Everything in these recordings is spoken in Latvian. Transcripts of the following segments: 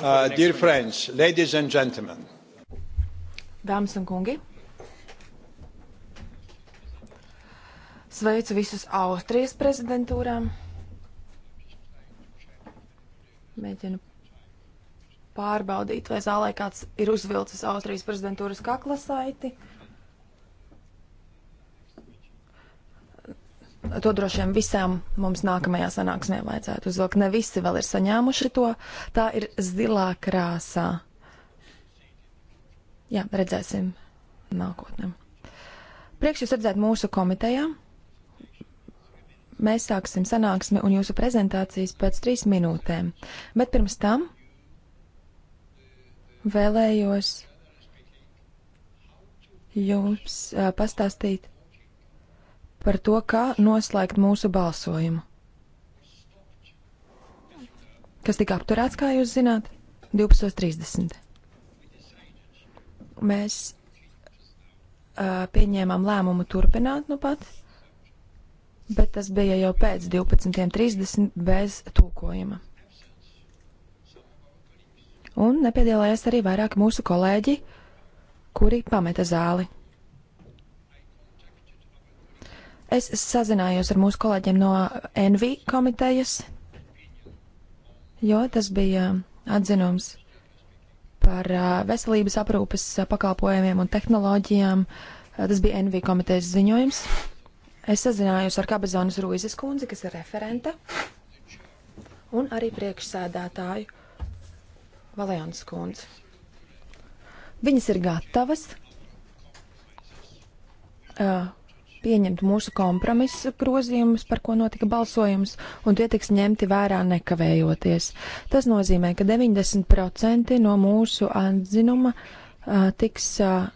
Uh, dear friends, ladies and gentlemen. Dāmas un kungi. Sveicu visus Austrijas prezidentūrām. Mēģinu pārbaudīt, vai zālē kāds ir uzvilcis Austrijas prezidentūras kaklasaiti. saiti. to droši vien visām mums nākamajā sanāksmē vajadzētu uzvilkt. Ne visi vēl ir saņēmuši to. Tā ir zilā krāsā. Jā, redzēsim nākotnē. Priekš jūs redzēt mūsu komitejā. Mēs sāksim sanāksmi un jūsu prezentācijas pēc trīs minūtēm. Bet pirms tam vēlējos jums uh, pastāstīt par to, kā noslēgt mūsu balsojumu. Kas tika apturēts, kā jūs zināt, 12.30. Mēs uh, pieņēmām lēmumu turpināt nu pat, bet tas bija jau pēc 12.30 bez tūkojuma. Un nepiedalījās arī vairāk mūsu kolēģi, kuri pameta zāli. Es sazinājos ar mūsu kolēģiem no NV komitejas, jo tas bija atzinums par uh, veselības aprūpes uh, pakalpojumiem un tehnoloģijām. Uh, tas bija NV komitejas ziņojums. Es sazinājos ar Kabezonas Rūizes kundzi, kas ir referente, un arī priekšsēdētāju Valēnas kundzi. Viņas ir gatavas uh, pieņemt mūsu kompromisa grozījumus, par ko notika balsojums, un tie tiks ņemti vērā nekavējoties. Tas nozīmē, ka 90% no mūsu atzinuma uh, tiks uh,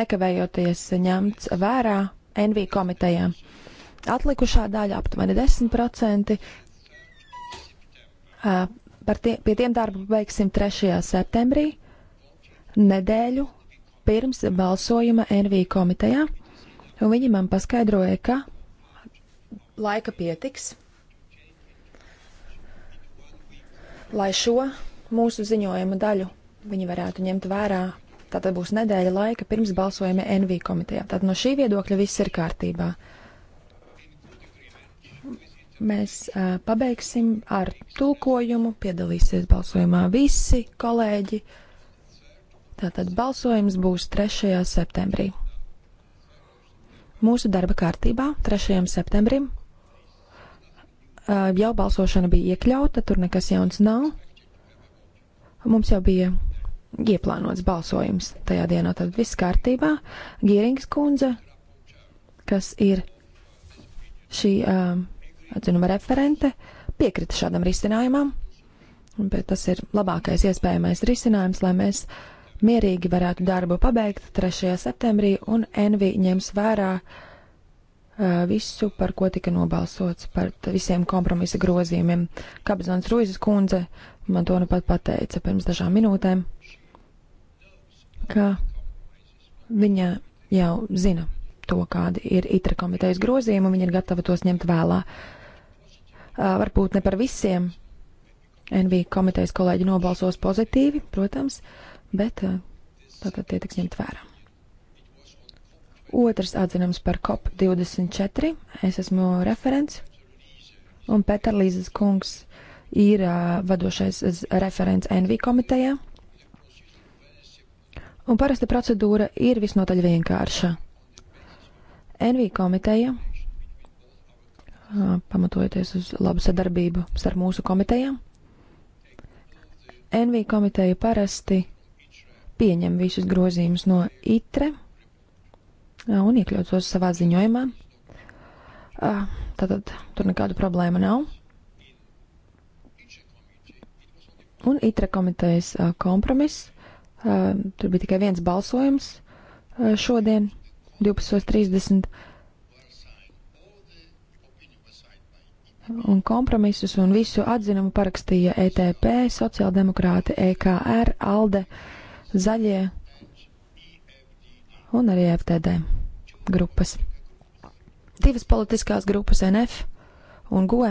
nekavējoties ņemts vērā NV komitejā. Atlikušā daļa aptuveni 10%. Uh, tie, pie tiem darbu beigsim 3. septembrī, nedēļu pirms balsojuma NV komitejā. Un viņi man paskaidroja, ka laika pietiks, lai šo mūsu ziņojuma daļu viņi varētu ņemt vērā. Tātad būs nedēļa laika pirms balsojuma NV komitejā. Tad no šī viedokļa viss ir kārtībā. Mēs uh, pabeigsim ar tulkojumu, piedalīsies balsojumā visi kolēģi. Tātad balsojums būs 3. septembrī. Mūsu darba kārtībā 3. septembrim jau balsošana bija iekļauta, tur nekas jauns nav. Mums jau bija ieplānots balsojums tajā dienā, tad viss kārtībā. Gierings kundze, kas ir šī um, atzinuma referente, piekrita šādam risinājumam, bet tas ir labākais iespējamais risinājums, lai mēs uh, mierīgi varētu darbu pabeigt 3. septembrī, un NV ņems vērā uh, visu, par ko tika nobalsots, par visiem kompromisa grozījumiem. Kabzons Ruizes kundze man to nu pat pateica pirms dažām minūtēm, ka viņa jau zina to, kādi ir itra komitejas grozījumi, un viņa ir gatava tos ņemt vēlā. Uh, varbūt ne par visiem NV komitejas kolēģi nobalsos pozitīvi, protams, uh, bet eh, tātad tie tiks ņemt vērā. Otrs atzinums par COP24. Es esmu referents, un Pēter Līzes kungs ir uh, vadošais referents NV komitejā. Un parasti procedūra ir visnotaļ vienkārša. NV komiteja, uh, pamatojoties uz labu sadarbību starp mūsu komitejām, NV komiteja parasti pieņem visus grozījumus no ITRE un iekļaut tos savā ziņojumā. Tātad tur nekāda problēma nav. Un ITRE komitejas kompromiss. Tur bija tikai viens balsojums šodien, 12.30. un kompromisus un visu atzinumu parakstīja ETP, sociāldemokrāti, EKR, ALDE, zaļie un arī FTD grupas. Divas politiskās grupas NF un GOE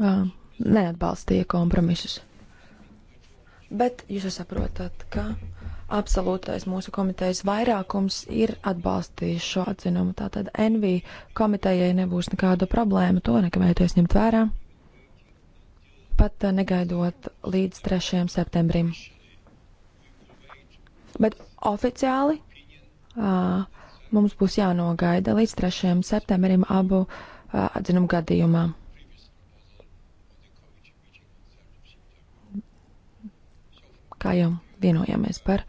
uh, neatbalstīja kompromisus. Bet jūs saprotat, ka absolūtais mūsu komitejas vairākums ir atbalstījis šo atzinumu. Tātad NV komitejai nebūs nekāda problēma to nekavēties ņemt vērā pat eh, negaidot līdz 3. septembrim. Bet oficiāli uh, mums būs jānogaida līdz 3. septembrim abu uh, atzinumu gadījumā. Kā jau vienojāmies par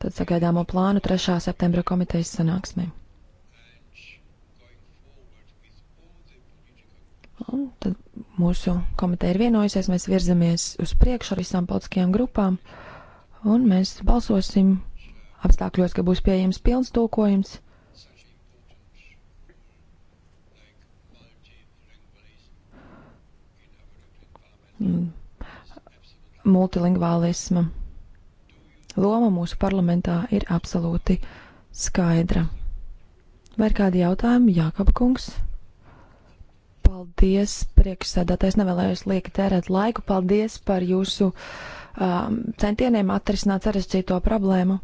tad sagaidāmo plānu 3. septembra komitejas sanāksmē. Un tad mūsu komiteja ir vienojusies, mēs virzamies uz priekšu ar visām politiskajām grupām, un mēs balsosim apstākļos, ka būs pieejams pilns tulkojums. Multilingvālisma loma mūsu parlamentā ir absolūti skaidra. Vai ir kādi jautājumi, Jākab kungs? Paldies, priekšsēdētājs nevēlējos lieki tērēt laiku. Paldies par jūsu um, centieniem atrisināt sarežģīto problēmu.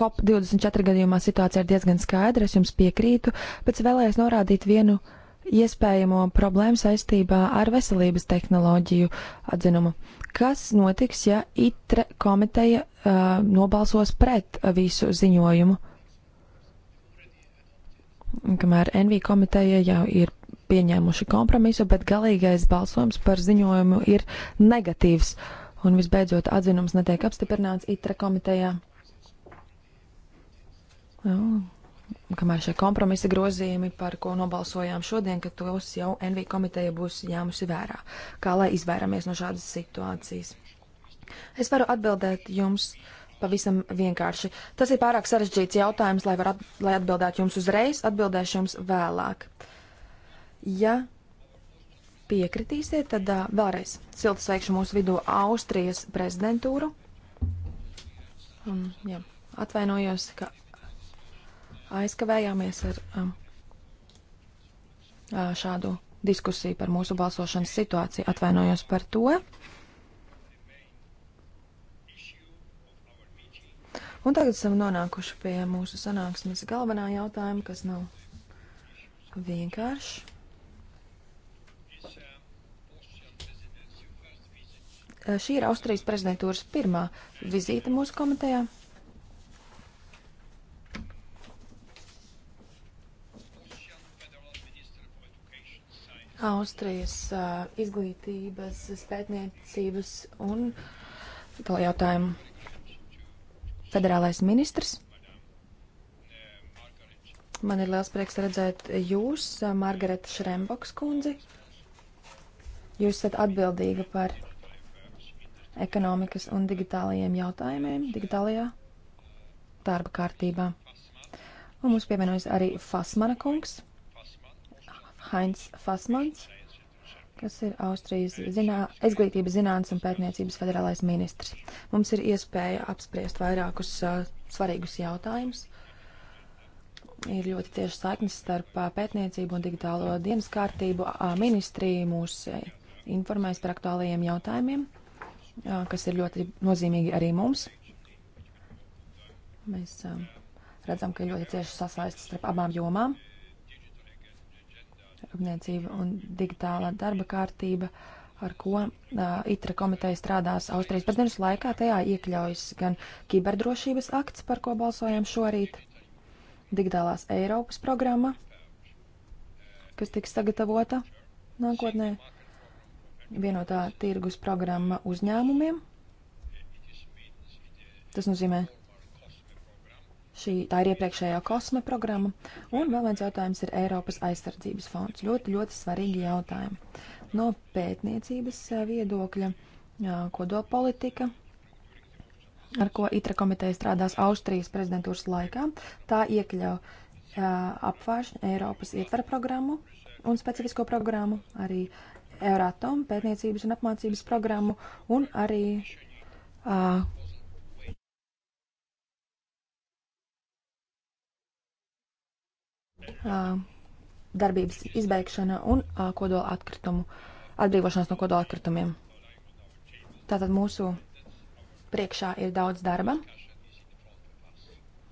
COP24 gadījumā situācija ir diezgan skaidra, es jums piekrītu, bet vēlējos norādīt vienu iespējamo problēmu saistībā ar veselības tehnoloģiju atzinumu. Kas notiks, ja ITRE komiteja uh, nobalsos pret visu ziņojumu? Kamēr NV komiteja jau ir pieņēmuši kompromisu, bet galīgais balsojums par ziņojumu ir negatīvs. Un visbeidzot, atzinums netiek apstiprināts ITRA komitejā. Jā. Kamēr šie kompromisa grozījumi, par ko nobalsojām šodien, ka tos jau NV komiteja būs jāmusi vērā. Kā lai izvairāmies no šādas situācijas? Es varu atbildēt jums pavisam vienkārši. Tas ir pārāk sarežģīts jautājums, lai, at lai atbildētu jums uzreiz, atbildēšu jums vēlāk. Uh, Ja piekritīsiet, tad uh, vēlreiz silti sveikšu mūsu vidū Austrijas prezidentūru. Un, jā, atvainojos, ka aizkavējāmies ar um, šādu diskusiju par mūsu balsošanas situāciju. Atvainojos par to. Un tagad esam nonākuši pie mūsu sanāksmes galvenā jautājuma, kas nav vienkārši. Eh, šī ir Austrijas prezidentūras pirmā vizīte mūsu komitejā. Austrijas uh, izglītības, pētniecības un to jautājumu federālais ministrs. Man ir liels prieks redzēt jūs, eh, Margareta Šremboks kundzi. Jūs esat atbildīga par ekonomikas un digitālajiem jautājumiem digitālajā darba kārtībā. Un mums pievienojas arī Fasmana kungs, Heinz Fasmans, kas ir Austrijas zinā, izglītības zinātnes un pētniecības federālais ministrs. Mums ir iespēja apspriest vairākus uh, svarīgus jautājumus. Ir ļoti tieši saiknes starp uh, pētniecību un digitālo dienas kārtību. Uh, ministrija mūs informēs par aktuālajiem jautājumiem kas ir ļoti nozīmīgi arī mums. Mēs redzam, ka ir ļoti cieši sasaistas starp abām jomām. Rūpniecība un digitālā darba kārtība, ar ko ITRA komiteja strādās Austrijas prezidents laikā, tajā iekļaujas gan kiberdrošības akts, par ko balsojam šorīt, digitālās Eiropas programma, kas tiks sagatavota nākotnē. No vienotā tirgus programma uzņēmumiem. Tas nozīmē, šī tā ir iepriekšējā kosme programma. Un vēl viens jautājums ir Eiropas aizsardzības fonds. Ļoti, ļoti svarīgi jautājumi. No pētniecības eh, viedokļa, eh, kodolpolitika, ar ko ITRA komiteja strādās Austrijas prezidentūras laikā, tā iekļauj eh, apvāršņu Eiropas ietvara programmu un specifisko programmu, arī Euratom pētniecības un apmācības programmu un arī uh, uh, darbības izbeigšana un uh, kodola atkritumu, atbrīvošanās no kodola atkritumiem. Tātad mūsu priekšā ir daudz darba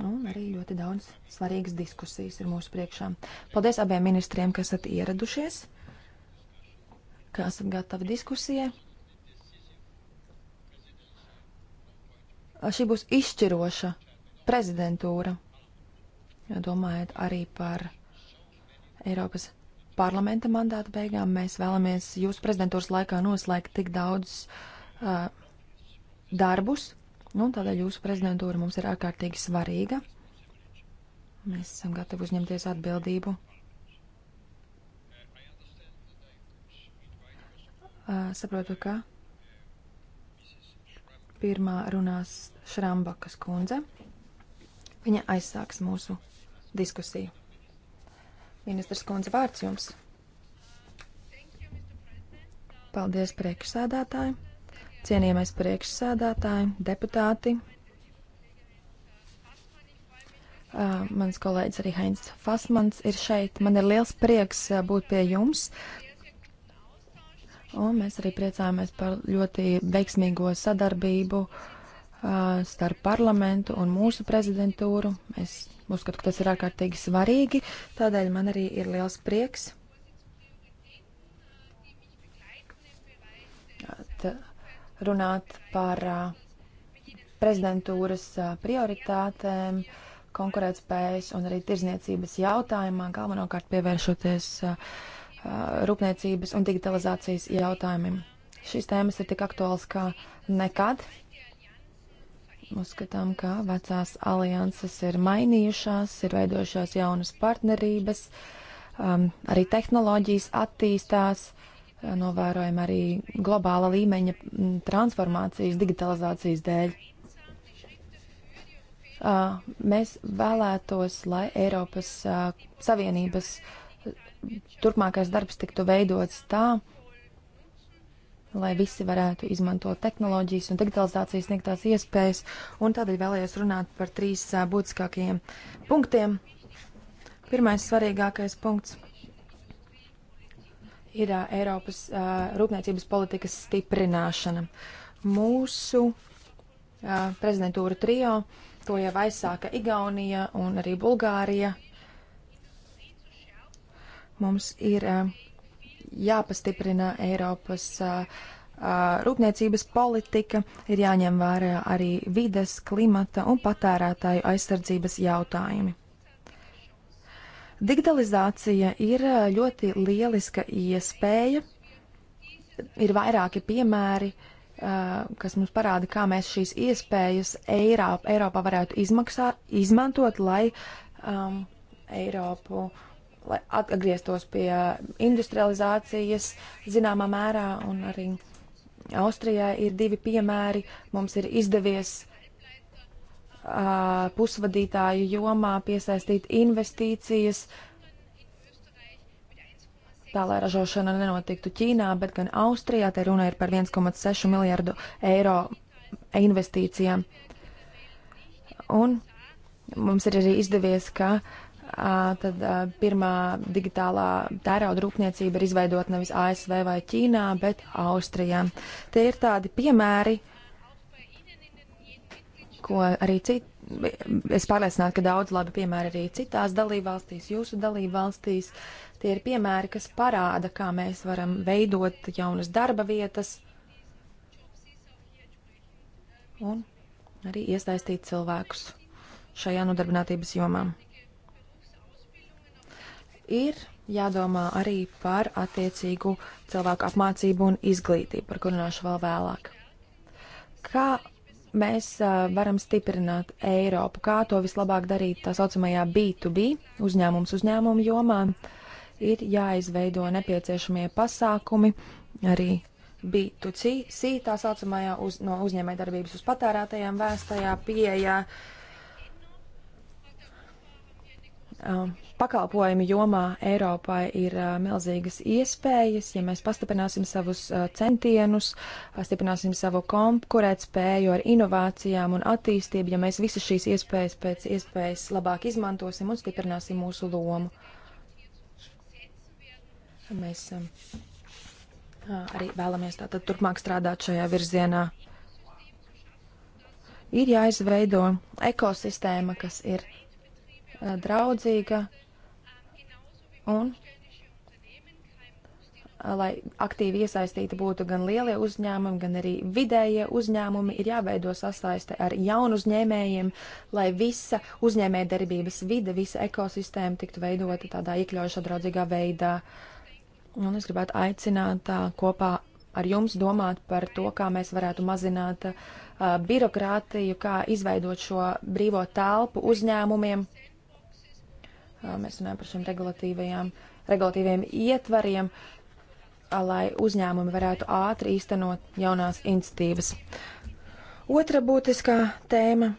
un arī ļoti daudz svarīgas diskusijas ir mūsu priekšā. Paldies abiem ministriem, kas esat ieradušies ka esat gatavi diskusijai. Šī būs izšķiroša prezidentūra. Domājot arī par Eiropas parlamenta mandāta beigām, mēs vēlamies jūsu prezidentūras laikā noslēgt tik daudz uh, darbus, nu, tādēļ jūsu prezidentūra mums ir ārkārtīgi svarīga. Mēs esam gatavi uzņemties atbildību saprotu, ka pirmā runās Šrambakas kundze. Viņa aizsāks mūsu diskusiju. Ministrs kundze, vārds jums. Paldies priekšsēdētāji, cienījamais priekšsēdētāji, deputāti. Uh, mans kolēģis arī Heinz Fasmans ir šeit. Man ir liels prieks būt pie jums, Un mēs arī priecājamies par ļoti veiksmīgo sadarbību uh, starp parlamentu un mūsu prezidentūru. Es uzskatu, ka tas ir ārkārtīgi svarīgi, tādēļ man arī ir liels prieks. T runāt par uh, prezidentūras uh, prioritātēm, konkurētspējas un arī tirzniecības jautājumā, galvenokārt pievēršoties uh, rūpniecības un digitalizācijas jautājumiem. Šīs tēmas ir tik aktuāls kā nekad. Uzskatām, ka vecās alianses ir mainījušās, ir veidojušās jaunas partnerības, um, arī tehnoloģijas attīstās, novērojam arī globāla līmeņa transformācijas, digitalizācijas dēļ. Uh, mēs vēlētos, lai Eiropas uh, Savienības uh, turpmākais darbs tiktu veidots tā, lai visi varētu izmantot tehnoloģijas un digitalizācijas sniegtās iespējas, un tādēļ vēlējos runāt par trīs uh, būtiskākajiem punktiem. Pirmais svarīgākais punkts ir uh, Eiropas uh, rūpniecības politikas stiprināšana. Mūsu prezidentūra trio to jau aizsāka Igaunija un arī Bulgārija Mums ir jāpastiprina Eiropas rūpniecības politika, ir jāņem vērā arī vides, klimata un patērētāju aizsardzības jautājumi. Digitalizācija ir ļoti lieliska iespēja. Ir vairāki piemēri, kas mums parāda, kā mēs šīs iespējas Eiropā, Eiropā varētu izmaksā, izmantot, lai um, Eiropu lai atgrieztos pie industrializācijas zināmā mērā, un arī Austrijā ir divi piemēri. Mums ir izdevies uh, pusvadītāju jomā piesaistīt investīcijas, tā lai ražošana nenotiktu Ķīnā, bet gan Austrijā. Te runa ir par 1,6 miljardu eiro investīcijām. Un mums ir arī izdevies, ka uh, tad pirmā digitālā tērauda rūpniecība ir izveidota nevis ASV vai Ķīnā, bet Austrijā. Tie ir tādi piemēri, ko arī citi. Es pārliecinātu, ka daudz labi piemēri arī citās dalībvalstīs, jūsu dalībvalstīs. Tie ir piemēri, kas parāda, kā mēs varam veidot jaunas darba vietas un arī iesaistīt cilvēkus šajā nodarbinātības jomām ir jādomā arī par attiecīgu cilvēku apmācību un izglītību, par kuru runāšu vēl vēlāk. Kā mēs uh, varam stiprināt Eiropu? Kā to vislabāk darīt tā saucamajā B2B uzņēmums uzņēmumu jomā? Ir jāizveido nepieciešamie pasākumi arī B2C, tā saucamajā uz, no uzņēmējdarbības uz patērētajām vēstajā pieejā. Uh, Um, pakalpojumu jomā Eiropai ir uh, milzīgas iespējas, ja mēs pastiprināsim savus uh, centienus, pastiprināsim savu konkurētspēju ar inovācijām un attīstību, ja mēs visas šīs iespējas pēc iespējas labāk izmantosim un stiprināsim mūsu lomu. Mēs um, uh, arī vēlamies tātad turpmāk strādāt šajā virzienā. Ir jāizveido ekosistēma, kas ir draudzīga un lai aktīvi iesaistīti būtu gan lielie uzņēmumi, gan arī vidējie uzņēmumi, ir jāveido sasaiste ar jaunu uzņēmējiem, lai visa uzņēmēja darbības vide, visa ekosistēma tiktu veidota tādā iekļaujošā draudzīgā veidā. Un es gribētu aicināt tā, kopā ar jums domāt par to, kā mēs varētu mazināt uh, birokrātiju, kā izveidot šo brīvo telpu uzņēmumiem. Uh, Mēs runājam par šiem regulatīviem ietvariem, lai uzņēmumi varētu ātri īstenot jaunās iniciatīvas. Otra būtiskā tēma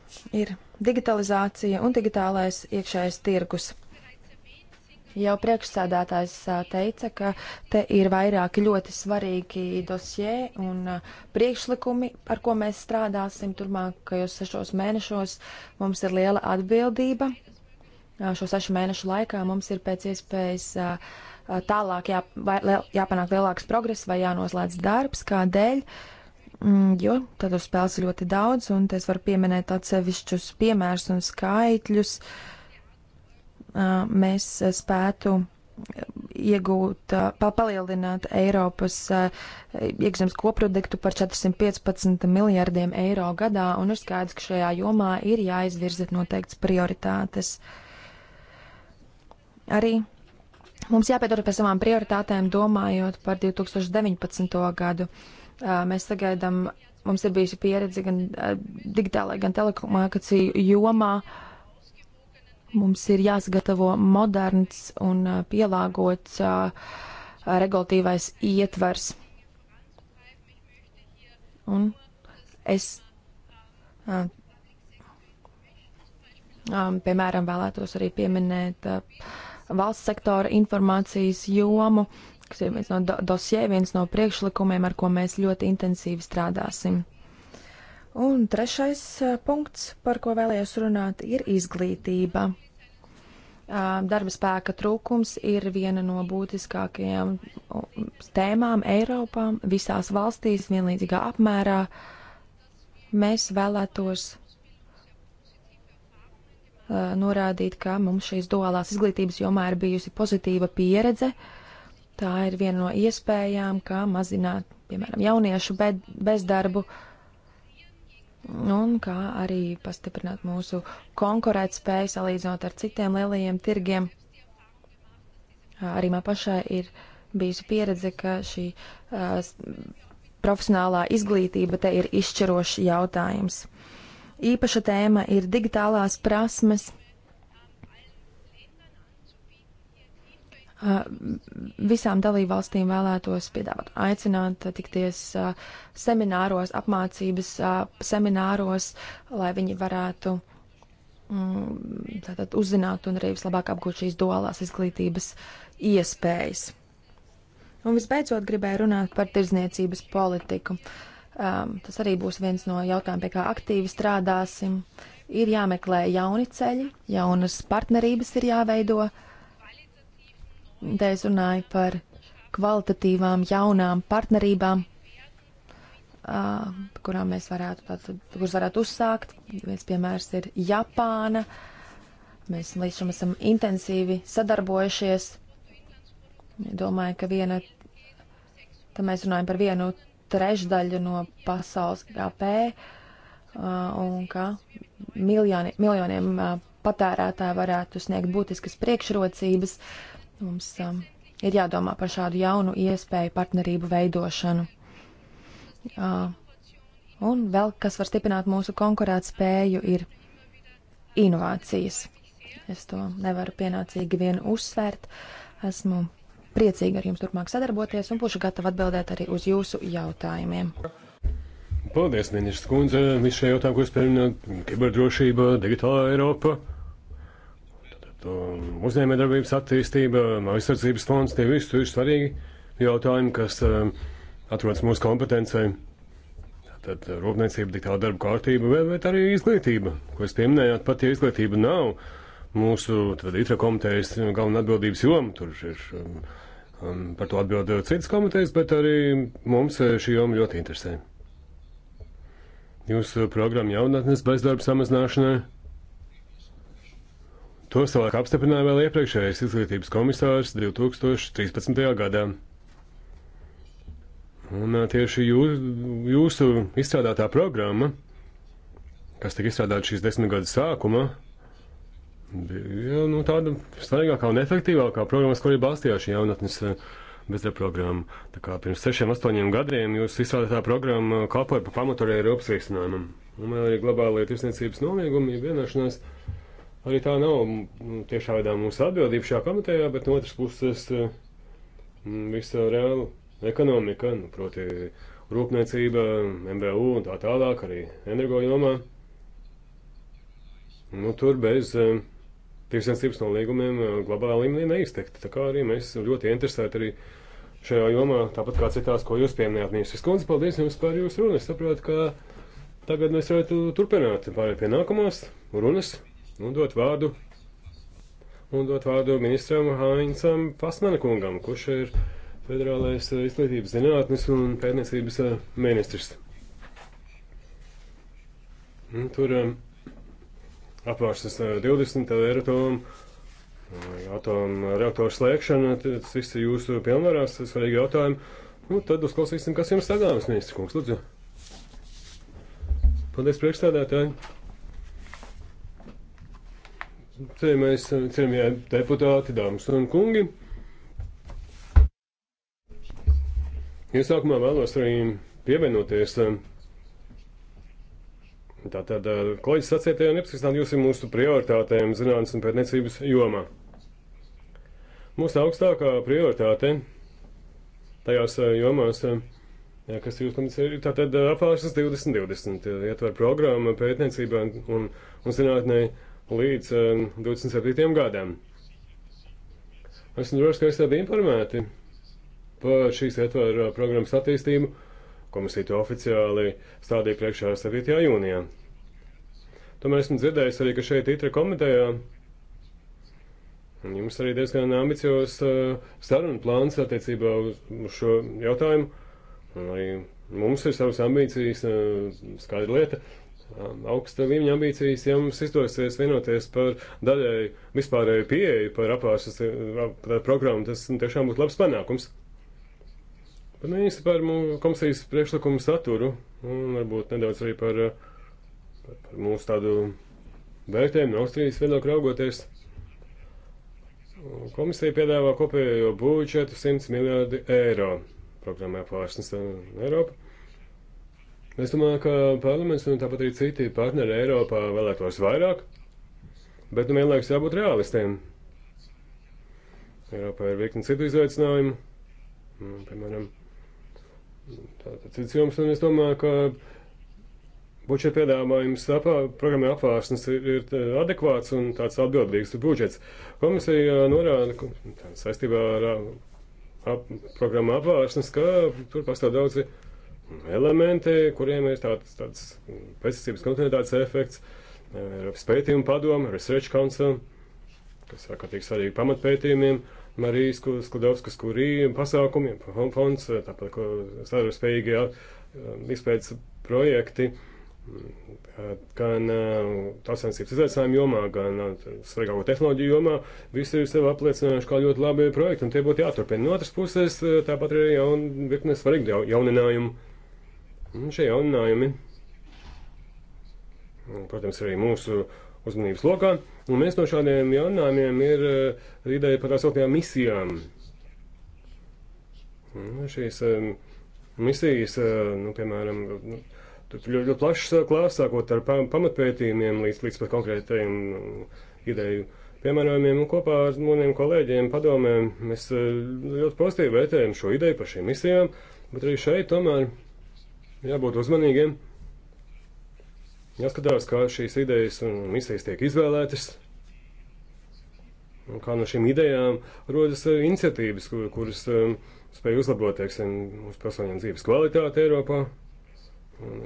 ir digitalizācija un digitālais iekšējais tirgus. Jau priekšsēdētājs teica, ka te ir vairāki ļoti svarīgi dosie un priekšlikumi, ar ko mēs strādāsim turmākajos sešos mēnešos. Mums ir liela atbildība šo sešu mēnešu laikā mums ir pēc iespējas tālāk jā, vai, jāpanāk lielāks progress vai jānoslēdz darbs, kādēļ, mm, jo tad uz spēles ir ļoti daudz, un es varu pieminēt atsevišķus piemērus un skaitļus. Mēs spētu iegūt, palielināt Eiropas iekšzemes koproduktu par 415 miljārdiem eiro gadā, un ir skaidrs, ka šajā jomā ir jāizvirza noteikts prioritātes. Uh, arī mums jāpietur pie savām prioritātēm, domājot par 2019. gadu. Mēs sagaidām, mums ir bijusi pieredze gan digitālajā, gan telekomunikāciju jomā. Mums ir jāsagatavo moderns un pielāgots regulatīvais ietvers. Un es um, piemēram, vēlētos arī pieminēt uh, valsts sektora informācijas jomu, kas ir viens no do dosie, viens no priekšlikumiem, ar ko mēs ļoti intensīvi strādāsim. Un trešais punkts, par ko vēlējos runāt, ir izglītība. Darba spēka trūkums ir viena no būtiskākajām tēmām Eiropā, visās valstīs vienlīdzīgā apmērā. Mēs vēlētos Uh, norādīt, ka mums šīs duālās izglītības jomā ir bijusi pozitīva pieredze. Tā ir viena no iespējām, kā mazināt, piemēram, jauniešu bezdarbu un kā arī pastiprināt mūsu konkurētspēju salīdzinot ar citiem lielajiem tirgiem. Arī man pašai ir bijusi pieredze, ka šī uh, profesionālā izglītība te ir izšķirošs jautājums. Īpaša tēma ir digitālās prasmes. Visām dalībvalstīm vēlētos piedāvāt, aicināt tikties semināros, apmācības semināros, lai viņi varētu mm, tātad uzzināt un arī vislabāk apgūt šīs duālās izglītības iespējas. Un visbeidzot gribēju runāt par tirzniecības politiku. Uh, Um, tas arī būs viens no jautājumiem, pie kā aktīvi strādāsim. Ir jāmeklē jauni ceļi, jaunas partnerības ir jāveido. Te es runāju par kvalitatīvām jaunām partnerībām, uh, kurām mēs varētu, tātad, kuras varētu uzsākt. Viens piemērs ir Japāna. Mēs līdz šim esam intensīvi sadarbojušies. Domāju, ka viena, tad mēs runājam par vienu trešdaļu no pasaules IKP uh, un ka miljoni, miljoniem uh, patērētāji varētu sniegt būtiskas priekšrocības. Mums um, ir jādomā par šādu jaunu iespēju partnerību veidošanu. Uh, un vēl kas var stiprināt mūsu konkurētspēju ir inovācijas. Es to nevaru pienācīgi vien uzsvērt. Esmu priecīgi ar jums turpmāk sadarboties un būšu gatava atbildēt arī uz jūsu jautājumiem. Paldies, ministrs kundze. Viss šie jautājumi, ko es pieminēju, kiberdrošība, digitāla Eiropa, um, uzņēmējdarbības attīstība, aizsardzības fonds, tie visi ir svarīgi jautājumi, kas um, atrodas mūsu kompetencē. Tad uh, rūpniecība, digitāla darba kārtība, vai, vai arī izglītība, ko es pieminēju, pat ja izglītība nav mūsu itra komitejas galvenā atbildības joma, tur ir. Um, Um, par to atbild uh, citas komitejas, bet arī mums uh, šī joma ļoti interesē. Jūsu programma jaunatnes bezdarba samazināšanai. To savulaik apstiprināja vēl iepriekšējais izglītības komisārs 2013. gadā. Un uh, tieši jū, jūsu izstrādātā programma, kas tika izstrādāta šīs desmit gadu sākuma, bija nu, tāda svarīgākā un efektīvākā programma, kur ir balstījās šī jaunatnes eh, bezdarba programma. Tā kā pirms sešiem, astoņiem gadiem jūs izstrādātā programma kalpoja par pamatu arī Eiropas risinājumam. Un vēl arī globālajā tirsniecības nolīguma vienošanās. Arī tā nav nu, tiešā veidā mūsu atbildība šajā komitejā, bet no otras puses eh, visa reāla ekonomika, nu, proti rūpniecība, MBU un tā tālāk, arī energo jomā. Nu, tur bez uh, tirsniecības nolīgumiem uh, globālā līmenī neizteikti. Tā kā arī mēs ļoti interesēti arī šajā jomā, tāpat kā citās, ko jūs pieminējāt, ministrs Kundze, paldies jums par jūsu runu. Es saprotu, ka tagad mēs varētu turpināt pārējiem pie nākamās runas un dot vārdu. Un dot vārdu ministram Hainsam Pasmanakungam, kurš ir federālais uh, izglītības zinātnes un pētniecības uh, ministrs. Tur um, apvārsts 20 eiratomu, atomu reaktoru slēgšana, tas viss ir jūsu pilnvarās, svarīgi jautājumi. Nu, tad uzklausīsim, kas jums sagādās, ministra kungs, lūdzu. Paldies, priekšstādātāji. Cienījamais, cienījamie deputāti, dāmas un kungi. Iesākumā vēlos arī pievienoties. Uh, Tātad, eh, kolēģis sacietie un nepastāstām jūs ir mūsu prioritātēm zinātnes un pētniecības jomā. Mūsu augstākā prioritāte tajās eh, jomās, eh, kas jūs komats ir, tātad apvāršanas 2020, ietver programma pētniecībā un, un zinātnē līdz 27. gadam. Esmu droši, ka esat informēti par šīs ietver programmas attīstību Komisija to oficiāli stādīja priekšā 7. jūnijā. Tomēr esmu dzirdējis arī, ka šeit itra komitejā jums arī diezgan ambiciozs uh, sarunu plāns attiecībā uz, uz šo jautājumu. Un arī mums ir savas ambīcijas, uh, skaidra lieta, um, augsta līmeņa ambīcijas, ja mums izdosies vienoties par daļai vispārēju pieeju par apāršas uh, programmu, tas tiešām būtu labs panākums. Bet nu, ne īsti par komisijas priekšlikumu saturu un varbūt nedaudz arī par, eh, par, par mūsu tādu vērtējumu no Austrijas viedokļa raugoties. Komisija piedāvā kopējo budžetu 100 miljardi eiro programmai pārsnes eh, Eiropa. Es domāju, ka parlaments un tāpat arī citi partneri Eiropā vēlētos vairāk, bet nu vienlaikus jābūt realistiem. Eiropā ir virkni citu izaicinājumu, mm, piemēram, cits joms, un es domāju, ka budžeta piedāvājums apā, programmai apvārsnes ir, ir adekvāts un tāds atbildīgs budžets. Komisija norāda, ka saistībā ar ap, programmu apvārsnes, ka tur pastāv daudzi elementi, kuriem ir tāds, tāds pēcticības kontinuitātes efekts, Eiropas pētījuma padoma, Research Council, kas saka, tiek svarīgi pamatpētījumiem. Uh, Marijas Skladovskas kurī pasākumiem, fonds, eh, tāpat sadarbspējīgie eh, izpētes projekti, mm, eh, gan tautsainsības izaicinājuma jomā, gan svarīgāko tehnoloģiju jomā, visi ir sev apliecinājuši kā ļoti labi projekti, un tie būtu jāturpina. No otras puses, tāpat ir jaun, virkne svarīgi jauninājumi. Un šie jauninājumi, mm, protams, arī mūsu uzmanības lokā. Un viens no šādiem jautājumiem ir eh, ideja par tā sauktām misijām. Un šīs eh, misijas, eh, nu, piemēram, nu, tur ļoti, ļoti plašs klāsts, sākot ar pamatpētījumiem līdz, līdz pat konkrētajiem ideju piemērojumiem. Un kopā ar maniem kolēģiem padomēm mēs ļoti pozitīvi vērtējam šo ideju par šīm misijām, bet arī šeit tomēr jābūt uzmanīgiem jāskatās, kā šīs idejas un misijas tiek izvēlētas. Un kā no šīm idejām rodas eh, iniciatīvas, kur, kuras um, spēj uzlabot, teiksim, mūsu personīgās dzīves kvalitāti Eiropā.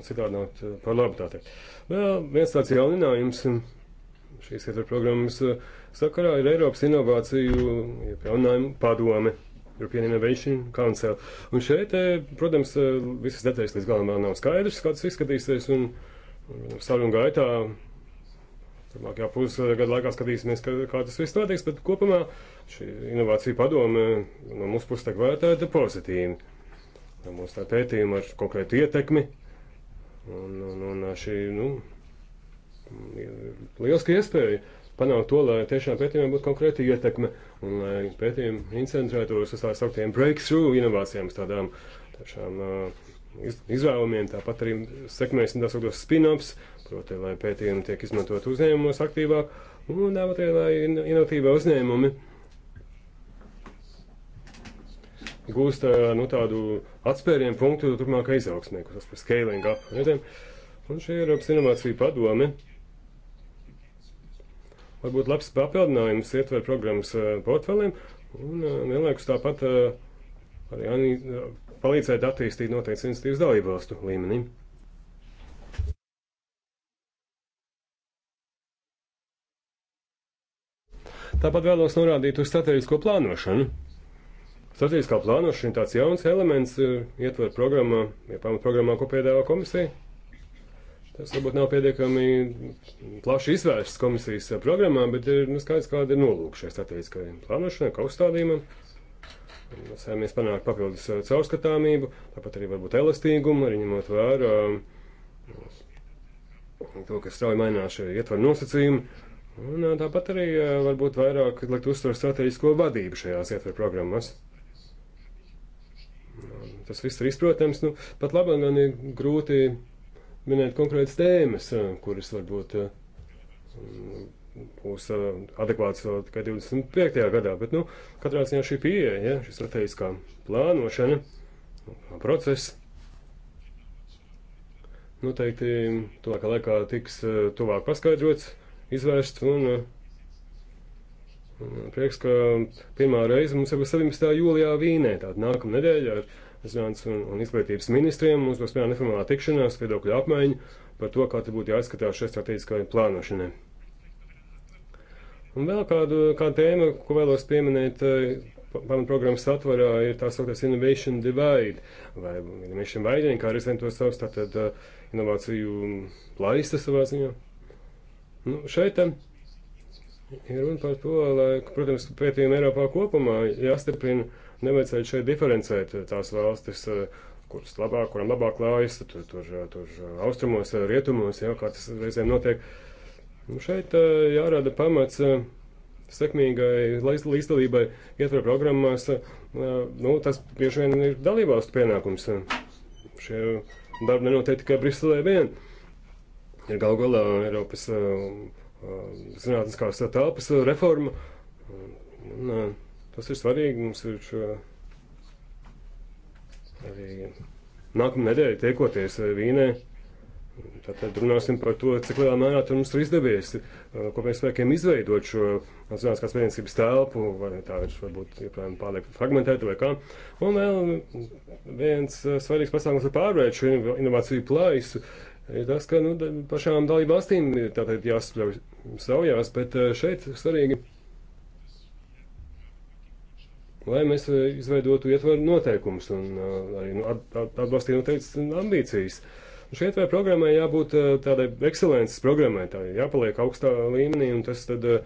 Citādi nav eh, par labu tā teikt. Vēl viens tāds jauninājums šīs ietver programmas sakarā ir Eiropas inovāciju jaunājumu padome. European Innovation Council. Un šeit, protams, visas detaļas līdz galam vēl nav skaidrs, kāds izskatīsies, un, uh, sarunu gaitā. Turpmākajā pusgada laikā skatīsimies, kā, kā tas viss notiks, bet kopumā šī inovācija padome no mūsu puses tiek vērtēta pozitīvi. No mūsu tā pētījuma ar konkrētu ietekmi. Un, un, un šī, nu, lieliski iespēja panākt to, lai tiešām pētījumiem būtu konkrēta ietekme un lai pētījumi incentrētos uz tā sauktiem breakthrough inovācijām, tādām tiešām uh, izvēlumiem, tāpat arī sekmēsim tās augstos spin-ups, proti, lai pētījumi tiek izmantot uzņēmumos aktīvāk, un tāpat arī, lai inovatīvā uzņēmumi gūst nu, tādu atspērienu punktu turpmākai izaugsmē, kas par scaling up. Redzēm? Un šī ir Eiropas inovācija padome. Varbūt labs papildinājums ietver programmas portfeliem, un vienlaikus tāpat arī palīdzētu attīstīt noteikts institīvas dalībvalstu līmenī. Tāpat vēlos norādīt uz strateģisko plānošanu. Strateģiskā plānošana ir tāds jauns elements, eh, ietver programmā, ja pamatprogrammā, ko piedāvā komisija. Tas varbūt nav pietiekami plaši izvērsts komisijas programmā, bet ir nu, skaidrs, kāda ir nolūka šai strateģiskajai plānošanai, kā uzstādījumam. Sēmies panākt papildus uh, caurskatāmību, tāpat arī varbūt elastīgumu, arī ņemot vērā um, to, ka strauji mainās šie ietvaru nosacījumi. Un uh, tāpat arī uh, varbūt vairāk likt uzsver strateģisko vadību šajās ietvaru programmās. Tas viss ir izprotams. Nu, pat labi, gan ir grūti minēt konkrētas tēmas, kuras varbūt būs adekvāts vēl tikai 25. gadā, bet, nu, katrā ziņā šī pieeja, ja, šī strateģiskā plānošana, process, noteikti tuvākā laikā tiks tuvāk paskaidrots, izvērsts un prieks, ka pirmā reize mums jau 17. jūlijā Vīnē, tāda nākamā nedēļa ar zinātnes un, un izglītības ministriem mums būs pirmā neformālā tikšanās, viedokļu apmaiņa par to, kā te būtu jāizskatās šai strateģiskajai plānošanai. Un vēl kādu, kādu tēmu, ko vēlos pieminēt, eh, pamatprogrammas satvarā ir tā sauktās Innovation Divide, vai Innovation Vaidien, kā arī zem to savs, tātad eh, inovāciju plaista savā ziņā. Nu, šeit eh, ir runa par to, lai, protams, pētījumi Eiropā kopumā jāstiprina, nevajadzētu šeit diferencēt tās valstis, kuras labāk, kuram labāk klājas, tur, tur, tur austrumos, rietumos, jau kā tas reizēm notiek. Uh, Nu, šeit eh, jārada pamats eh, sekmīgai līdzdalībai ietver programmās. Eh, nu, tas bieži vien ir dalībvalstu pienākums. Šie darbi nenotiek tikai Briselē vien. Ir gal galā Eiropas zinātniskās telpas reforma. Un, tas ir svarīgi. Mums ir šo, arī nākamā nedēļa tiekoties Vīnē. Tātad runāsim par to, cik lielā mērā tur mums ir izdevies uh, kopējiem spēkiem izveidot šo nacionālās vienības telpu, vai tā ir varbūt joprojām pārliek fragmentēta vai kā. Un vēl viens uh, svarīgs pasākums ir pārvērt šo inovāciju plaisu. Ir tas, ka nu, pašām dalību valstīm ir tātad jāspļauj savajās, bet uh, šeit svarīgi, lai mēs izveidotu ietvaru noteikumus un arī nu, atbalstītu noteikts ambīcijas. Uh, Šeit vai programmai jābūt eh, tādai ekscelences programmai, tā jāpaliek augstā līmenī, un tas tad eh,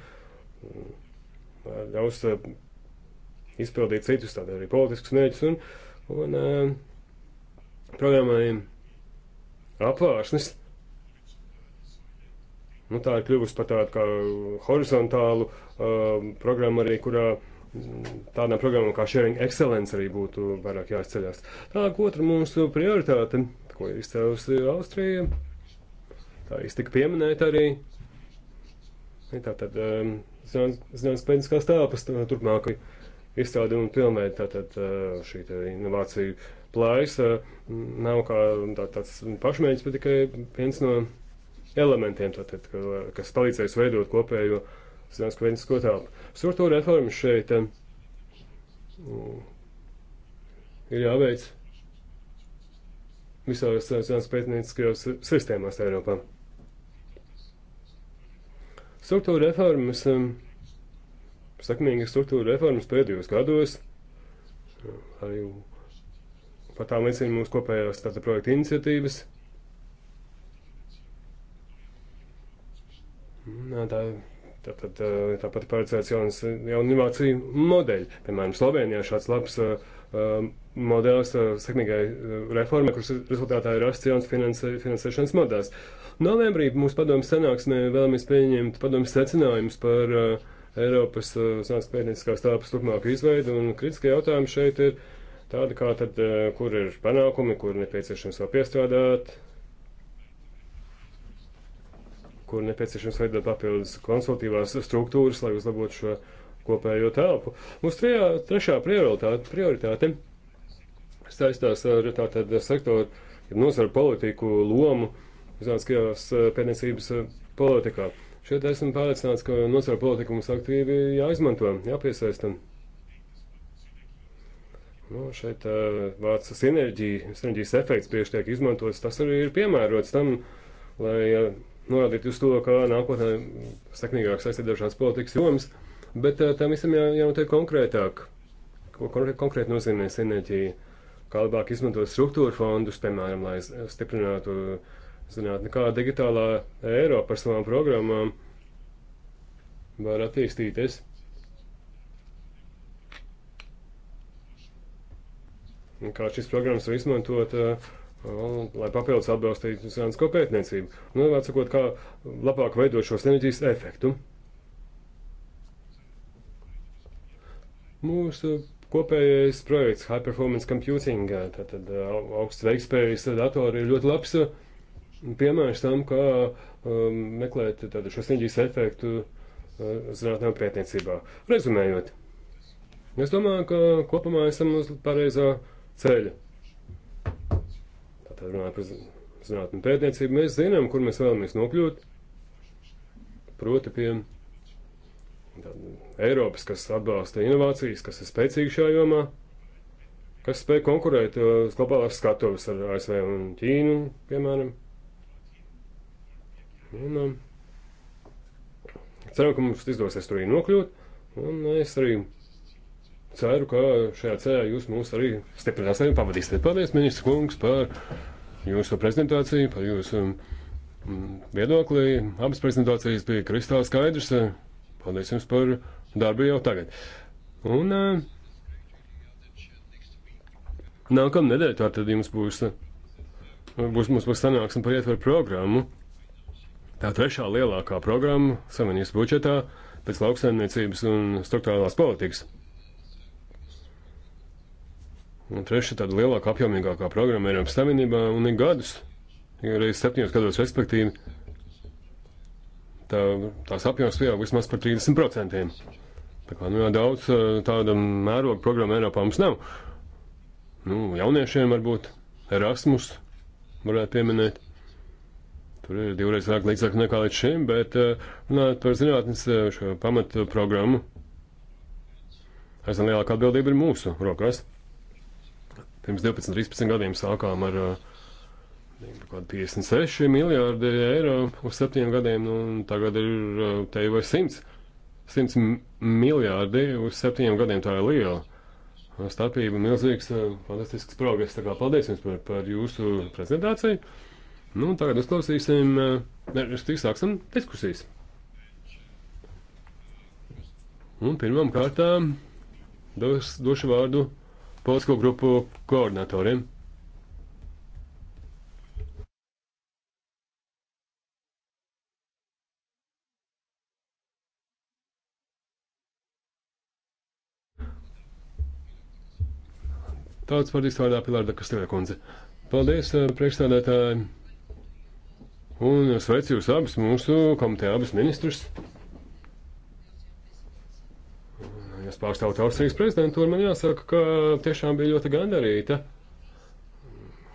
ļaus eh, izpildīt citus tādus arī politiskus mērķus. Un, un programmai apvāršanas. Nu, tā ir kļuvusi par tādu kā horizontālu uh, programmu, arī kurā mm, tādām programmām kā Sharing Excellence arī būtu vairāk jāizceļās. Tālāk otra mūsu prioritāte. Uh, paketi, ko ir izcēlusi Austrija. Tā iztika pieminēta arī. Tātad um, zināmas pēdniskās telpas turpmāk izstrādi un pilnveidi. Tātad uh, šī tā inovācija plaisa nav kā tā, tāds pašmērķis, bet tikai viens no elementiem, tātad, kas palīdzēs veidot kopējo zināmas pēdnisko telpu. Struktūra reformas šeit um, ir jāveic visās eh, zinātnes pētnieciskajās sistēmās Eiropā. Struktūra reformas, eh, sakmīgas struktūra reformas pēdējos gados, eh, arī par tām liecina mūsu kopējās tāda projekta iniciatīvas. Mm, tā Tātad eh, tāpat paredzēts jaunas, jaunu inovāciju modeļi. Piemēram, Slovenijā šāds labs uh, modelis uh, sekmīgai uh, reformai, kuras rezultātā ir rasts jauns finansē, finansēšanas modelis. Novembrī mūsu padomu sanāksmē vēlamies pieņemt padomu secinājumus par uh, Eiropas zinātnes pētnieciskās telpas turpmāku izveidu, un kritiskie jautājumi šeit ir tādi, kā tad, kur ir panākumi, kur nepieciešams vēl piestrādāt, kur nepieciešams veidot papildus konsultīvās struktūras, lai uzlabotu šo kopējo telpu. Mūsu trijā, trešā prioritāte, prioritāte saistās ar tātad sektoru, ja nozaru politiku lomu zinātniskajās eh, pētniecības eh, politikā. Šeit esmu pārliecināts, ka nozaru politika mums aktīvi jāizmanto, jāpiesaistam. Nu, šeit eh, vārds sinerģija, sinerģijas efekts bieži tiek izmantots, tas arī ir piemērots tam, lai norādīt uz to, ka nākotnē sekmīgāk saistīt dažādas politikas jomas, bet eh, tam visam jā, jānotiek konkrētāk. Ko konkrēti nozīmē sinerģija? Kā labāk izmantot struktūra fondus, piemēram, lai stiprinātu zinātni, kā digitālā Eiropa ar savām programmām var attīstīties. Un kā šīs programmas var izmantot uh, un, lai papildus atbalstītu zinātnisko pētniecību. Nu, vārds sakot, kā labāk veidot šo sinerģijas efektu. Mūsu kopējais projekts High Performance Computing, tātad augsts veikspējas datori ir ļoti labs piemērs tam, kā um, meklēt tātad, šo sinerģijas efektu uh, zinātnē un pētniecībā. Rezumējot, es domāju, ka kopumā esam uz pareizā ceļa Tad runājot par zinātnē pētniecību, mēs zinām, kur mēs vēlamies nokļūt. Proti pie Eiropas, kas atbalsta inovācijas, kas ir spēcīgi šajā jomā, kas spēj konkurēt uz uh, globālās skatuves ar ASV un Ķīnu, piemēram. Un, um, ceram, ka mums izdosies tur arī nokļūt, un es arī ceru, ka šajā ceļā jūs mūs arī stiprināsiet un pavadīsiet. Paldies, ministrs kungs, par jūsu prezentāciju, par jūsu mm, viedokli. Abas prezentācijas bija kristāli skaidrs. Paldies jums par darbu jau tagad. Un eh, nākamā nedēļa tā tad jums būs, būs mums būs sanāksme par ietveru programmu. Tā trešā lielākā programma Savienības budžetā pēc lauksaimniecības un struktūrālās politikas. Un treša tāda lielākā, apjomīgākā programma Eiropas Savienībā un ir gadus, ir arī septiņos gados respektīvi, tā, tās apjoms pieaug vismaz par 30%. Tā kā, nu jā, daudz tāda mēroga programma Eiropā mums nav. Nu, jauniešiem varbūt Erasmus varētu pieminēt. Tur ir divreiz vairāk līdzekļu nekā līdz šim, bet runājot par zinātnes šo pamatu programmu, aizvien lielāka atbildība ir mūsu rokās pirms 12, 13 gadiem sākām ar kaut kādu 56 miljārdu eiro uz septiņiem gadiem, nu, un tagad ir te jau 100, 100 miljārdi uz septiņiem gadiem. Tā ir liela starpība, milzīgs, fantastisks progress. Tā kā paldies jums par, par jūsu prezentāciju. Nu, tagad uzklausīsim, respektīvi sāksim diskusijas. Un pirmām kārtām dos, došu vārdu politisko grupu koordinatoriem. Tautas partijas vārdā Pilārda Kastīļa kundze. Paldies, eh, priekšstādētāji! Un sveicu jūs abus mūsu komitē, abus ministrus! Jūs pārstāvat Austrijas prezidentūru, man jāsaka, ka tiešām bija ļoti gandarīta.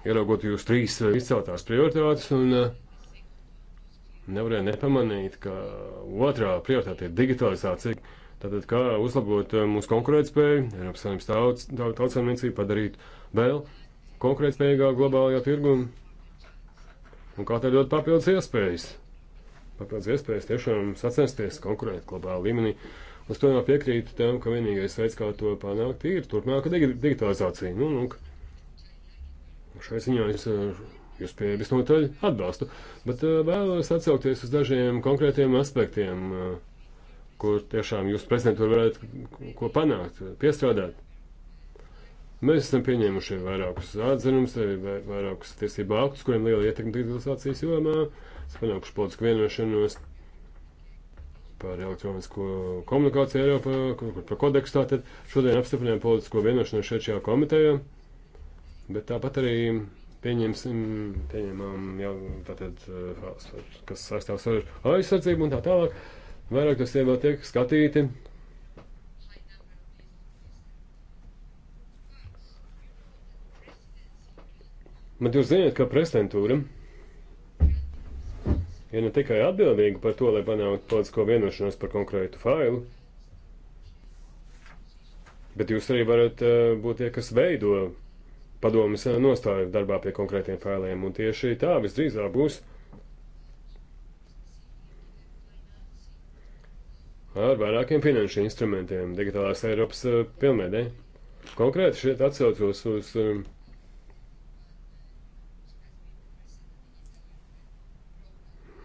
Ieraugot jūs trīs eh, izceltās prioritātes un eh, nevarēja nepamanīt, ka otrā prioritāte ir digitalizācija. Tātad, kā uzlabot eh, mūsu konkurētspēju, Eiropas Savienības tauts, tautsāmniecību padarīt vēl konkurētspējīgāk globālajā tirgu un kā tad dot papildus iespējas. Papildus iespējas tiešām sacensties konkurēt globālā līmenī. Es tomēr piekrītu tam, ka vienīgais veids, kā to panākt, ir turpmāka digitalizācija. Nu, nu, šai ziņā es eh, jūs pie visnotaļ atbalstu, bet eh, vēlos atsaukties uz dažiem konkrētiem aspektiem, eh, kur tiešām jūs prezidentūra varētu ko panākt, piestrādāt. Mēs esam pieņēmuši vairākus atzinumus, vairākus tiesību aktus, kuriem liela ietekme digitalizācijas jomā. Es panākuši politisku vienošanos par elektronisko komunikāciju Eiropā, kur par kodeksu tātad šodien apstiprinājām politisko vienošanos šeit šajā komitejā, bet tāpat arī pieņemsim, pieņemam, jā, tātad, eh, kas saistās ar aizsardzību un tā tālāk, vairāk tas jau tiek skatīti. Bet jūs zināt, ka prezidentūra ir ne tikai atbildīga par to, lai panāktu politisko vienošanos par konkrētu failu, bet jūs arī varat eh, būt tie, kas veido padomus eh, nostāju darbā pie konkrētiem failiem. Un tieši tā visdrīzāk būs. Ar vairākiem finanšu instrumentiem, digitālās Eiropas eh, pilnveidē. Konkrēti šeit atsaucos uz, uz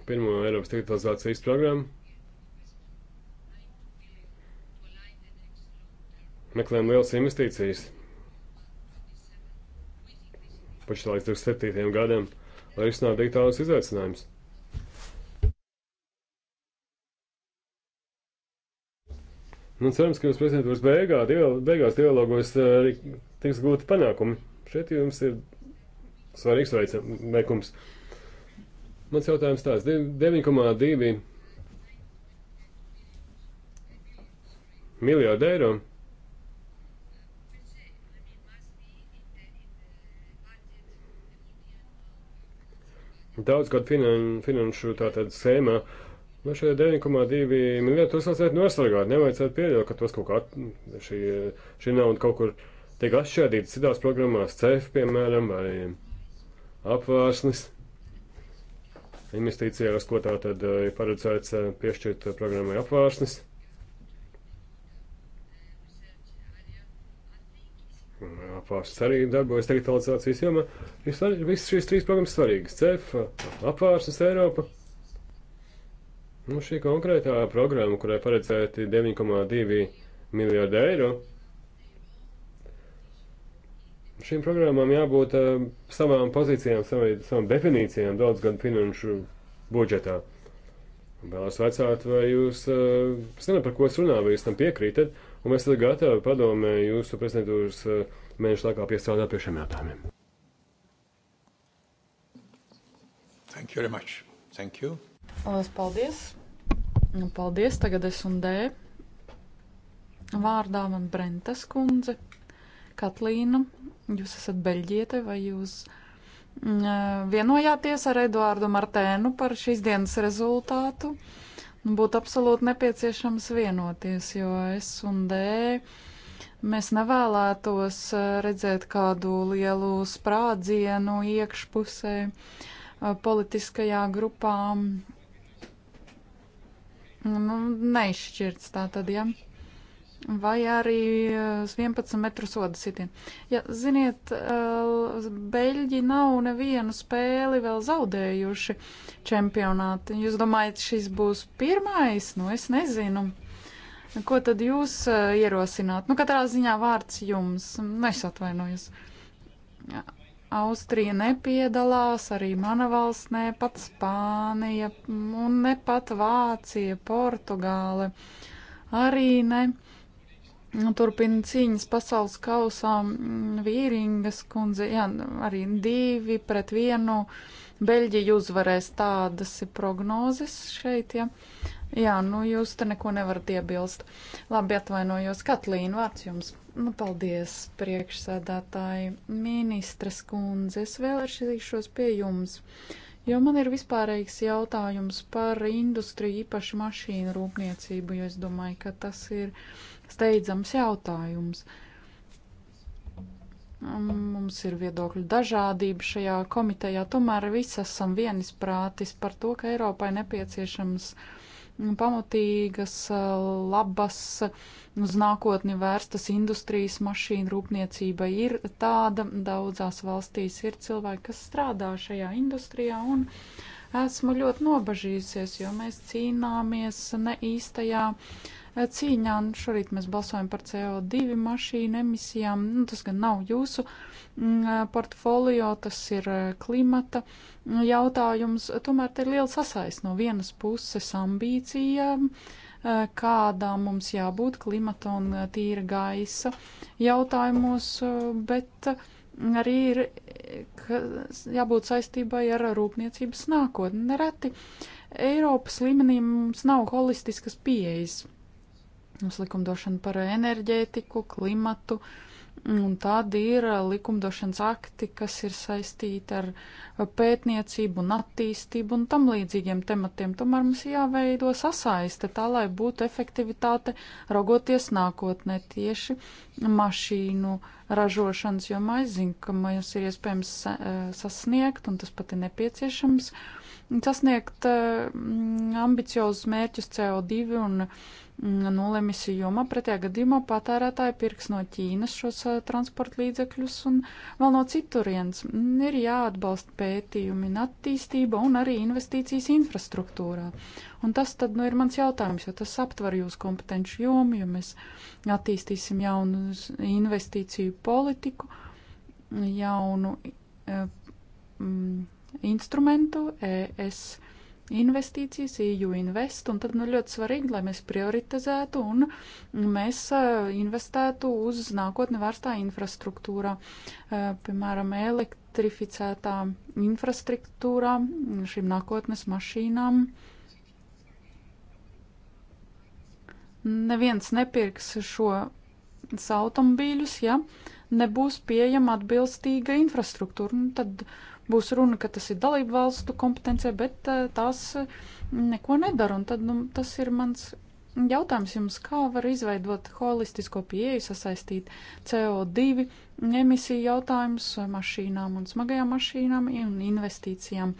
pirmo Eiropas digitalizācijas programmu. Meklējam lielas investīcijas. Pašā līdz 27. gadam, lai risinātu digitālus izaicinājumus. Nu, cerams, ka jūs prezidentūras beigā, dial, beigās dialogos eh, arī tiks gūti panākumi. Šeit jums ir svarīgs veikums. Veic Mans jautājums tāds - 9,2 miljārdu eiro. Daudz gadu finan, finanšu tātad sēmā. Nu, šie 9,2 miljardi tos vajadzētu nosargāt. Nevajadzētu pieļaut, ka tos kaut kā šī, šī nauda kaut kur tiek atšķēdīta citās programmās, CEF, piemēram, vai apvārsnes investīcijās, ko tā tad eh, ir paredzēts eh, piešķirt programmai apvārsnes. Apvārsts arī darbojas digitalizācijas jomā. Visas šīs trīs programmas svarīgas. CEF, apvārsts Eiropa. Nu, šī konkrētā programma, kurai paredzēti 9,2 miljārdi eiro, šīm programmām jābūt uh, savām pozīcijām, savai, savām definīcijām daudz gan finanšu budžetā. Vēlos vecāt, vai jūs uh, zināt, par ko es runāju, vai jūs tam piekrītat, un mēs esam gatavi padomē jūsu prezidentūras uh, mēnešu laikā piestrādāt pie šiem jautājumiem. Thank you very much. Thank you. Lielas paldies. Nu, paldies tagad es un D. Vārdā man Brentes kundze, Katlīna Jūs esat beļģiete vai jūs mm, vienojāties ar Eduārdu Martēnu par šīs dienas rezultātu? Nu, būtu absolūti nepieciešams vienoties, jo es un D. Mēs nevēlētos redzēt kādu lielu sprādzienu iekšpusē politiskajā grupā. Nu, neizšķirts tā tad, ja vai arī eh, uz 11 metru soda sitienu. Ja, ziniet, eh, Beļģi nav nevienu spēli vēl zaudējuši čempionāti. Jūs domājat, šis būs pirmais? Nu, es nezinu. Ko tad jūs eh, ierosināt? Nu, katrā ziņā vārds jums. Nu, es atvainojos. Jā. Austrija nepiedalās, arī mana valsts, ne pat Spānija, un ne pat Vācija, Portugāle. Arī ne. Turpina cīņas pasaules kausā vīringas kundze, jā, arī divi pret vienu. Beļģija uzvarēs tādas ir prognozes šeit, jā. Jā, nu jūs te neko nevarat iebilst. Labi, atvainojos. Katlīna, vārds jums. Nu, paldies, priekšsēdētāji. Ministres kundze, es vēlēšos pie jums. Jo man ir vispārējais jautājums par industriju, īpaši mašīnu rūpniecību, jo es domāju, ka tas ir steidzams jautājums. Um, mums ir viedokļu dažādība šajā komitejā, tomēr visi esam vienisprātis par to, ka Eiropai nepieciešams pamatīgas, labas, uz nākotni vērstas industrijas mašīna rūpniecība ir tāda. Daudzās valstīs ir cilvēki, kas strādā šajā industrijā un esmu ļoti nobažījusies, jo mēs cīnāmies ne īstajā uh, cīņā. Un šorīt mēs balsojam par CO2 mašīnu emisijām. Nu, tas gan nav jūsu mm, portfolio, tas ir eh, klimata jautājums. Tomēr te ir liela sasaist no vienas puses ambīcijām eh, kādā mums jābūt klimata un eh, tīra gaisa jautājumos, bet arī ir jābūt saistībai ar rūpniecības nākotni. Nereti Eiropas līmenī mums nav holistiskas pieejas Mums likumdošana par enerģētiku, klimatu, un tad ir uh, likumdošanas akti, kas ir saistīti ar uh, pētniecību un attīstību un tam līdzīgiem tematiem. Tomēr mums jāveido sasaiste tā, lai būtu efektivitāte raugoties nākotnē tieši mašīnu ražošanas, jo mēs zinām, ka mums ir iespējams uh, sasniegt, un tas pat ir nepieciešams, sasniegt ambiciozus mērķus CO2 un nolemis, jo pretējā gadījumā patērētāji pirks no Ķīnas šos transporta līdzekļus un vēl no citurienes. Mm, ir jāatbalsta pētījumi un attīstība un arī investīcijas infrastruktūrā. Un tas tad nu, ir mans jautājums, jo tas aptver jūsu kompetenci jomu, jo mēs attīstīsim jaunu investīciju politiku, jaunu e, m, instrumentu ES investīcijas, EU invest, un tad nu, ļoti svarīgi, lai mēs prioritizētu un mēs investētu uz nākotni vērstā infrastruktūrā, piemēram, elektrificētā infrastruktūrā, šīm nākotnes mašīnām. Neviens nepirks šos automobīļus, ja nebūs pieejama atbilstīga infrastruktūra. Nu, tad, uh, būs runa, ka tas ir dalību valstu kompetencija, bet eh, tās mm, neko nedara. Un tad nu, tas ir mans jautājums jums, kā var izveidot holistisko pieeju, sasaistīt CO2 emisiju jautājumus mašīnām un smagajām mašīnām un investīcijām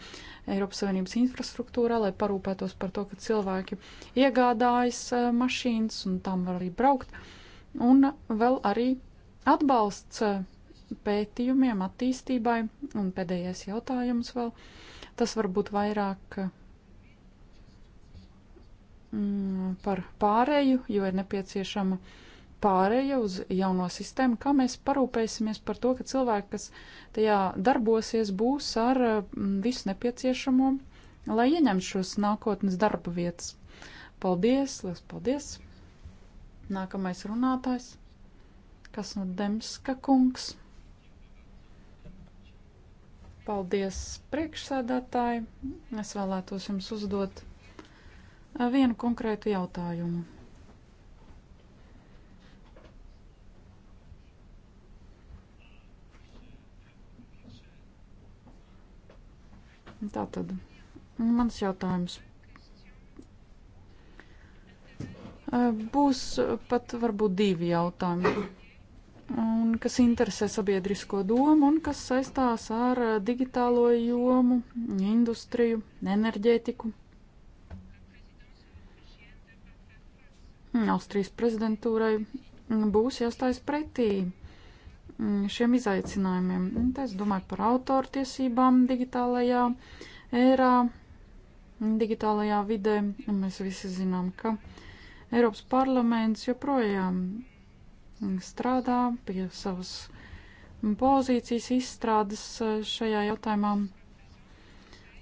Eiropas Savienības infrastruktūrā, lai parūpētos par to, ka cilvēki iegādājas eh, mašīnas un tam var arī braukt. Un vēl arī atbalsts eh, pētījumiem, attīstībai. Un pēdējais jautājums vēl. Tas varbūt vairāk mm, par pārēju, jo ir nepieciešama pārēja uz jauno sistēmu. Kā mēs parūpēsimies par to, ka cilvēki, kas tajā darbosies, būs ar mm, visu nepieciešamo, lai ieņemtu šos nākotnes darba vietas? Paldies, liels paldies! Nākamais runātājs, kas no nu Demska kungs. Paldies, priekšsēdētāji. Es vēlētos jums uzdot vienu konkrētu jautājumu. Tātad, mans jautājums būs pat varbūt divi jautājumi un kas interesē sabiedrisko domu un kas saistās ar eh, digitālo jomu, industriju, enerģētiku. Austrijas prezidentūrai būs jāstājas pretī mm, šiem izaicinājumiem. Tā es domāju par autortiesībām digitālajā ērā, digitālajā vidē. Mēs visi zinām, ka Eiropas parlaments joprojām strādā pie savas pozīcijas izstrādes eh, šajā jautājumā.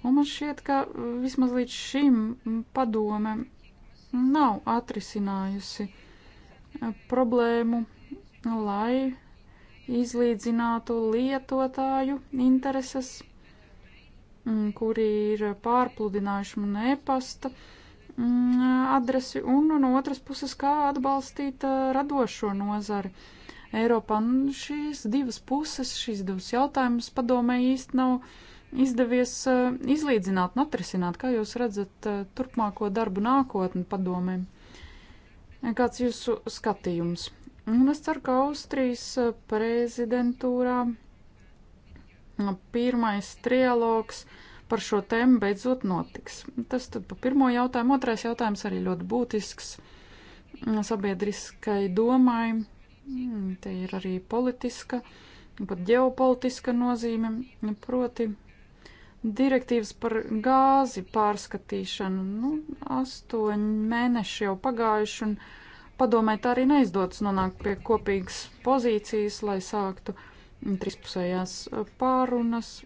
Un man šķiet, ka eh, vismaz līdz šim padome nav atrisinājusi eh, problēmu, lai izlīdzinātu lietotāju intereses, kuri ir pārpludinājuši man e-pasta. E Mm, adresi un no otras puses, kā atbalstīt uh, radošo nozari. Eiropā un šīs divas puses, šīs divas jautājumas padomē īsti nav izdevies uh, izlīdzināt un atrisināt, kā jūs redzat uh, turpmāko darbu nākotni padomē. Kāds jūsu skatījums? Un es ceru, ka Austrijas prezidentūrā pirmais trialogs uh, par šo tēmu beidzot notiks. Tas tad pa pirmo jautājumu. Otrais jautājums arī ļoti būtisks mm, sabiedriskai domai. Mm, te ir arī politiska, pat ģeopolitiska nozīme, proti direktīvas par gāzi pārskatīšanu. Nu, astoņi mēneši jau pagājuši un padomē tā arī neizdodas nonākt pie kopīgas pozīcijas, lai sāktu trispusējās pārunas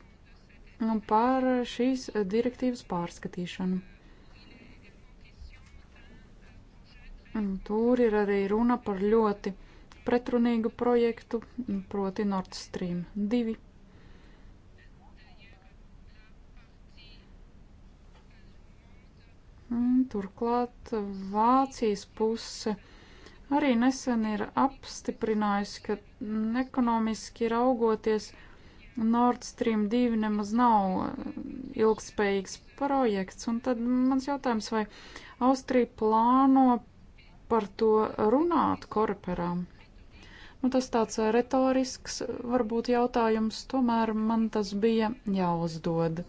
par šīs direktīvas pārskatīšanu. Tur ir arī runa par ļoti pretrunīgu projektu, proti Nord Stream 2. Turklāt Vācijas puse arī nesen ir apstiprinājusi, ka ekonomiski raugoties, ir Nord Stream 2 nemaz nav eh, ilgspējīgs projekts, un tad mans jautājums, vai Austrija plāno par to runāt koreperā? Nu, tas tāds eh, retorisks varbūt jautājums, tomēr man tas bija jāuzdod.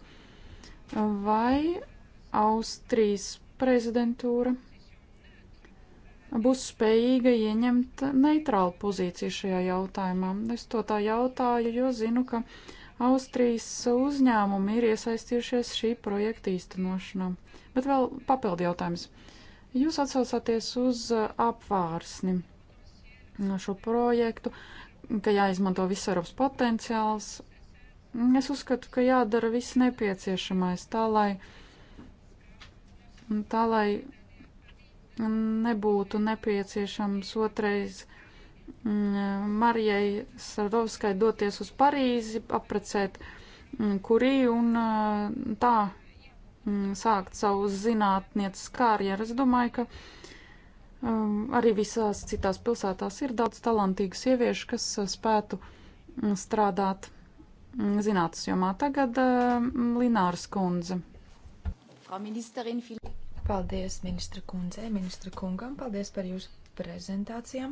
Vai Austrijas prezidentūra būs spējīga ieņemt neitrālu pozīciju šajā jautājumā. Es to tā jautāju, jo zinu, ka Austrijas uzņēmumi ir iesaistījušies šī projekta īstenošanā. Bet vēl papildi jautājums. Jūs atsaucāties uz uh, apvārsni šo projektu, ka jāizmanto viss Eiropas potenciāls. Es uzskatu, ka jādara viss nepieciešamais tā, lai, tā, lai nebūtu nepieciešams otrais mm, Marijai Sardovskai doties uz Parīzi, aprecēt mm, kurī un mm, tā sākt savu zinātnieces karjeru. Es domāju, ka arī visās citās pilsētās ir daudz talantīgu sieviešu, kas spētu strādāt zinātnes jomā. Tagad Lināras kundze. Frau Ministerin, vielen Dank. Paldies ministra kundzei, ministra kungam, paldies par jūsu prezentācijām.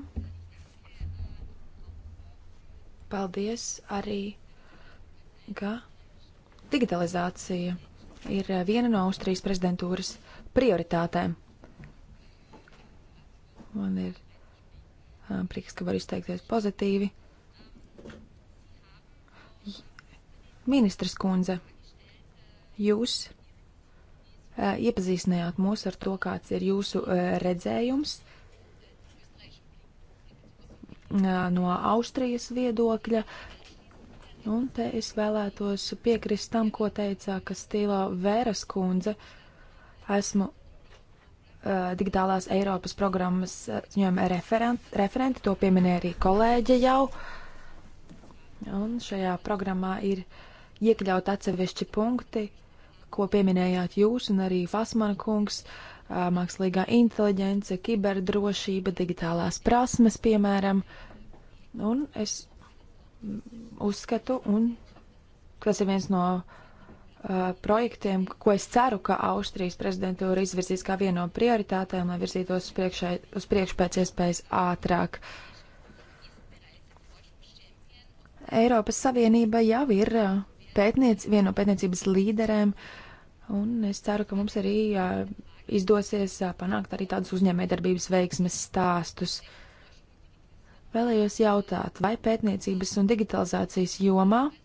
Paldies arī, ka digitalizācija ir viena no Austrijas prezidentūras prioritātēm. Man ir prieks, ka var izteikties pozitīvi. Ministras kundze, jūs Eh, iepazīstinājāt mūs ar to, kāds ir jūsu eh, redzējums eh, no Austrijas viedokļa. Un te es vēlētos piekrist tam, ko teicā Kastīlā Vēras kundze. Esmu uh, digitālās Eiropas programmas uh, referent, referenti, to pieminēja arī kolēģe jau. Un šajā programmā ir iekļaut atsevišķi punkti, uh, ko pieminējāt jūs un arī Fasmana kungs - mākslīgā inteliģence, kiberdrošība, digitālās prasmes, piemēram. Un es uzskatu, un tas ir viens no uh, projektiem, ko es ceru, ka Austrijas prezidentūra izvirzīs kā vienu no prioritātēm, lai virzītos uz priekšu pēc iespējas ātrāk. Eiropas Savienība jau ir uh, pētniec, viena no pētniecības līderēm, un es ceru, ka mums arī uh, izdosies uh, panākt arī tādus uzņēmējdarbības veiksmes stāstus. Vēlējos jautāt, vai pētniecības un digitalizācijas jomā uh,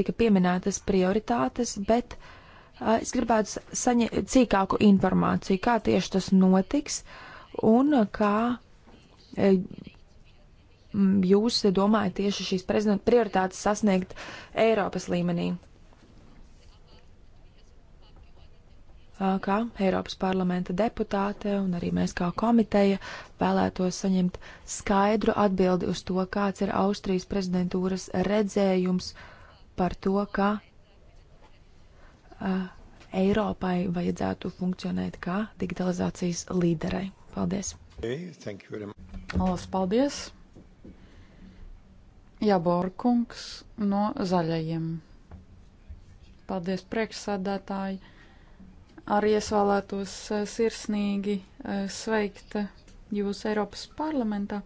tika pieminētas prioritātes, bet uh, es gribētu saņemt cīkāku informāciju, kā tieši tas notiks un uh, kā Mm, jūs domājat tieši šīs prioritātes sasniegt Eiropas līmenī? Kā Eiropas parlamenta deputāte un arī mēs kā komiteja vēlētos saņemt skaidru atbildi uz to, kāds ir Austrijas prezidentūras redzējums par to, ka uh, Eiropai vajadzētu funkcionēt kā digitalizācijas līderei. Paldies! Lielas paldies! Jāborkungs no zaļajiem. Paldies, priekšsādātāji! Arī es vēlētos eh, sirsnīgi eh, sveikt jūs Eiropas parlamentā.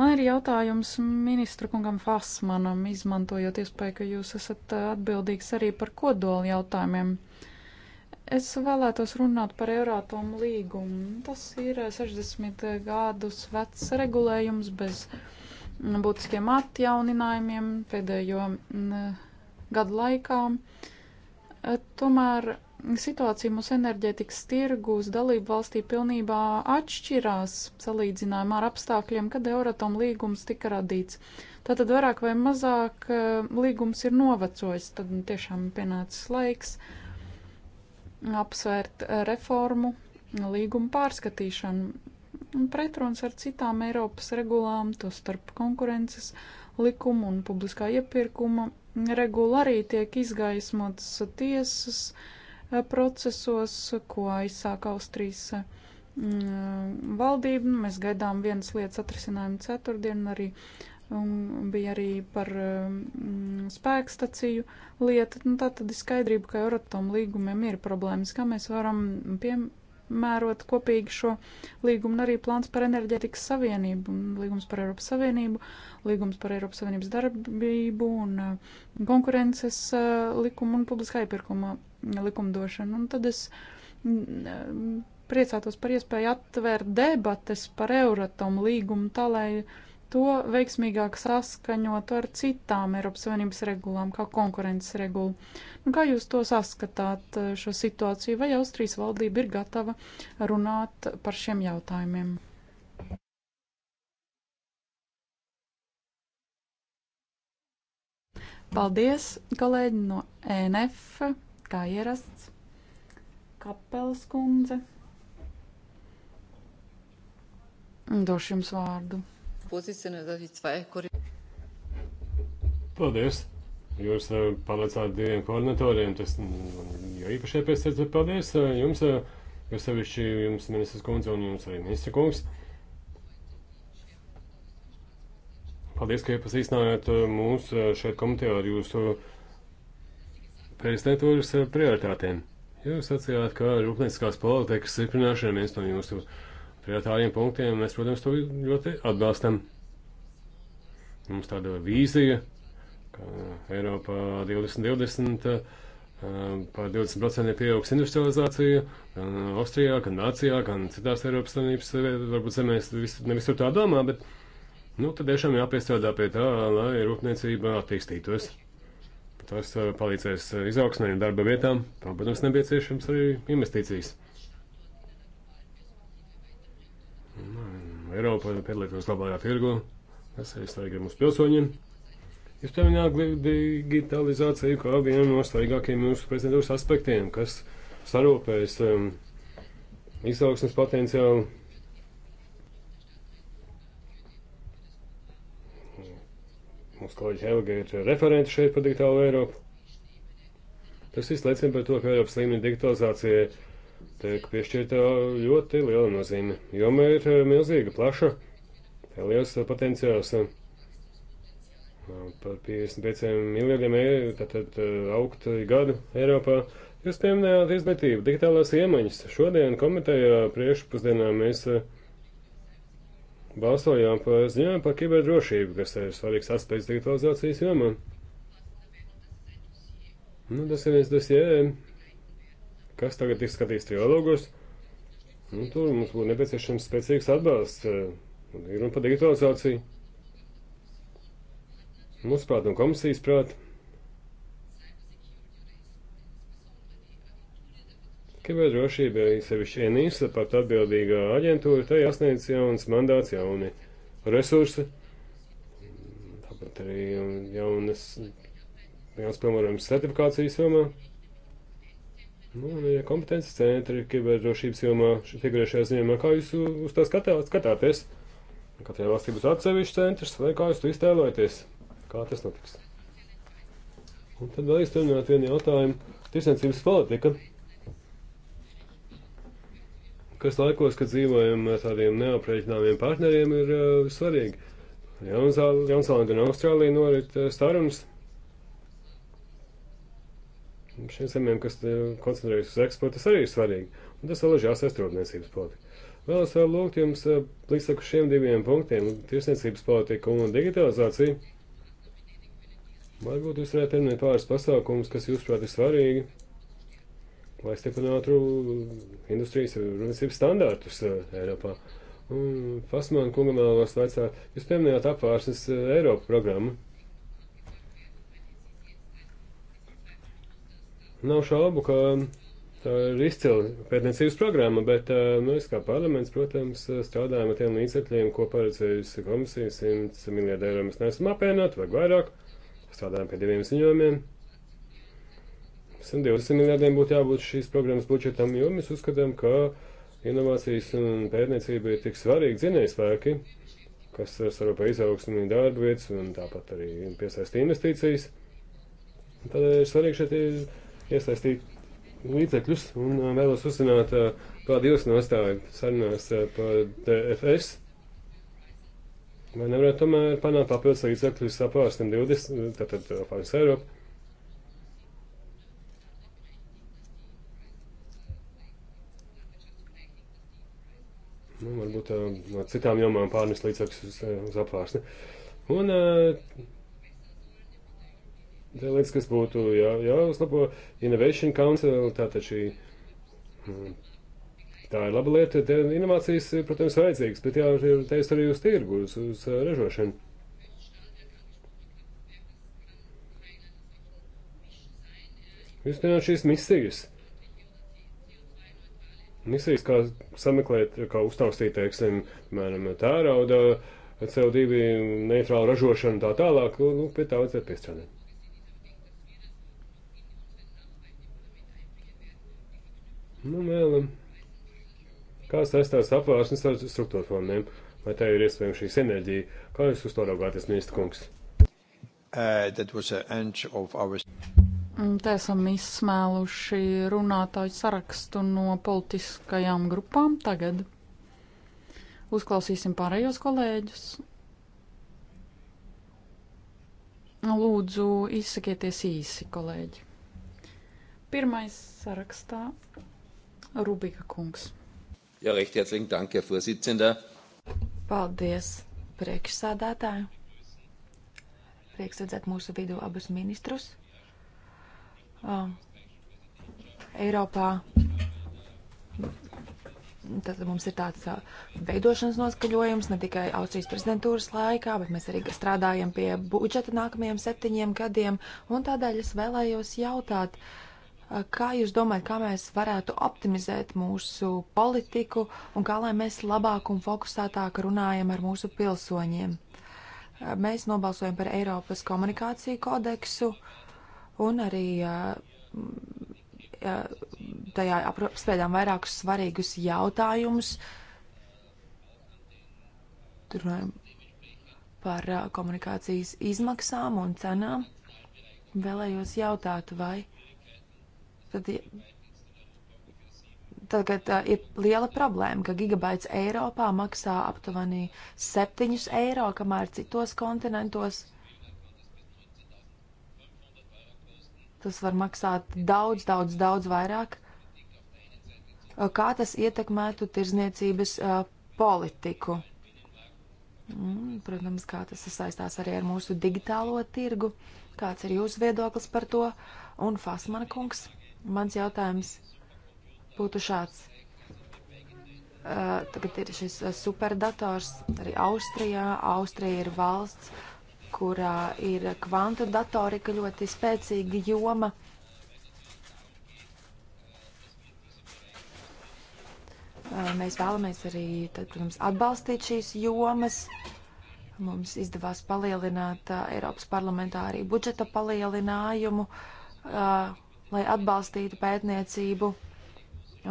Man ir jautājums ministra kungam Fasmanam, izmantojot iespēju, ka jūs esat eh, atbildīgs arī par kodoli jautājumiem. Es vēlētos runāt par Eurātomu līgumu. Tas ir 60 gadus vecs regulējums bez būtiskiem atjauninājumiem pēdējo mm, gadu laikā. Eh, tomēr situācija mūsu enerģētikas tirgūs dalību valstī pilnībā atšķirās salīdzinājumā ar apstākļiem, kad Euratom līgums tika radīts. Tātad vairāk vai mazāk eh, līgums ir novecojis, tad tiešām pienācis laiks apsvērt eh, reformu, līgumu pārskatīšanu un pretruns ar citām Eiropas regulām, to starp konkurences likumu un publiskā iepirkuma regulu arī tiek izgaismots tiesas eh, procesos, ko aizsāka Austrijas eh, mm, valdība. Mēs gaidām vienas lietas atrisinājumu ceturtdien arī un bija arī par um, spēkstaciju lietu. Nu, tā tad ir skaidrība, ka Euratom līgumiem ir problēmas, kā mēs varam piem piemērot kopīgi šo līgumu, un arī plāns par enerģētikas savienību, līgums par Eiropas Savienību, līgums par Eiropas Savienības darbību un uh, konkurences uh, likumu un publiskā iepirkuma uh, likumdošanu. Un tad es mm, priecātos par iespēju atvērt debates par Euratom līgumu tā, lai to veiksmīgāk saskaņot ar citām Eiropas Savienības regulām, kā konkurences regulu. Nu, kā jūs to saskatāt eh, šo situāciju, vai Austrijas valdība ir gatava runāt par šiem jautājumiem? Paldies, kolēģi no ENF, kā ierasts, Kapelas kundze. Došu jums vārdu. Vorsitzende, dass ich zwei Paldies! Jūs eh, palicāt diviem koordinatoriem, tas mm, jau īpaši piesaistot. Paldies eh, jums, eh, jo sevišķi jums ministrs kundze un jums arī ministra kungs. Paldies, ka iepazīstinājāt mūs šeit komitejā ar jūsu prezidentūras prioritātēm. Jūs atsījāt, ka rūpnieciskās politikas stiprināšana viens no jūsu prioritātēm prioritāriem punktiem, mēs, protams, to ļoti atbalstam. Mums tāda vīzija, ka Eiropā 2020 par 20% pieaugs industrializācija, gan Austrijā, gan Vācijā, gan citās Eiropas Savienības, varbūt zemēs vis, nevis tur tā domā, bet, nu, tad tiešām jāpiestrādā pie tā, lai rūpniecība attīstītos. Tas palīdzēs izaugsmē un darba vietām, tam, protams, nepieciešams arī investīcijas. Eiropa piedalītos labajā tirgu. Tas ir svarīgi mūsu pilsoņiem. Ir pieminēta digitalizācija kā viena no svarīgākajiem mūsu prezidentūras aspektiem, kas sarūpēs um, izaugsmes potenciālu. Mūsu kolēģi Helga ir referenti šeit par digitālo Eiropu. Tas viss liecina par to, ka Eiropas līmenī digitalizācija ir tiek piešķirta ļoti liela nozīme. Joma ir eh, milzīga, plaša, eh, liels eh, potenciāls. Par 55 miljardiem eiro, tātad augt gadu Eiropā. Jūs pieminējāt izglītību, digitālās iemaņas. Šodien komitejā priekšpusdienā mēs balsojām par ziņām par kiberdrošību, kas ir svarīgs aspekts digitalizācijas jomā. Nu, tas ir viens dosie, kas tagad tiks skatīts trilogos. Nu, tur mums būtu nepieciešams spēcīgs atbalsts. Eh, ir runa par digitalizāciju. Mūsu prāt un komisijas prāt. Kiberdrošība, sevišķi ENISA, pat atbildīgā aģentūra, tai jāsniedz jauns mandāts, jauni resursi, tāpat arī jaunas, jauns, piemēram, certifikācijas jomā. Um, Nu, un ir ja kompetences centri kiberdrošības jomā, figurēšajā ziņā. Kā jūs uz tā skatā, skatāties? Katrai valstī būs atsevišķs centrs, vai kā jūs to iztēlojaties? Kā tas notiks? Un tad vēl izturmināt vienu jautājumu - tirsniecības politika. Kas laikos, kad dzīvojam ar tādiem neaprēķināmiem partneriem, ir uh, svarīgi. Jaunzālanda un Austrālija norit uh, sarunas šiem zemēm, kas eh, koncentrējas uz eksportu, tas arī ir svarīgi. Un tas vēl ir jāsaist rūpniecības politika. Vēl es vēl lūgtu jums eh, līdzsaku šiem diviem punktiem - tirsniecības politika un digitalizācija. Varbūt jūs varētu pieminēt pāris pasākumus, kas jūsuprāt ir svarīgi, lai stiprinātu industrijas rūpniecības standārtus eh, Eiropā. Un Fasmāna kungam vēlos vaicāt, jūs pieminējāt apvārsnes Eiropu programmu. Nav šaubu, ka tā uh, ir izcila pētniecības programma, bet mēs uh, nu, kā parlaments, protams, uh, strādājam ar tiem līdzekļiem, ko paredzējusi komisija 100 miljārdu eiro. Mēs neesam apvienot, vajag vairāk. Strādājam pie diviem ziņojumiem. 120 miljārdiem būtu jābūt šīs programmas budžetam, jo mēs uzskatām, ka inovācijas un pētniecība ir tik svarīgi dzinējspēki, kas sarūpē izaugsmi darba vietas un tāpat arī piesaista investīcijas. Tādēļ svarīgi šeit ir iesaistīt līdzekļus un uh, vēlos uzzināt, kāda jūs nostāja sarunās uh, par DFS. Vai nevarētu tomēr panākt papildus līdzekļus apvārstiem 20, uh, tātad apvārstiem Eiropu? Nu, varbūt no citām jomām pārnest līdzekļus uz, uz apvārsni. Un Tā lietas, kas būtu jā, jāuzlabo, Innovation Council, tātad šī, mm, tā ir laba lieta, inovācijas, protams, vajadzīgas, bet jā, ir teist arī uz tirgu, uz, uz ražošanu. Jūs zināt šīs misijas. Misijas, kā sameklēt, kā uztaustīt, teiksim, piemēram, tērauda, CO2 neitrālu ražošanu tā tālāk, nu, nu pie tā vajadzētu piestrādāt. Nu, vēl, um, kā saistās apvāršanas ar struktūra fondiem? Vai tā ir iespējama šī sinerģija? Kā jūs uz to raugāties, ministra kungs? Uh, our... Te esam izsmēluši runātāju sarakstu no politiskajām grupām tagad. Uzklausīsim pārējos kolēģus. Lūdzu, izsakieties īsi, kolēģi. Pirmais sarakstā Rubika kungs. Jā, ja, recht herzlichen dank, Herr Vorsitzender. Paldies, priekšsādātāji. Prieks redzēt mūsu vidū abus ministrus. Uh, Eiropā Tad mums ir tāds uh, veidošanas noskaņojums ne tikai Austrijas prezidentūras laikā, bet mēs arī strādājam pie budžeta nākamajiem septiņiem gadiem. Tādēļ es vēlējos jautāt, uh, Kā jūs domājat, kā mēs varētu optimizēt mūsu politiku un kā lai mēs labāk un fokusētāk runājam ar mūsu pilsoņiem? Mēs nobalsojam par Eiropas komunikāciju kodeksu un arī tajā apspēdām vairākus svarīgus jautājumus. Runājam par komunikācijas izmaksām un cenām. Vēlējos jautāt, vai tad, tagad uh, ir liela problēma, ka gigabaits Eiropā maksā aptuveni 7 eiro, kamēr citos kontinentos tas var maksāt daudz, daudz, daudz vairāk. Kā tas ietekmētu tirzniecības uh, politiku? Mm, protams, kā tas saistās arī ar mūsu digitālo tirgu. Kāds ir jūsu viedoklis par to? Un Fasmana kungs. Mans jautājums būtu šāds. Uh, tagad ir šis uh, superdators arī Austrijā. Austrija ir valsts, kurā ir kvantu datorika ļoti spēcīga joma. Uh, mēs vēlamies arī, tad, protams, atbalstīt šīs jomas. Mums izdevās palielināt Eiropas parlamentā arī budžeta palielinājumu. Uh, lai atbalstītu pētniecību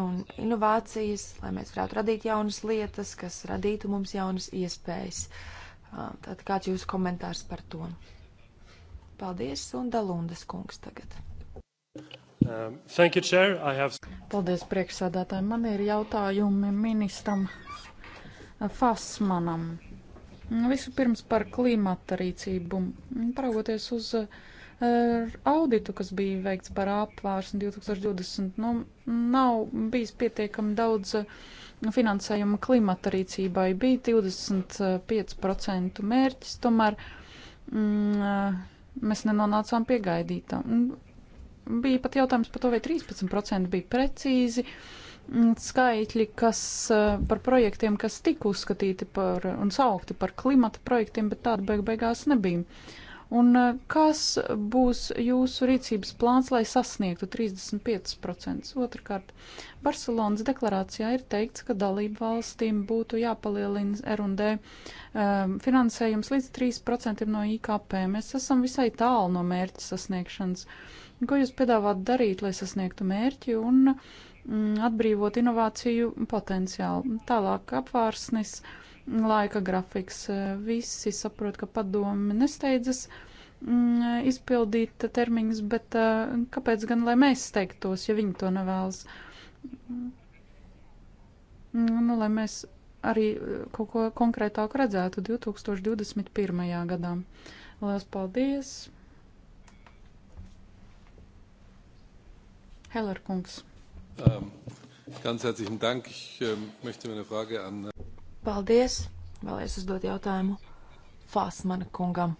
un inovācijas, lai mēs varētu radīt jaunas lietas, kas radītu mums jaunas iespējas. Tad kāds jūsu komentārs par to? Paldies, un Dalundas kungs tagad. Um, thank you, Chair. I have... Paldies, priekšsēdētāji. Man ir jautājumi ministram Fasmanam. Vispirms par klimata rīcību. Paraugoties uz uh, auditu, kas bija veikts par apvārsni 2020, nu, nav bijis pietiekami daudz uh, finansējuma klimata rīcībai. Bija 25% mērķis, tomēr mm, uh, mēs nenonācām pie gaidītā. Bija pat jautājums par to, vai 13% bija precīzi mm, skaitļi, kas uh, par projektiem, kas tika uzskatīti par un saukti par klimata projektiem, bet tāda beig beigās nebija. Uh, Un eh, kas būs jūsu rīcības plāns, lai sasniegtu 35%? Otrakārt, Barcelonas deklarācijā ir teikts, ka dalību valstīm būtu jāpalielina R&D um, eh, finansējums līdz 3% no IKP. Mēs esam visai tālu no mērķa sasniegšanas. Ko jūs piedāvāt darīt, lai sasniegtu mērķi un mm, atbrīvot inovāciju potenciālu? Tālāk apvārsnis. Uh, laika grafiks. Visi saprot, ka padomi nesteidzas mm, izpildīt termiņus, bet eh, kāpēc gan, lai mēs steigtos, ja viņi to nevēlas? Mm, nu, lai mēs arī eh, kaut ko konkrētāku redzētu 2021. gadā. Lielas paldies! Heller Kungs. Um, ganz herzlichen Dank. Ich ähm, möchte meine Frage an Paldies! Vēlējos uzdot jautājumu Fāsmana kungam.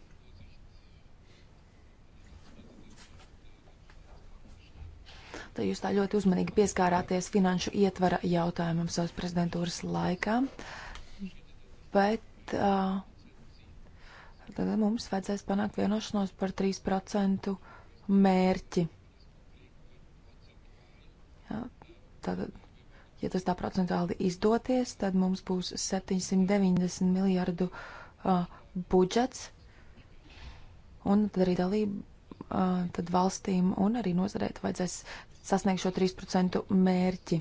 Tad jūs tā ļoti uzmanīgi pieskārāties finanšu ietvara jautājumam savas prezidentūras laikā. Bet uh, tad mums vajadzēs panākt vienošanos par 3% mērķi. Jā, tad Ja tas tā procentuāli izdoties, tad mums būs 790 miljardu uh, budžets, un tad arī dalība, uh, tad valstīm un arī nozarēt vajadzēs sasniegt šo 3% mērķi.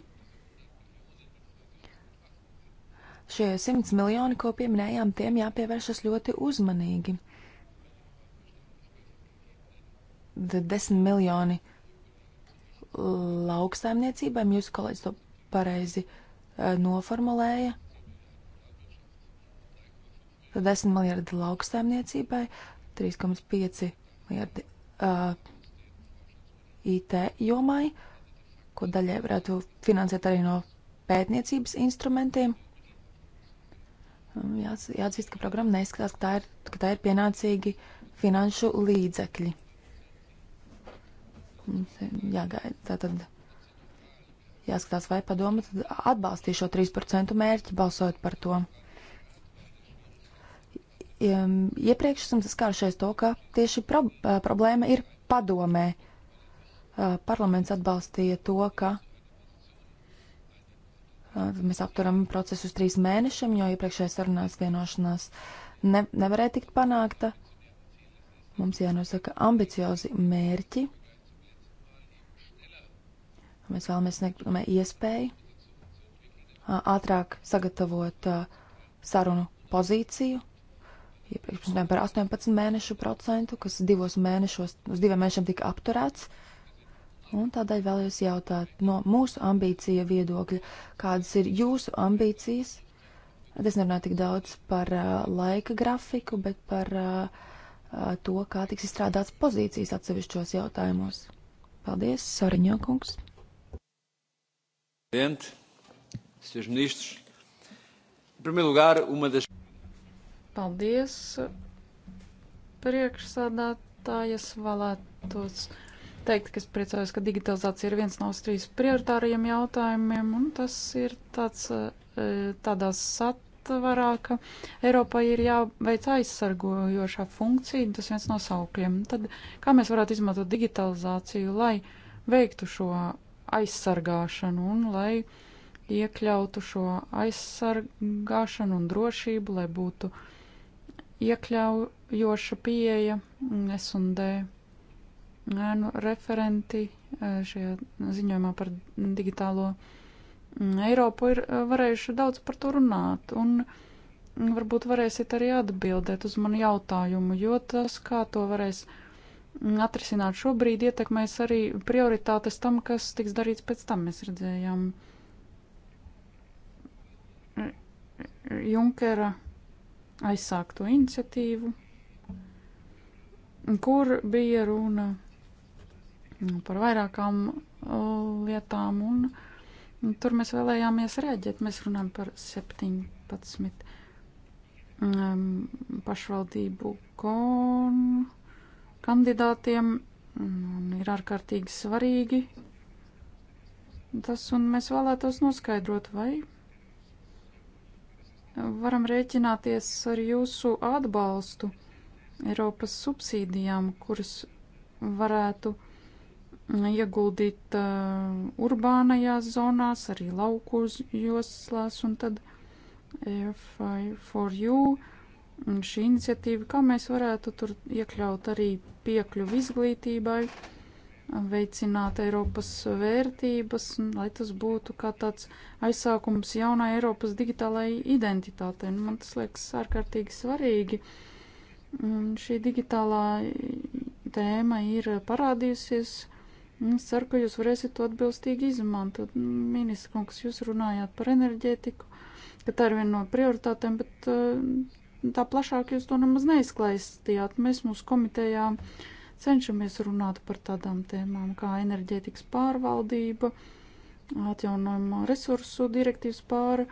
Šie 100 miljoni, ko pieminējām, tiem jāpievēršas ļoti uzmanīgi. 10 miljoni lauksaimniecībām, jūsu kolēģis to pareizi e, noformulēja. Tad 10 miljardi lauksaimniecībai, 3,5 miljardi uh, e, IT jomai, ko daļai varētu finansēt arī no pētniecības instrumentiem. Jāc, jāatzīst, ka programma neizskatās, ka tā ir, ka tā ir pienācīgi finanšu līdzekļi. Jāgaida tātad jāskatās, vai padoma atbalstīs šo 3% mērķi, balsojot par to. Iepriekš esam saskārušies to, ka tieši pro problēma ir padomē. Parlaments atbalstīja to, ka mēs apturam procesu uz trīs mēnešiem, jo iepriekšējais sarunās vienošanās ne, nevarēja tikt panākta. Mums jānosaka ambiciozi mērķi Mēs vēlamies sniegt padomē iespēju ātrāk sagatavot sarunu pozīciju. Iepriekš runājām par 18 mēnešu procentu, kas divos mēnešos, uz diviem mēnešiem tika apturēts. Un tādēļ vēlējos jautāt no mūsu ambīcija viedokļa, kādas ir jūsu ambīcijas? Es nerunāju tik daudz par uh, laika grafiku, bet par uh, to, kā tiks izstrādāts pozīcijas atsevišķos jautājumos. Paldies, Soriņokungs! Presidente, Srs. Ministrs, em primeiro lugar, uma das. Paldies, priekšsādātājas vēlētos teikt, ka es priecājos, ka digitalizācija ir viens no Austrijas prioritārajiem jautājumiem, un tas ir tāds e, tādā satvarā, ka Eiropai ir jāveic aizsargojošā funkcija, un tas viens no saukļiem. Tad kā mēs varētu izmantot digitalizāciju, lai veiktu šo aizsargāšanu un lai iekļautu šo aizsargāšanu un drošību, lai būtu iekļaujoša pieeja S&D nu, referenti šajā ziņojumā par digitālo Eiropu ir varējuši daudz par to runāt un varbūt varēsiet arī atbildēt uz manu jautājumu, jo tas, kā to varēs izdarīt, atrisināt šobrīd, ietekmēs arī prioritātes tam, kas tiks darīts pēc tam. Mēs redzējām e, e, Junkera aizsākto iniciatīvu, kur bija runa par vairākām e, lietām, un tur mēs vēlējāmies rēģēt. Mēs runājam par 17 um, pašvaldību konu kandidātiem un ir ārkārtīgi svarīgi. Tas un mēs vēlētos noskaidrot, vai varam rēķināties ar jūsu atbalstu Eiropas subsīdijām, kuras varētu ieguldīt uh, urbānajās zonās, arī laukos joslās, un tad F4U šī iniciatīva, kā mēs varētu tur iekļaut arī piekļuvu izglītībai, veicināt Eiropas vērtības, lai tas būtu kā tāds aizsākums jaunai Eiropas digitālajai identitātei. Nu, man tas liekas ārkārtīgi svarīgi. Un šī digitālā tēma ir parādījusies. Es ceru, ka jūs varēsiet to atbilstīgi izmantot. Ministra kungs, jūs runājāt par enerģētiku, ka tā ir viena no prioritātēm, bet uh, tā plašāk jūs to nemaz neizklaistījāt. Mēs mūsu komitejā cenšamies runāt par tādām tēmām kā enerģētikas pārvaldība, atjaunojumā resursu direktīvas pāra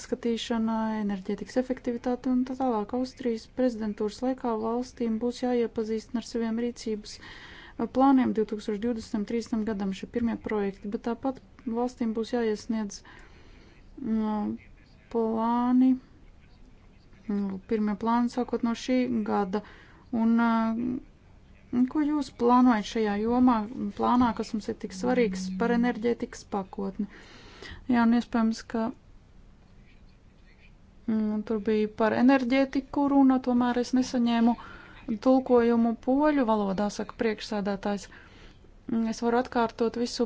skatīšana, enerģētikas efektivitāte un tā tālāk. Austrijas prezidentūras laikā valstīm būs jāiepazīstina ar saviem rīcības plāniem 2023. gadam šie pirmie projekti, bet tāpat valstīm būs jāiesniedz mm, plāni Nu, pirmie plāni sākot no šī gada. Un uh, ko jūs plānojat šajā jomā, plānā, kas mums ir tik svarīgs par enerģētikas pakotni? Jā, un iespējams, ka mm, tur bija par enerģētiku runa, tomēr es nesaņēmu tulkojumu poļu valodā, saka priekšsēdētājs. Mm, es varu atkārtot visu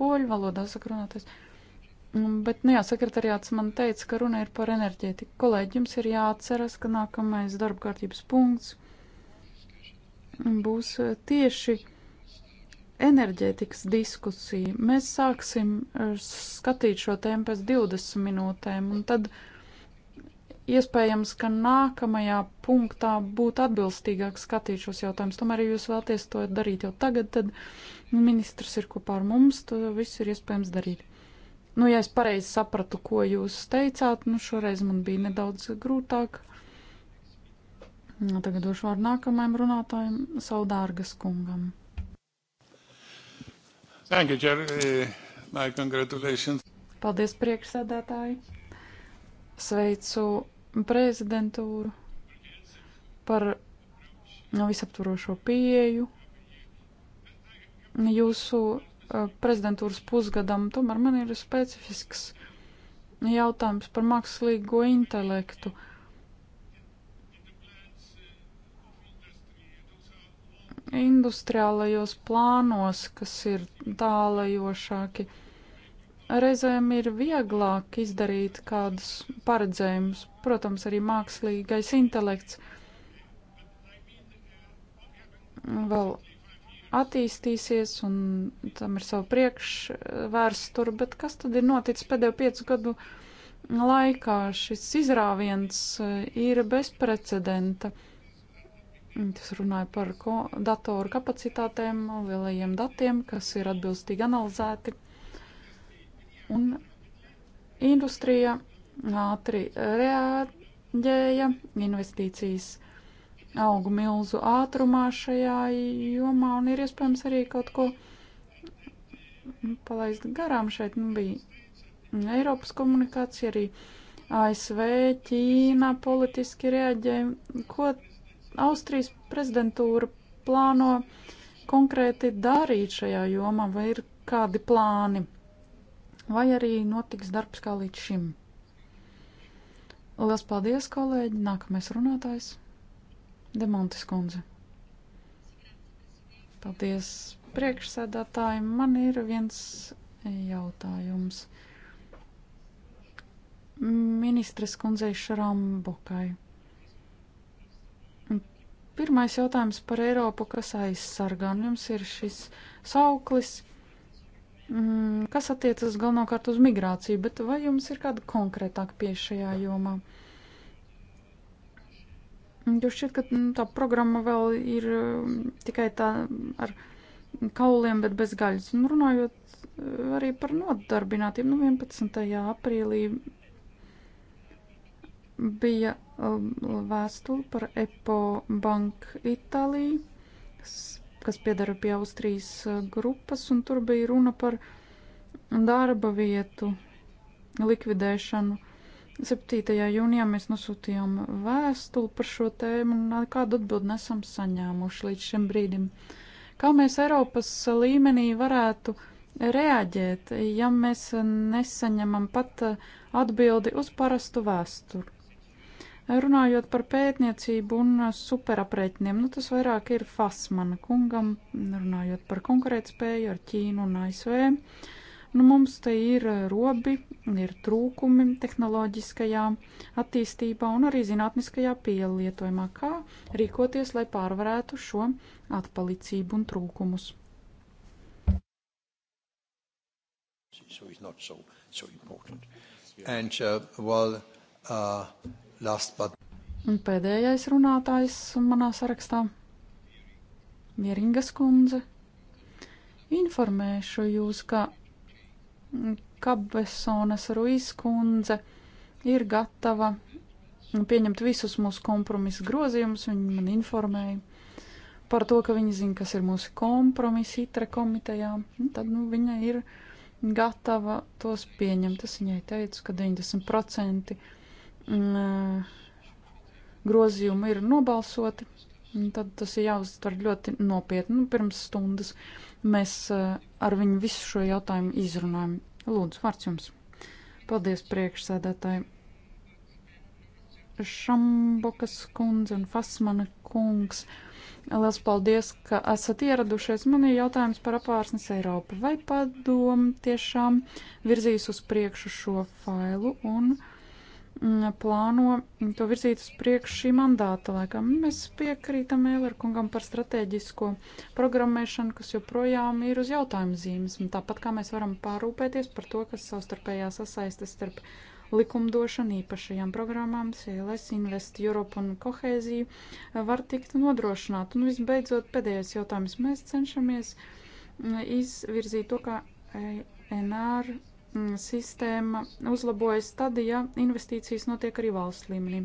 poļu valodā, saka runātājs. Mm, bet, nu jā, sekretariāts man teica, ka runa ir par enerģētiku. Kolēģi, jums ir jāatceras, ka nākamais darba kārtības punkts būs eh, tieši enerģētikas diskusija. Mēs sāksim eh, skatīt šo tēmu pēc 20 minūtēm, un tad iespējams, ka nākamajā punktā būtu atbilstīgāk skatīt šos jautājumus. Tomēr, ja jūs vēlaties to darīt jau tagad, tad ministrs ir kopā ar mums, to viss ir iespējams darīt. Nu, ja es pareizi sapratu, ko jūs teicāt, nu šoreiz man bija nedaudz grūtāk. Nu, tagad došu vārdu nākamajam runātājam, Saudārgas kungam. Thank you, Jerry. Eh, my congratulations. Paldies, priekšsēdētāji. Sveicu prezidentūru par nu, visaptvarošo pieeju. Jūsu Eh, prezidentūras pusgadam. Tomēr man ir specifisks jautājums par mākslīgo intelektu. Industriālajos plānos, kas ir tālajošāki, reizēm ir vieglāk izdarīt kādus paredzējumus. Protams, arī mākslīgais intelekts vēl attīstīsies un tam ir savu priekšvēsturu, bet kas tad ir noticis pēdējo piecu gadu laikā? Šis izrāviens eh, ir bezprecedenta. Tas runāja par datoru kapacitātēm, lielajiem datiem, kas ir atbilstīgi analizēti. Un industrija ātri reaģēja, investīcijas augu milzu ātrumā šajā jomā un ir iespējams arī kaut ko palaist garām. Šeit nu, bija Eiropas komunikācija, arī ASV, Ķīna politiski reaģēja. Ko Austrijas prezidentūra plāno konkrēti darīt šajā jomā, vai ir kādi plāni, vai arī notiks darbs kā līdz šim? Lielas paldies, kolēģi! Nākamais runātājs! Demontes kundze. Paldies priekšsēdētāji. Man ir viens jautājums. Ministres kundzei Šrambukai. Pirmais jautājums par Eiropu, kas aizsargā. Un jums ir šis sauklis, mm, kas attiecas galvenokārt uz migrāciju, bet vai jums ir kāda konkrētāka pie šajā jomā? Jo Jo šķiet, ka nu, tā programma vēl ir eh, tikai tā ar kauliem, bet bez gaļas. Un runājot eh, arī par nodarbinātiem, nu 11. aprīlī bija um, vēstule par EPO Bank Itāliju, kas piedara pie Austrijas eh, grupas, un tur bija runa par darba vietu likvidēšanu 7. jūnijā mēs nosūtījām vēstuli par šo tēmu un nekādu atbildi nesam saņēmuši līdz šim brīdim. Kā mēs Eiropas līmenī varētu reaģēt, ja mēs nesaņemam pat atbildi uz parastu vēsturi? Runājot par pētniecību un superaprēķiniem, nu tas vairāk ir Fasmana kungam, runājot par konkurētspēju ar Ķīnu un ASV. Nu, mums te ir eh, robi, ir trūkumi tehnoloģiskajā attīstībā un arī zinātniskajā pielietojumā, kā rīkoties, lai pārvarētu šo atpalicību un trūkumus. So it's not so, so important. And, uh, well, uh, last but... Un pēdējais runātājs manā sarakstā - Mieringas kundze. Informēšu jūs, ka Kabesonas Ruijas kundze ir gatava pieņemt visus mūsu kompromisu grozījumus. Viņa man informēja par to, ka viņa zina, kas ir mūsu kompromisi itre komitejā. Tad nu, viņa ir gatava tos pieņemt. Es viņai teicu, ka 90% mm, eh, grozījumu ir nobalsoti tad tas ir jāuztver ļoti nopietni. Nu, pirms stundas mēs eh, ar viņu visu šo jautājumu izrunājam. Lūdzu, vārds jums. Paldies priekšsēdētāji. Šambokas kundze un Fasmana kungs. Liels paldies, ka esat ieradušies. Man ir jautājums par apvārsnes Eiropu. Vai padomu tiešām virzīs uz priekšu šo failu un. Uh, Mm, plāno to virzīt uz priekšu šī mandāta laikā. Mēs piekrītam Eilerkungam par strateģisko programmēšanu, kas joprojām ir uz jautājuma zīmes. Un tāpat kā mēs varam pārūpēties par to, kas savstarpējā sasaistas starp likumdošanu īpašajām programmām, CLS, Invest Europe un kohēziju eh, var tikt nodrošināt. Un visbeidzot, pēdējais jautājums. Mēs cenšamies mm, izvirzīt to, kā NR Mm, sistēma uzlabojas tad, ja investīcijas notiek arī valsts līmenī.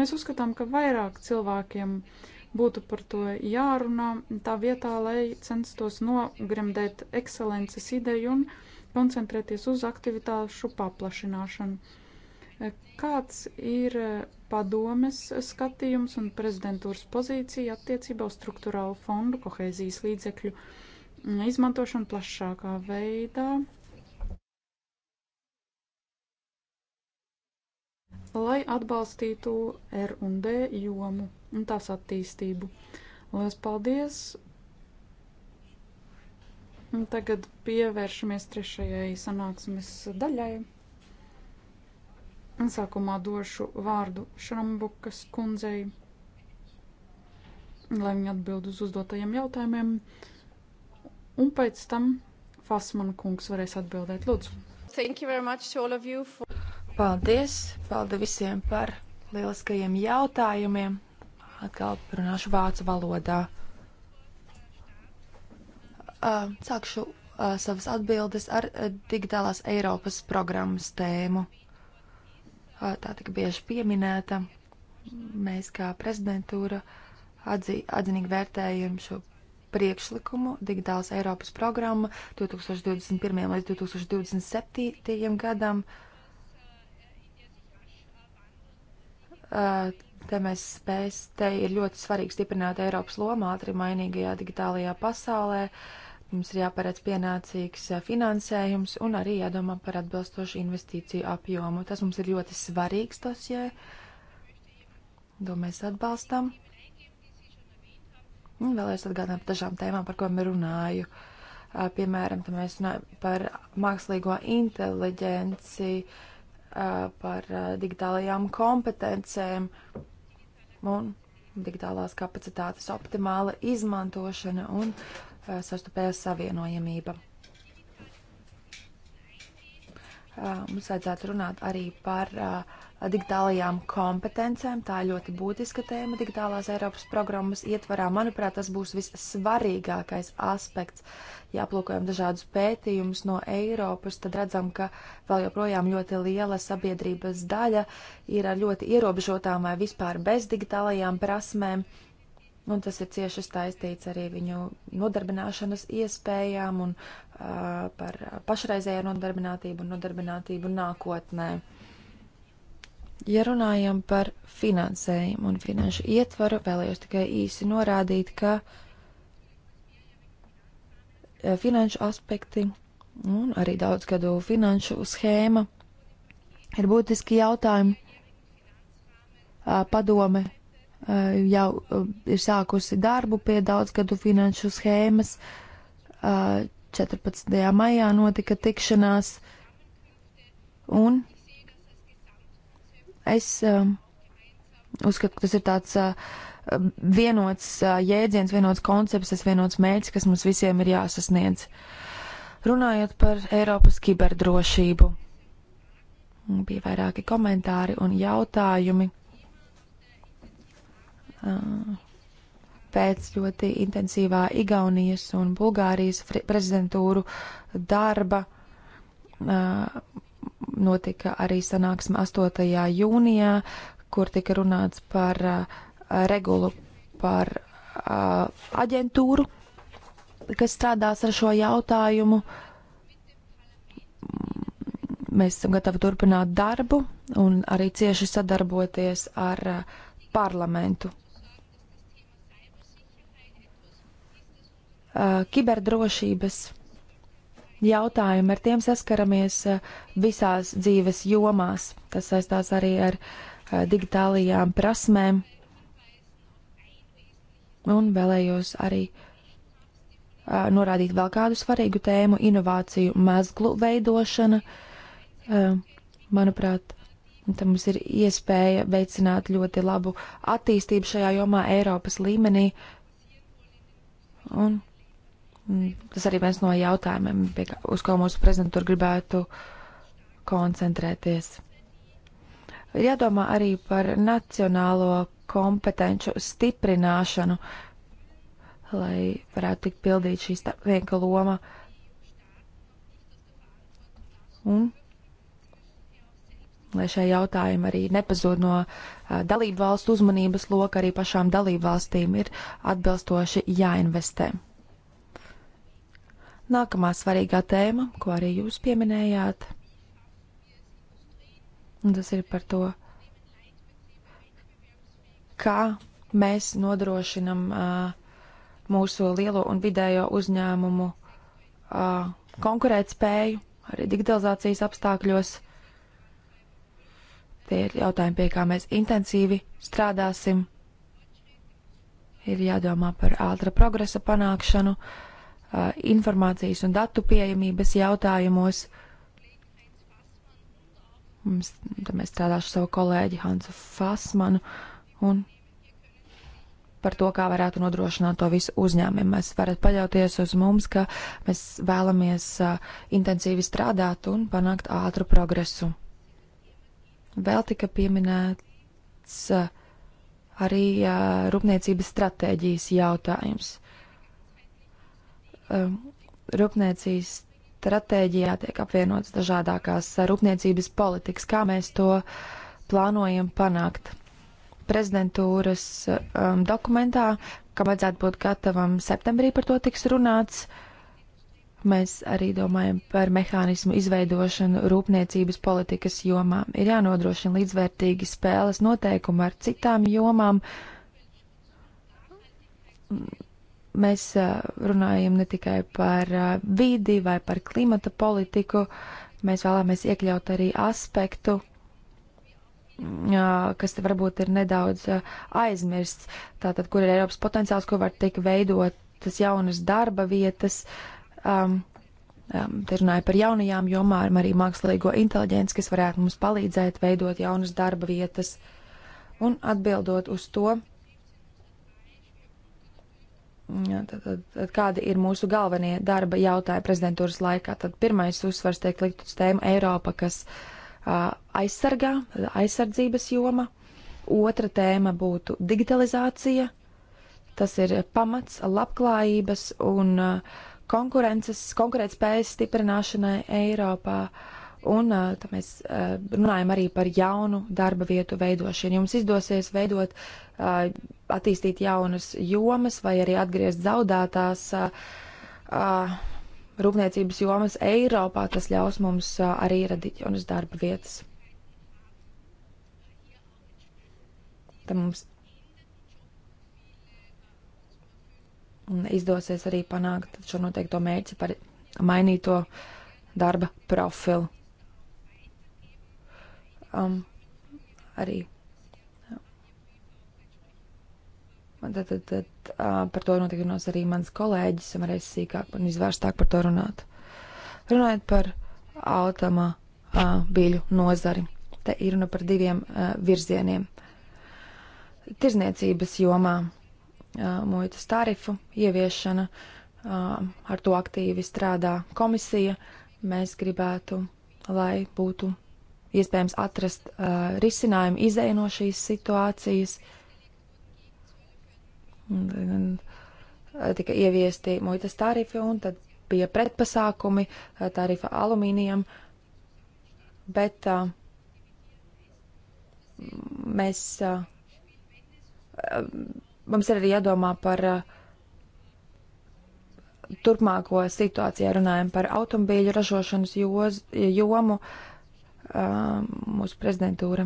Mēs uzskatām, ka vairāk cilvēkiem būtu par to jārunā, tā vietā, lai censtos nogremdēt ekscelences ideju un koncentrēties uz aktivitāšu paplašināšanu. Kāds ir padomes skatījums un prezidentūras pozīcija attiecībā uz struktūrālu fondu kohēzijas līdzekļu izmantošanu plašākā veidā? lai atbalstītu R&D jomu un tās attīstību. Lielas paldies! Un tagad pievēršamies trešajai sanāksmes daļai. Un sākumā došu vārdu Šrambukas kundzei, lai viņa atbild uz uzdotajiem jautājumiem. Un pēc tam Fasmana kungs varēs atbildēt. Lūdzu! Thank you very much to all of you for Paldies! Paldies visiem par lieliskajiem jautājumiem. Atkal runāšu vācu valodā. Sākšu savas atbildes ar digitālās Eiropas programmas tēmu. Tā tika bieži pieminēta. Mēs kā prezidentūra atzī, atzinīgi vērtējam šo priekšlikumu digitālās Eiropas programma 2021. līdz 2027. gadam. Uh, Eh, te mēs spēs, te ir ļoti svarīgi stiprināt Eiropas lomu ātri mainīgajā digitālajā pasaulē. Mums ir jāparedz pienācīgs eh, finansējums un arī jādomā par atbilstošu investīciju apjomu. Tas mums ir ļoti svarīgs dosjē. To mēs atbalstam. Un vēlēs atgādināt par dažām tēmām, par ko runāju. Eh, piemēram, mēs runājam par mākslīgo inteliģenci, uh, Uh, par uh, digitālajām kompetencēm un digitālās kapacitātes optimāla izmantošana un uh, sastopējās savienojamība. Mums vajadzētu runāt arī par uh, digitālajām kompetencēm. Tā ir ļoti būtiska tēma digitālās Eiropas programmas ietvarā. Manuprāt, tas būs vissvarīgākais aspekts. Ja aplūkojam dažādus pētījumus no Eiropas, tad redzam, ka vēl joprojām ļoti liela sabiedrības daļa ir ar ļoti ierobežotām vai vispār bez digitālajām prasmēm. Un tas ir cieši saistīts arī viņu nodarbināšanas iespējām un uh, par pašreizējo nodarbinātību un nodarbinātību nākotnē. Uh, Ja runājam par finansējumu un finanšu ietvaru, vēlējos tikai īsi norādīt, ka e, finanšu aspekti un arī daudzgadu finanšu schēma ir būtiski jautājumi. Padome e, jau e, ir sākusi darbu pie daudzgadu finanšu schēmas. 14. maijā notika tikšanās un Es um, uzskatu, ka tas ir tāds uh, vienots uh, jēdziens, vienots koncepts, tas vienots mērķis, kas mums visiem ir jāsasniedz. Runājot par Eiropas kiberdrošību, bija vairāki komentāri un jautājumi uh, pēc ļoti intensīvā Igaunijas un Bulgārijas prezidentūru darba notika arī sanāksme 8. jūnijā, kur tika runāts par uh, regulu par uh, aģentūru, kas strādās ar šo jautājumu. Mēs esam gatavi turpināt darbu un arī cieši sadarboties ar uh, parlamentu. Kiberdrošības jautājumi, ar tiem saskaramies eh, visās dzīves jomās. Tas saistās arī ar eh, digitālajām prasmēm. Un vēlējos arī eh, norādīt vēl kādu svarīgu tēmu - inovāciju mezglu veidošana. Manuprāt, Tad mums ir iespēja veicināt ļoti labu attīstību šajā jomā Eiropas līmenī. Un Mm, tas arī viens no jautājumiem, pie, uz ko mūsu prezidentūra gribētu koncentrēties. Ir jādomā arī par nacionālo kompetenču stiprināšanu, lai varētu tikt pildīt šī starpnieka loma. Un lai šie jautājumi arī nepazūd no dalību valstu uzmanības loka, arī pašām dalību valstīm ir atbilstoši jāinvestē. Nākamā svarīgā tēma, ko arī jūs pieminējāt, un tas ir par to, kā mēs nodrošinam uh, mūsu lielo un vidējo uzņēmumu uh, konkurētspēju arī digitalizācijas apstākļos. Tie ir jautājumi, pie kā mēs intensīvi strādāsim. Ir jādomā par ātra progresa panākšanu. Uh, informācijas un datu pieejamības jautājumos. Mums, tad mēs strādāšu savu kolēģi Hansu Fasmanu un par to, kā varētu nodrošināt to visu uzņēmumiem. Mēs varat paļauties uz mums, ka mēs vēlamies uh, intensīvi strādāt un panākt ātru progresu. Vēl tika pieminēts uh, arī uh, rūpniecības stratēģijas jautājums um, rūpniecīs stratēģijā tiek apvienotas dažādākās rūpniecības politikas, kā mēs to plānojam panākt. Prezidentūras um, dokumentā, kam vajadzētu būt gatavam septembrī, par to tiks runāts. Mēs arī domājam par mehānismu izveidošanu rūpniecības politikas jomā. Ir jānodrošina līdzvērtīgi spēles noteikumi ar citām jomām mēs runājam ne tikai par vidi vai par klimata politiku, mēs vēlamies iekļaut arī aspektu, kas varbūt ir nedaudz aizmirsts, tātad, kur ir Eiropas potenciāls, kur var tik veidotas jaunas darba vietas. Um, um, te runāju par jaunajām jomām, arī mākslīgo inteliģenci, kas varētu mums palīdzēt veidot jaunas darba vietas. Un atbildot uz to, Tad, tad, tad kādi ir mūsu galvenie darba jautājumi prezidentūras laikā? Tad pirmais uzsvars tiek likt uz tēmu Eiropa, kas uh, aizsargā, aizsardzības joma. Otra tēma būtu digitalizācija. Tas ir pamats labklājības un uh, konkurences, konkurētspējas stiprināšanai Eiropā. Uh, Un tā mēs runājam arī par jaunu darba vietu veidošanu. Jums izdosies veidot, attīstīt jaunas jomas vai arī atgriezt zaudētās rūpniecības jomas Eiropā. Tas ļaus mums arī radīt jaunas darba vietas. Te mums izdosies arī panākt šo noteikto mērķi par mainīto darba profilu um, arī. Tad, tad, tad uh, par to noteikti runās arī mans kolēģis, un varēs sīkāk un izvērstāk par to runāt. Runājot par automā uh, biļu nozari, te ir runa par diviem uh, virzieniem. Tirzniecības jomā uh, muitas tarifu ieviešana, uh, ar to aktīvi strādā komisija. Mēs gribētu, lai būtu iespējams atrast uh, risinājumu, izēju no šīs situācijas. Un, un, uh, tika ieviesti muitas tarifi un tad bija pretpasākumi uh, tarifa alumīnijam, bet uh, mēs, uh, uh, mums ir arī jādomā par uh, turpmāko situāciju, runājam par automobīļu ražošanas joz, jomu. Uh, mūsu prezidentūra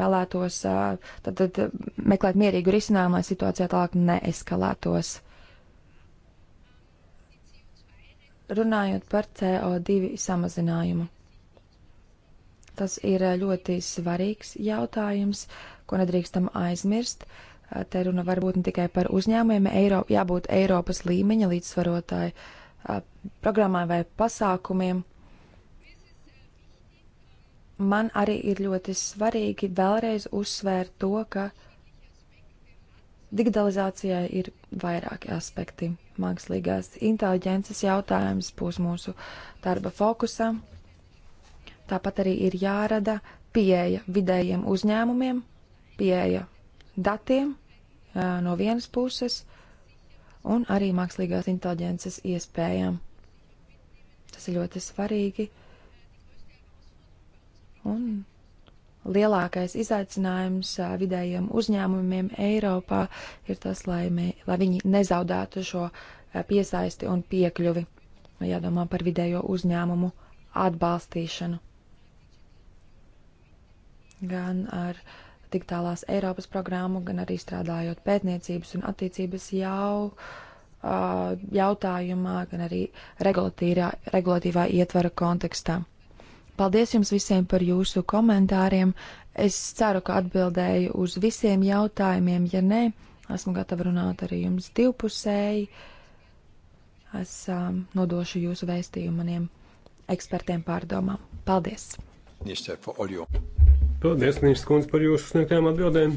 vēlētos tad, tad meklēt mierīgu risinājumu, lai situācija tālāk neeskalētos. Runājot par CO2 samazinājumu. Tas ir ļoti svarīgs jautājums, ko nedrīkstam aizmirst. Te runa var būt ne tikai par uzņēmumiem, Eiro, jābūt Eiropas līmeņa līdzsvarotāji programmai vai pasākumiem man arī ir ļoti svarīgi vēlreiz uzsvērt to, ka digitalizācijai ir vairāki aspekti. Mākslīgās inteliģences jautājums būs mūsu darba fokusā. Tāpat arī ir jārada pieeja vidējiem uzņēmumiem, pieeja datiem no vienas puses un arī mākslīgās inteliģences iespējām. Tas ir ļoti svarīgi. Uh, Un lielākais izaicinājums vidējiem uzņēmumiem Eiropā ir tas, lai, mē, lai viņi nezaudētu šo piesaisti un piekļuvi. Jādomā par vidējo uzņēmumu atbalstīšanu. Gan ar digitālās Eiropas programmu, gan arī strādājot pētniecības un attīstības jau, jautājumā, gan arī regulatīvā ietvara kontekstā. Paldies jums visiem par jūsu komentāriem. Es ceru, ka atbildēju uz visiem jautājumiem. Ja nē, esmu gatava runāt arī jums divpusēji. Es um, nodošu jūsu vēstījumu maniem ekspertiem pārdomām. Paldies! Paldies, ministrs Kunds, par jūsu sniegtajām atbildēm.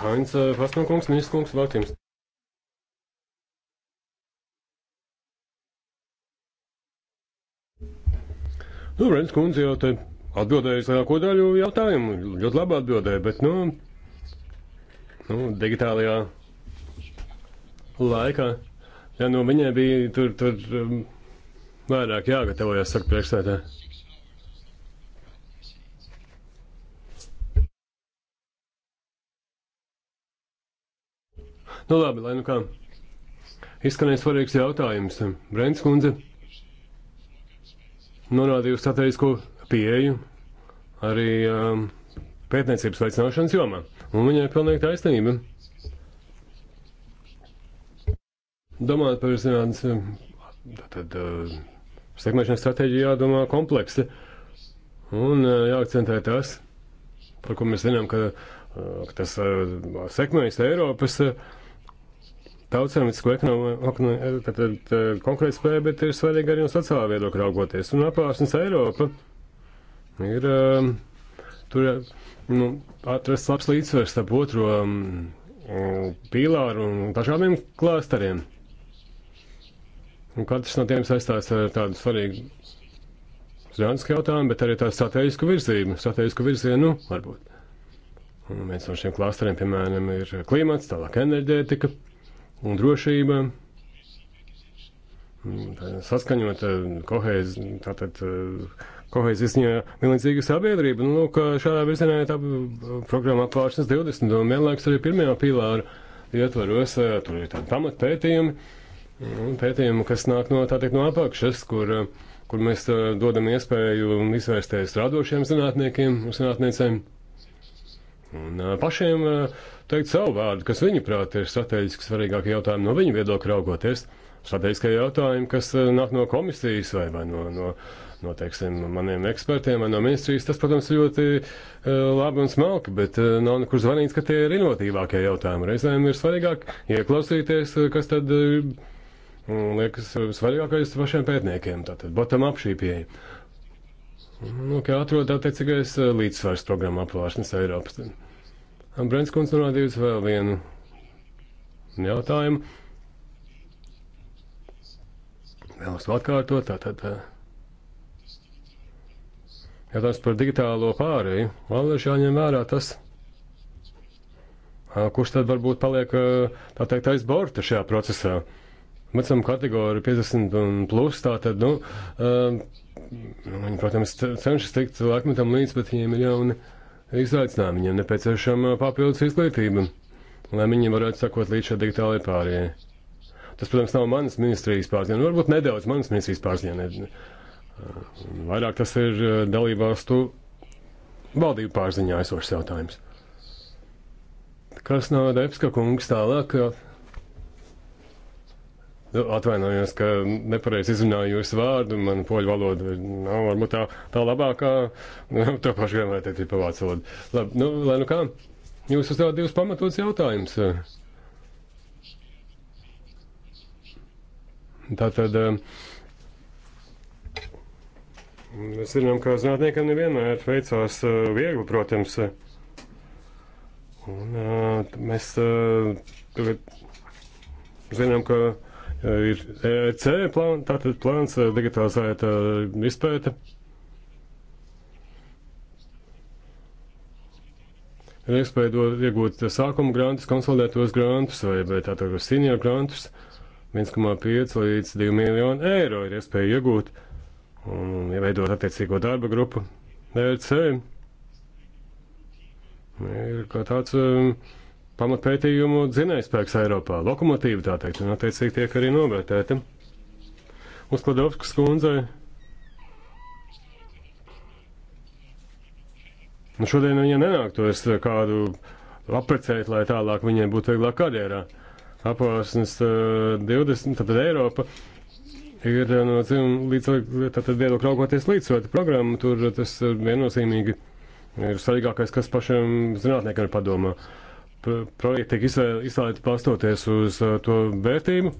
Hainz, Fasnokungs, uh, ministrs Kungs, vēl jums. Nu, Rens kundze jau te atbildēja uz lielāko daļu jautājumu, ļoti labi atbildēja, bet, nu, nu digitālajā laikā, ja nu viņai bija tur, tur um, vairāk jāgatavojas ar priekšsētē. Nu labi, lai nu kā. Izskanēja svarīgs jautājums. Brents kundze norādījusi strateģisko pieeju arī um, pētniecības veicināšanas jomā. Un viņai ir pilnīgi taisnība. Domājot par zinātnes, um, tad uh, sekmēšanas stratēģija jādomā kompleksi. Un uh, jāakcentē tas, par ko mēs zinām, ka, uh, ka tas uh, sekmējas Eiropas. Uh, tautsēmniecisko konkurētspēju, bet ir svarīgi arī no sociālā viedokļa raugoties. Un apvārsnes Eiropa ir um, tur nu, atrast labs līdzsvers starp otro um, pīlāru un dažādiem klāstariem. Un katrs no tiem saistās ar tādu svarīgu zinātnisku jautājumu, bet arī tādu strateģisku virzību, strateģisku virzienu nu, varbūt. Un viens no šiem klāstariem, piemēram, ir klimats, tālāk enerģētika un drošība, mm, saskaņot kohēz, tātad eh, kohēzijas ziņā vienlīdzīga sabiedrība, nu, ka šādā virzienā tā programma apvāršanas 20, un vienlaiks arī pirmajā pīlāra ietvaros, eh, tur ir tādi pamatpētījumi, pētījumi, kas nāk no, tā teikt, no apakšas, kur, eh, kur mēs dodam iespēju izvērsties radošiem zinātniekiem un zinātniecēm, un pašiem uh, teikt savu vārdu, kas viņuprāt ir strateģiski svarīgākie jautājumi no viņu viedokļa raugoties. Strateģiskie jautājumi, kas eh, nāk no komisijas vai, vai no, no, no teiksim, maniem ekspertiem vai no ministrijas, tas, protams, ir ļoti uh, labi un smalki, bet uh, nav nekur zvanīts, ka tie ir inovatīvākie jautājumi. Reizēm ir svarīgāk ieklausīties, kas tad uh, liekas svarīgākais pašiem pētniekiem. Tātad bottom-up šī pieeja. Nu, mm, kā atrod attiecīgais līdzsvars programma apvāršanas Eiropas. Tad. Brents kundze norādīja uz vēl vienu jautājumu. Vēlos to atkārtot. Tātad, eh, jautājums par digitālo pārēju. Vēlreiz jāņem vērā tas, eh, kurš tad varbūt paliek eh, tā teikt aiz borta šajā procesā. Vecuma kategorija 50 un plus, tā tad, nu, nu, viņi, protams, cenšas tikt laikmetam līdz, bet viņiem ir jauni. Uh, izaicinājumi. Viņiem nepieciešama papildus izglītība, lai viņi varētu sakot līdz šai digitālajai pārējai. Tas, protams, nav manas ministrijas pārziņā, varbūt nedaudz manas ministrijas pārziņā. Vairāk tas ir eh, dalībvalstu valdību pārziņā esošs jautājums. Kas no Debska kungs tālāk? Nu, atvainojos, ka nepareizi izrunāju jūsu vārdu. Man poļu valoda nav varbūt tā, tā labākā. Nu, to pašu gan vajag teikt par vācu valodu. Labi, nu, lai nu kā, jūs uzdevāt divus pamatots jautājumus. Tātad eh, mēs zinām, ka zinātniekam nevienmēr veicās eh, viegli, protams. Un eh, mēs tagad zinām, ka Eh, ir EC plāns, tātad plāns eh, digitalizēta eh, izpēta. Ir iespēja dot, iegūt sākuma grantus, konsolidētos grantus vai, vai tātad senior grantus. 1,5 līdz 2 miljonu eiro ir iespēja iegūt un ieveidot attiecīgo darba grupu. EC ir kā tāds. Uh, pamatpētījumu dzinējspēks Eiropā, lokomotīva tā teikt, un attiecīgi tiek arī novērtēti. Uz Kladovskas kundzei. Nu, šodien viņa nenāktos kādu aprecēt, lai tālāk viņai būtu vieglāk karjerā. Apvārsnes uh, 20, tad Eiropa ir no dzimuma līdz tātad viedokļu raugoties līdzsvērta programma, tur tas viennozīmīgi ir svarīgākais, kas pašiem zinātniekiem ir padomā. Uh, projekti tiek izslēgti pastoties uz uh, to vērtību.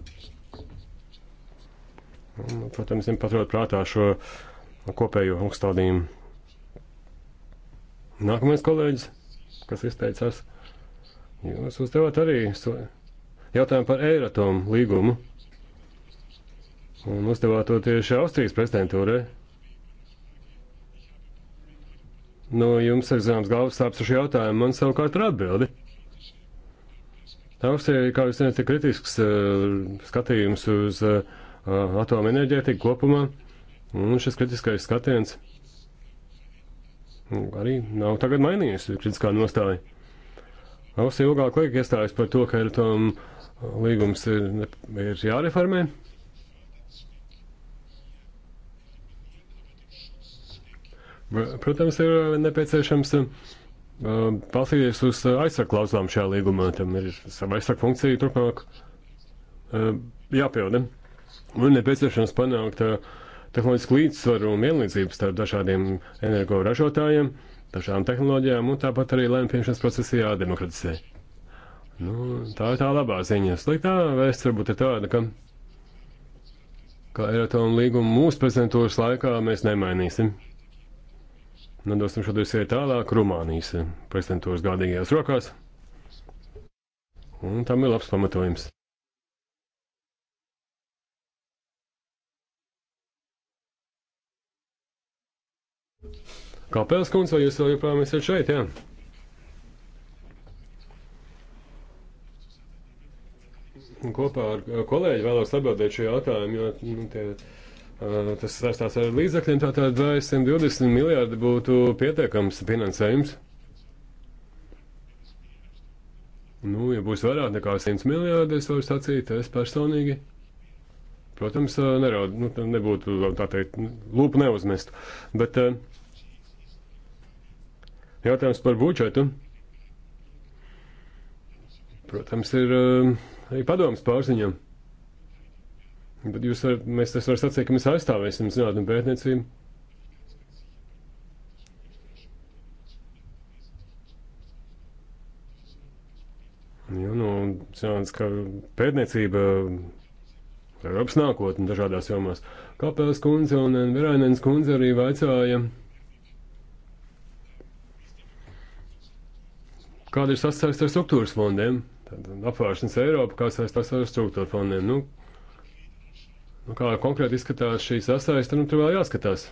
Protams, viņam paturot prātā šo kopējo augstādījumu. Nākamais kolēģis, kas izteicās, jūs uzdevāt arī jautājumu par Eiratomu līgumu un uzdevāt to tieši Austrijas prezidentūrai. Nu, jums ir zināms galvas sāpes ar šo jautājumu, man savukārt ir atbildi. Austrija, kā jūs zināt, ir kritisks eh, skatījums uz eh, atomenerģētiku kopumā, un šis kritiskais skatiens arī nav tagad mainījies kritiskā nostāja. Austrija ilgāk laika iestājas par to, ka ir tom līgums ir, ir jāreformē. Protams, ir nepieciešams uh, balstīties uz aizsargu klauzulām šajā līgumā. Tam ir sava aizsargu funkcija turpmāk jāpilda. Un nepieciešams panākt tehnoloģisku līdzsvaru un vienlīdzību starp dažādiem energoražotājiem, dažādām tehnoloģijām un tāpat arī lēmumu pieņemšanas procesā jādemokratizē. Nu, tā ir tā labā ziņa. Sliktā vēsts varbūt ir tāda, ka, ka Eiropas līgumu mūsu prezidentūras laikā mēs nemainīsim. Nodosim šo dosē tālāk Rumānijas eh, prezidentūras gādīgajās rokās. Un tam ir labs pamatojums. Kā Pelskundze, vai jūs vēl joprojām esat šeit? Jā? Kopā ar kolēģi vēlos atbildēt šo jautājumu, jo nu, tie Nu, tas saistās ar līdzakļiem, tātad 120 miljārdi būtu pietiekams finansējums. Nu, ja būs vairāk nekā 100 miljārdi, es varu sacīt, es personīgi, protams, neraud, nu, nebūtu, tā teikt, lūpu neuzmest. Bet jautājums par budžetu. Protams, ir arī padoms pārziņam. Bet jūs varat, mēs tas varam sacīt, ka mēs aizstāvēsim zinātnē pētniecību. Jo, nu, zināms, ka pētniecība ir Eiropas nākotne dažādās jomās. Kāpēc kundze un Verainēns kundze arī vaicāja, kāda ir sasaist ar struktūras fondiem? Tad apvēršanas Eiropa, kā saistās ar struktūra fondiem. Nu, Un kā konkrēti izskatās šī sasaiste, nu, tur vēl jāskatās.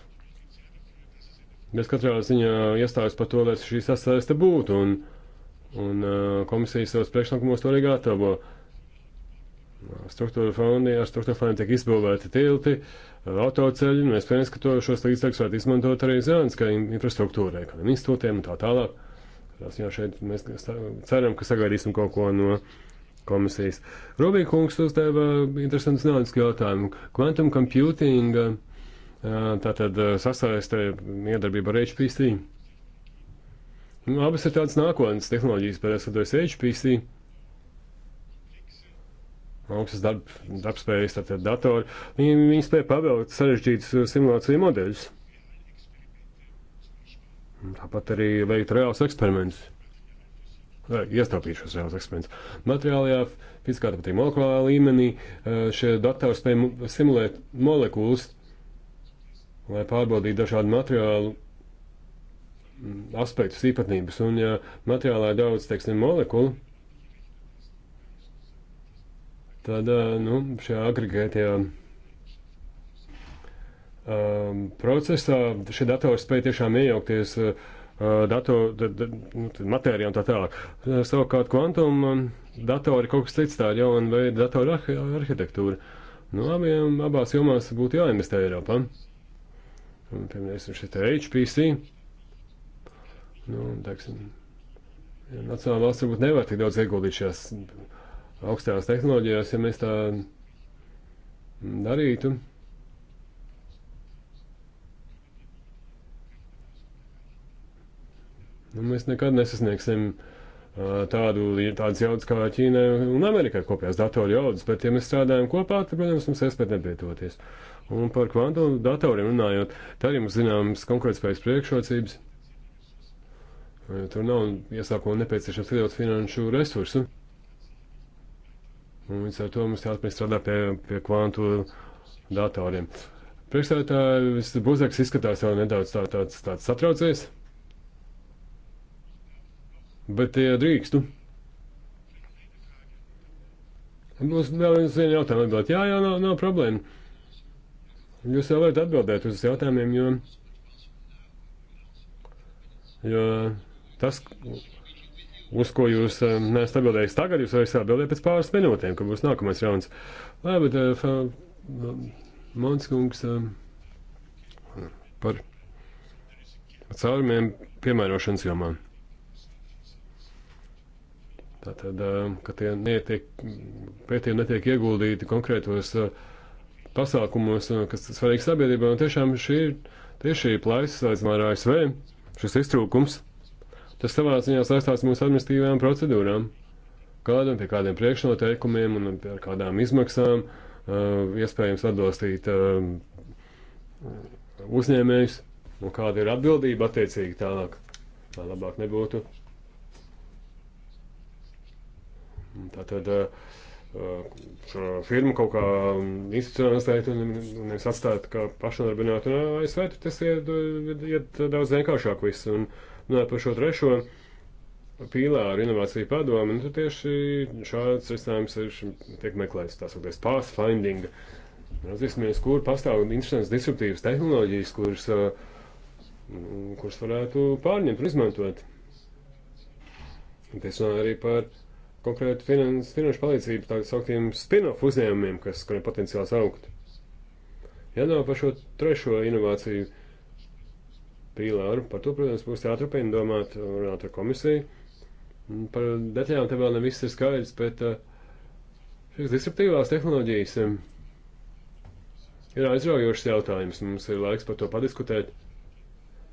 Mēs katrā ziņā iestājos par to, lai šī sasaiste būtu, un, un komisija savas priekšlikumos to arī gatavo. Struktūra fondi, ar struktūra fondiem tiek izbūvēti tilti, autoceļi, un iespējams, ka to šos līdzekļus varētu izmantot arī zēnskai infrastruktūrai, kādiem institūtiem un tā tālāk. Tās, jā, šeit mēs ceram, ka sagaidīsim kaut ko no. Uh, komisijas. Rubīkungs uzdeva interesantu zinātnisku jautājumu. Quantum computing, uh, tātad uh, sasaiste iedarbība ar HPC. Nu, abas ir tādas nākotnes tehnoloģijas, bet es lietoju HPC. Augstas darb, darbspējas, tātad datori. Viņi, viņi spēja pavēlēt sarežģītas uh, simulāciju modeļus. Tāpat arī veikt reāls eksperiments iestaupīt šos reālus eksperimentus. Materiālajā, fiziskā, tāpat arī molekulārā līmenī šie datori spēja simulēt molekulas, lai pārbaudītu dažādu materiālu mm, aspektus, īpatnības. Un, ja materiālā ir daudz, teiksim, molekulu, tad nu, šajā agregētajā um, procesā šie datori spēja tiešām iejaukties uh, Eh, datu, nu, matērija un tā tālāk. Eh, savukārt kvantum eh, datori kaut kas cits tā ir jauna veida datoru arhi arhitektūra. Nu, abiem, abās jomās būtu jāinvestē Eiropā. Un, piemēram, šis te HPC. Nu, teiksim, ja nacionāla valsts varbūt nevar tik daudz ieguldīt šajās augstās tehnoloģijās, ja mēs tā darītu. Nu, mēs nekad nesasniegsim tādu, tādas jaudas kā Ķīnai un Amerikai kopējās datoru jaudas, bet ja mēs strādājam kopā, tad, protams, mums iespēja nepietoties. Un par kvantu datoriem runājot, tā arī mums zināmas konkurētspējas priekšrocības. Tur nav iesākumā nepieciešams liels finanšu resursu. Un līdz ar to mums jāatpēc strādā pie, pie kvantu datoriem. Priekšstādā tas Buzeks izskatās jau nedaudz tā, tāds, tāds satraucies. Tā, bet ja drīkstu. Mums vēl viens jautājums atbildēt. Jā, jā, nav, nav problēma. Jūs jau varat atbildēt uz jautājumiem, jo, jo tas, uz ko jūs eh, neesat atbildējis tagad, jūs varat atbildēt pēc pāris minūtēm, kad būs nākamais rauns. Lai, bet uh, eh, Monskungs uh, eh, par caurumiem piemērošanas jomām. Tātad, eh, ka tie netiek, pētījumi netiek ieguldīti konkrētos eh, pasākumos, eh, kas svarīgi sabiedrībā, un tiešām šī ir tieši plaisas aizmēr ASV, šis iztrūkums, tas savā ziņā saistās mūsu administratīvajām procedūrām, kādam pie kādiem priekšnoteikumiem un ar kādām izmaksām, iespējams atbalstīt uzņēmējus, un kāda ir atbildība attiecīgi tālāk, lai labāk nebūtu Tātad eh, eh, šo firmu kaut kā institucionalizēt un nevis atstāt kā pašnodarbināt. Un ASV eh, tur tas iet, iet daudz vienkāršāk viss. Un runāt par šo trešo pīlāru inovāciju padomu, nu, tur tieši šāds risinājums ir tiek meklēts, tā saucamais pathfinding. Atzīsimies, kur pastāv interesants disruptīvas tehnoloģijas, kuras, kuras varētu pārņemt un izmantot. Es runāju arī par konkrēti finans, finanšu palīdzību tādiem sauktiem spin-off uzņēmumiem, kas, kuriem potenciāls augt. Jādomā par šo trešo inovāciju pīlāru. Par to, protams, būs jāturpina domāt, runāt ar komisiju. Par detaļām te vēl ne viss ir skaidrs, bet eh, šīs disruptīvās tehnoloģijas eh, ir aizraujošs jautājums. Mums ir laiks par to padiskutēt.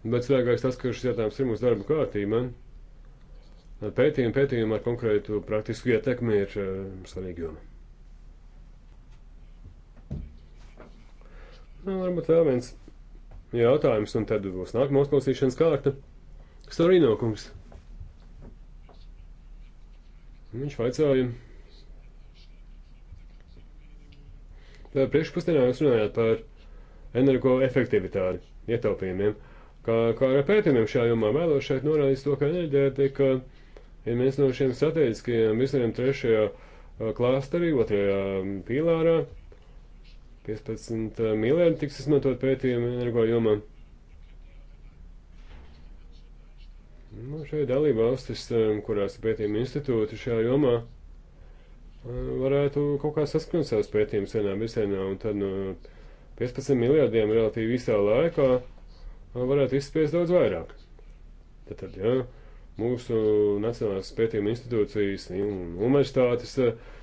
Bet svarīgākais tas, ka šis jautājums ir mūsu darba kārtībā. Ja? pētījumi, pētījumi ar konkrētu praktisku ietekmi ir eh, svarīgi joma. Nu, varbūt vēl viens jautājums, un tad būs nākamā uzklausīšanas kārta. Storino kungs. Viņš vaicāja. Priekšpusdienā jūs runājāt par energoefektivitāti, ietaupījumiem. Kā, kā ar pētījumiem šajā jomā vēlos šeit norādīt to, ka enerģētika. Ka ir viens no šiem strateģiskajiem virzieniem trešajā klāsterī, otrajā pīlārā. 15 miljardi tiks izmantot pētījumu energo jomā. Nu, šeit dalība valstis, kurās ir pētījuma institūti šajā jomā, varētu kaut kā saskanot savus pētījumus vienā virzienā, un tad no 15 miljardiem relatīvi īsā laikā varētu izspiest daudz vairāk. Tad, tad jā, ja, mūsu Nacionālās pētījuma institūcijas un universitātes eh,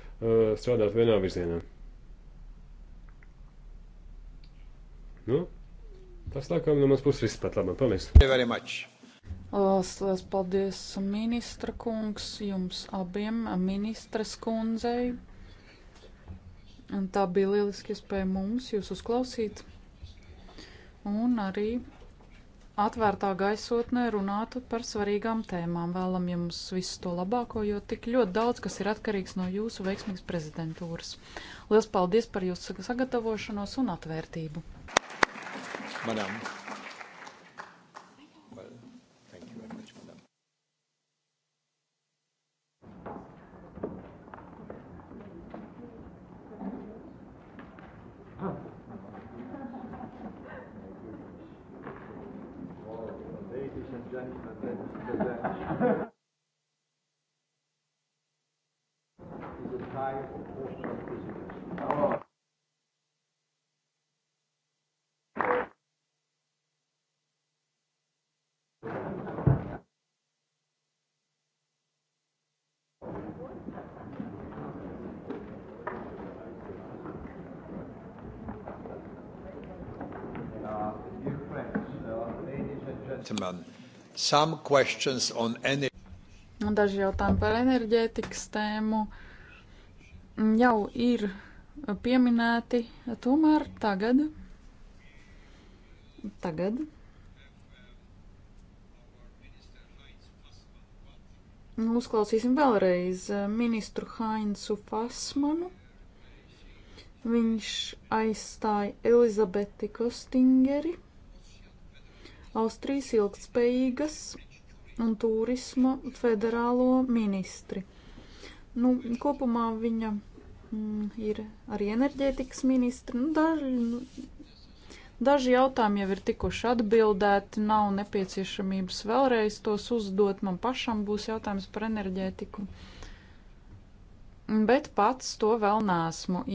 strādāt vienā virzienā. Nu, tas tā kā no mans puses viss pat labi. Paldies! Lielas, lielas paldies, ministra kungs, jums abiem, ministras kundzei. Un tā bija lieliski iespēja mums jūs uzklausīt un arī atvērtā gaisotnē runātu par svarīgām tēmām. Vēlam jums visu to labāko, jo tik ļoti daudz, kas ir atkarīgs no jūsu veiksmīgas prezidentūras. Lielas paldies par jūsu sagatavošanos un atvērtību! Madame. Kazanç kazanç kazanç. is a type of personal physics. Tamam. gentlemen some questions on energy. Daži jautājumi par enerģētikas tēmu jau ir pieminēti, tomēr tagad, tagad uzklausīsim vēlreiz ministru Hainsu Fasmanu. Viņš aizstāja Elizabeti Kostingeri. Austrijas ilgtspējīgas un turisma federālo ministri. Nu, kopumā viņa mm, ir arī enerģētikas ministra. Nu, daži, nu, daži jautājumi jau ir tikuši atbildēti, nav nepieciešamības vēlreiz tos uzdot. Man pašam būs jautājums par enerģētiku. Bet pats to vēl nesmu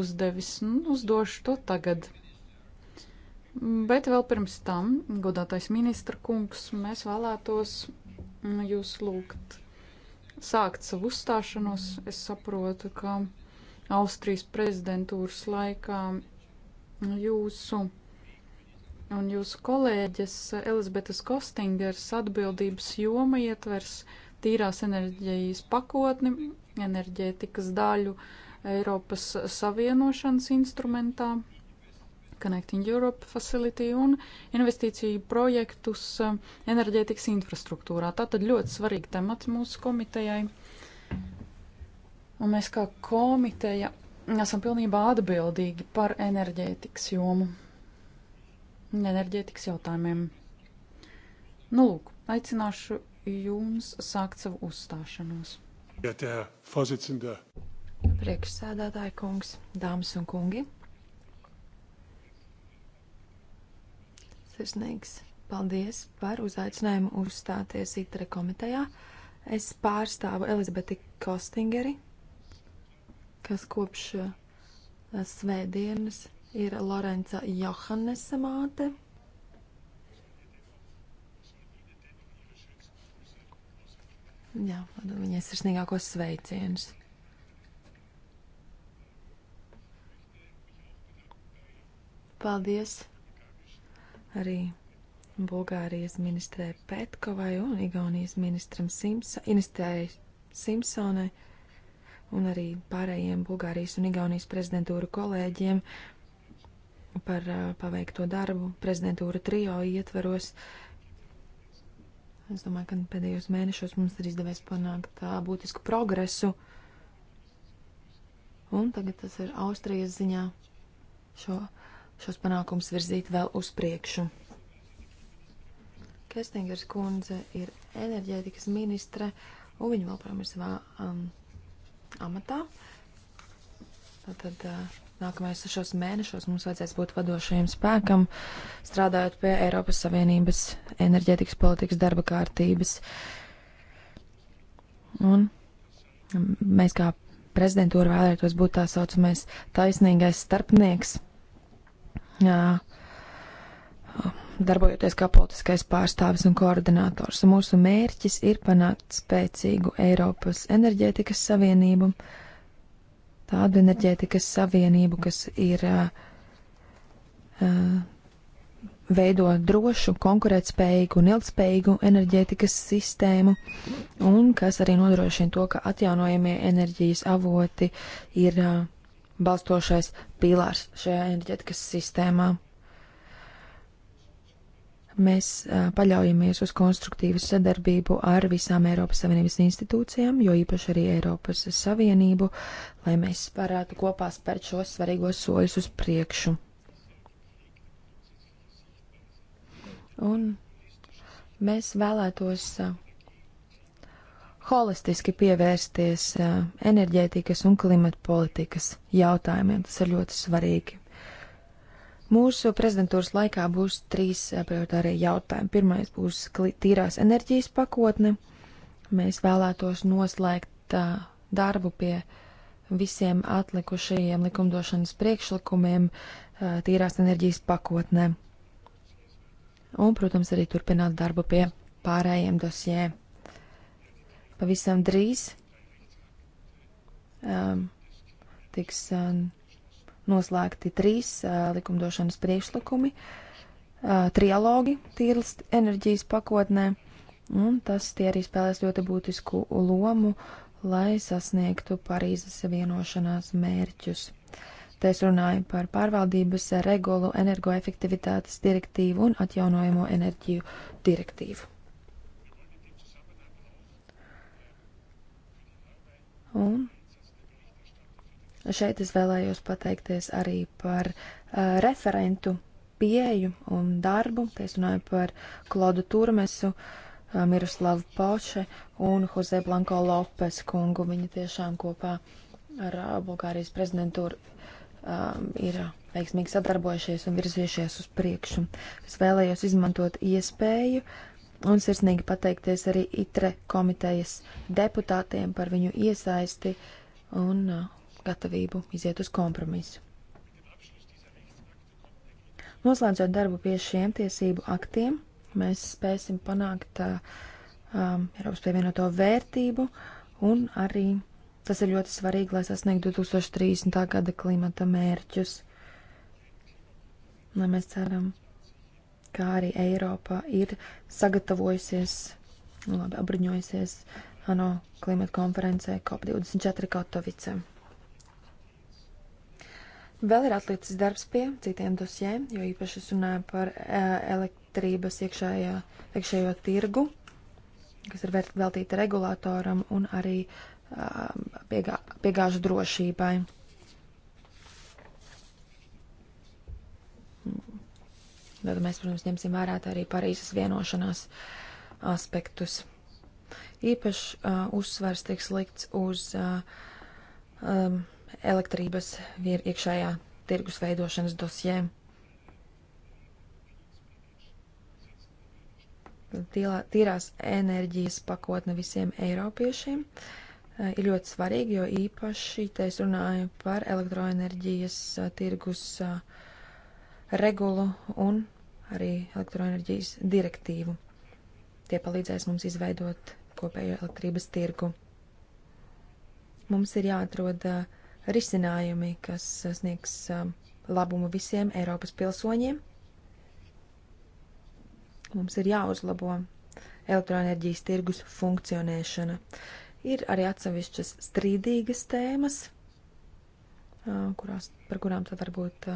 uzdevis. Nu, uzdošu to tagad. Bet vēl pirms tam, godātais ministra kungs, mēs vēlētos mm, jūs lūgt sākt savu uzstāšanos. Es saprotu, ka Austrijas prezidentūras laikā jūsu un jūsu kolēģes Elizabetes Kostingers atbildības joma ietvers tīrās enerģijas pakotni, enerģētikas daļu Eiropas Savienošanas instrumentā Connecting Europe Facility un investīciju projektus eh, enerģētikas infrastruktūrā. Tātad ļoti svarīgi temats mūsu komitejai. Un mēs kā komiteja esam pilnībā atbildīgi par enerģētikas jomu un enerģētikas jautājumiem. Nu, lūk, aicināšu jums sākt savu uzstāšanos. Ja Priekšsēdētāji kungs, dāmas un kungi! Sirsnīgs paldies par uzaicinājumu uzstāties ITRE komitejā. Es pārstāvu Elizabeti Kostingeri, kas kopš eh, svētdienas ir Lorenza Johannesa māte. Jā, viņai sirsnīgākos sveicienus. Paldies arī Bulgārijas ministrē Petkovai un Igaunijas ministram Simsa, Simpsonai un arī pārējiem Bulgārijas un Igaunijas prezidentūra kolēģiem par uh, paveikto darbu prezidentūra trijo ietveros. Es domāju, ka pēdējos mēnešos mums ir izdevies panākt uh, būtisku progresu. Un tagad tas ir Austrijas ziņā šo uh, šos panākums virzīt vēl uz priekšu. Kestingers kundze ir enerģētikas ministre, un viņa joprojām ir savā um, amatā. Tad uh, nākamajos šos mēnešos mums vajadzēs būt vadošajam spēkam, strādājot pie Eiropas Savienības enerģētikas politikas darba kārtības. Un mēs kā prezidentūra vēlētos būt tā saucamais taisnīgais starpnieks darbojoties kā politiskais pārstāvis un koordinators. Mūsu mērķis ir panākt spēcīgu Eiropas enerģētikas savienību, tādu enerģētikas savienību, kas ir uh, veido drošu, konkurētspējīgu un ilgspējīgu enerģētikas sistēmu, un kas arī nodrošina to, ka atjaunojamie enerģijas avoti ir uh, balstošais pīlārs šajā enerģetikas sistēmā. Mēs paļaujamies uz konstruktīvu sadarbību ar visām Eiropas Savienības institūcijām, jo īpaši arī Eiropas Savienību, lai mēs varētu kopā spērt šos svarīgos soļus uz priekšu. Un mēs vēlētos uh, holistiski pievērsties enerģētikas un klimata politikas jautājumiem. Tas ir ļoti svarīgi. Mūsu prezidentūras laikā būs trīs prioritārie jautājumi. Pirmais būs tīrās enerģijas pakotne. Mēs vēlētos noslēgt darbu pie visiem atlikušajiem likumdošanas priekšlikumiem tīrās enerģijas pakotnē. Un, protams, arī turpināt darbu pie pārējiem dosjiem pavisam drīz um, tiks um, noslēgti trīs uh, likumdošanas priekšlikumi, uh, trialogi tīras enerģijas pakotnē, un tas tie arī spēlēs ļoti būtisku lomu, lai sasniegtu Parīzes vienošanās mērķus. Te es runāju par pārvaldības regulu, energoefektivitātes direktīvu un atjaunojamo enerģiju direktīvu. Un šeit es vēlējos pateikties arī par uh, referentu pieeju un darbu. Te es runāju par Klodu Turmesu, uh, Miroslavu Pauše un Jose Blanko Lopes kungu. Viņi tiešām kopā ar uh, Bulgārijas prezidentūru um, ir veiksmīgi sadarbojušies un virzījušies uz priekšu. Es vēlējos izmantot iespēju uh, un sirsnīgi pateikties arī ITRE komitejas deputātiem par viņu iesaisti un uh, gatavību iziet uz kompromisu. Noslēdzot darbu pie šiem tiesību aktiem, mēs spēsim panākt uh, um, Eiropas pievienoto vērtību un arī tas ir ļoti svarīgi, lai sasniegtu 2030. gada klimata mērķus. Lai mēs ceram, kā arī Eiropa ir sagatavojusies, nu, labi apbruņojusies ANO klimata konferencē COP24 Katovice. Vēl ir atlicis darbs pie citiem dosjiem, jo īpaši es runāju par e, elektrības iekšējā, iekšējo tirgu, kas ir veltīta regulātoram un arī piegā, piegāžu drošībai. Tad mēs, protams, ņemsim vērā arī Parīzes vienošanās aspektus. Īpaši uh, uzsvars tiek slikts uz uh, um, elektrības iekšējā tirgus veidošanas dosjē. Tīrās enerģijas pakotne visiem eiropiešiem uh, ir ļoti svarīga, jo īpaši te es runāju par elektroenerģijas uh, tirgus uh, regulu un arī elektroenerģijas direktīvu. Tie palīdzēs mums izveidot kopējo elektrības tirgu. Mums ir jāatrod uh, risinājumi, kas uh, sniegs uh, labumu visiem Eiropas pilsoņiem. Mums ir jāuzlabo elektroenerģijas tirgus funkcionēšana. Ir arī atsevišķas strīdīgas tēmas, kurās, par kurām tad varbūt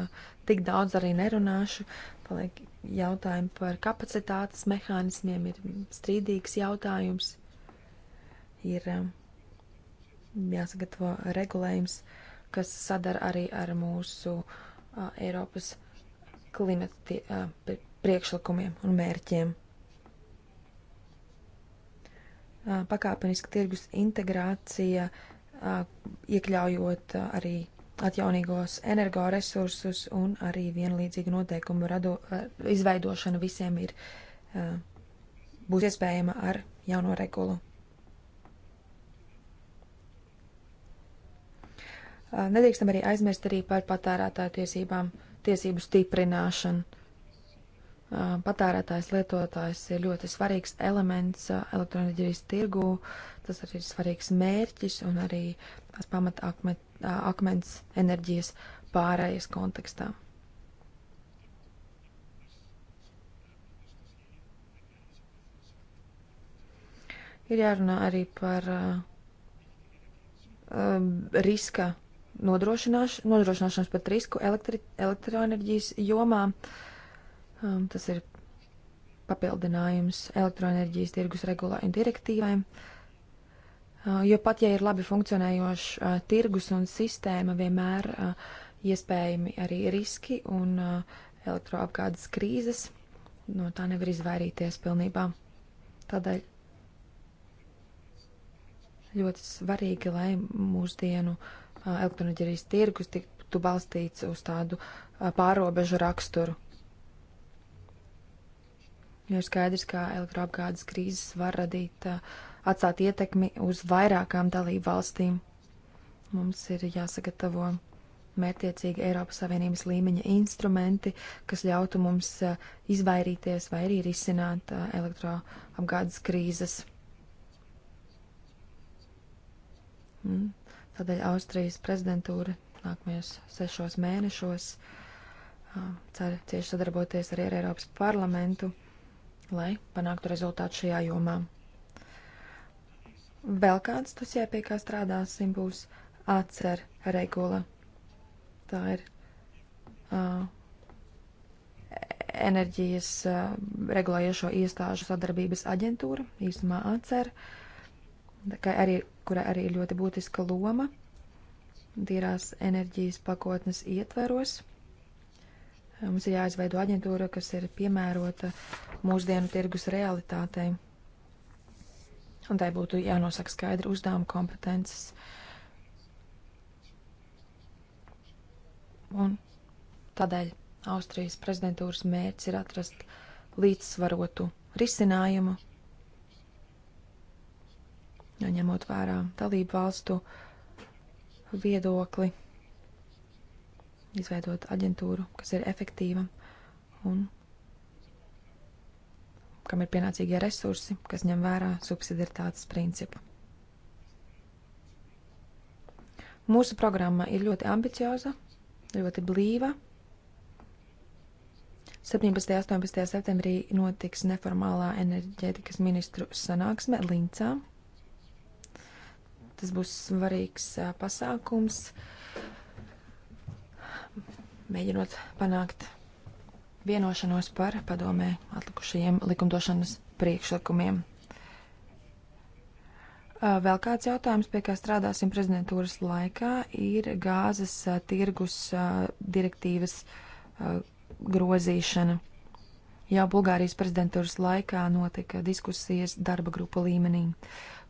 tik daudz arī nerunāšu. Paliek jautājumi par kapacitātes mehānismiem, ir strīdīgs jautājums. Ir jāsagatavo regulējums, kas sadara arī ar mūsu Eiropas klimata priekšlikumiem un mērķiem. Pakāpeniski tirgus integrācija, iekļaujot arī atjaunīgos energoresursus un arī vienlīdzīgu noteikumu rado, eh, izveidošanu visiem ir, eh, būs iespējama ar jauno regulu. Eh, nedrīkstam arī aizmirst arī par patērētāju tiesībām, tiesību stiprināšanu. Patērētājs lietotājs ir ļoti svarīgs elements elektroenerģijas tirgū, Tas arī ir svarīgs mērķis un arī tās pamata akmens enerģijas pārējas kontekstā. Ir jārunā arī par uh, riska nodrošināš, nodrošināšanas pret risku elektri, elektroenerģijas jomā. Um, tas ir papildinājums elektroenerģijas tirgus regulējuma direktīvai. Uh, Uh, jo pat ja ir labi funkcionējošs uh, tirgus un sistēma, vienmēr uh, iespējami arī riski un uh, elektroapgādes krīzes. No tā nevar izvairīties pilnībā. Tādēļ ļoti svarīgi, lai mūsdienu uh, elektroenerģijas tirgus tiktu balstīts uz tādu uh, pārobežu raksturu. Jo ir skaidrs, ka elektroapgādes krīzes var radīt uh, atstāt ietekmi uz vairākām dalību valstīm. Mums ir jāsagatavo mērķiecīgi Eiropas Savienības līmeņa instrumenti, kas ļautu mums eh, izvairīties vai arī risināt eh, elektroapgādes krīzes. Mm. Tādēļ Austrijas prezidentūra nākamajos sešos mēnešos eh, cer cieši sadarboties arī ar Eiropas parlamentu, lai panāktu rezultātu šajā jomā. Vēl kāds tas jāpie kā strādāsim būs atcer regula. Tā ir uh, enerģijas uh, regulējošo iestāžu sadarbības aģentūra, īsumā atcer, arī, kurai arī ir ļoti būtiska loma tīrās enerģijas pakotnes ietveros. Mums ir jāizveido aģentūra, kas ir piemērota mūsdienu tirgus realitātei un tai būtu jānosaka skaidri uzdevuma kompetences. Un tādēļ Austrijas prezidentūras mērķis ir atrast līdzsvarotu risinājumu, ņemot vērā dalību valstu viedokli, izveidot aģentūru, kas ir efektīva un kam ir pienācīgie resursi, kas ņem vērā subsidiaritātes principu. Mūsu programma ir ļoti ambicioza, ļoti blīva. 17. un 18. septembrī notiks neformālā enerģētikas ministru sanāksme Lincā. Tas būs svarīgs pasākums, mēģinot panākt vienošanos par padomē atlikušajiem likumdošanas priekšlikumiem. Vēl kāds jautājums, pie kā strādāsim prezidentūras laikā, ir gāzes tirgus direktīvas grozīšana. Jau Bulgārijas prezidentūras laikā notika diskusijas darba grupa līmenī.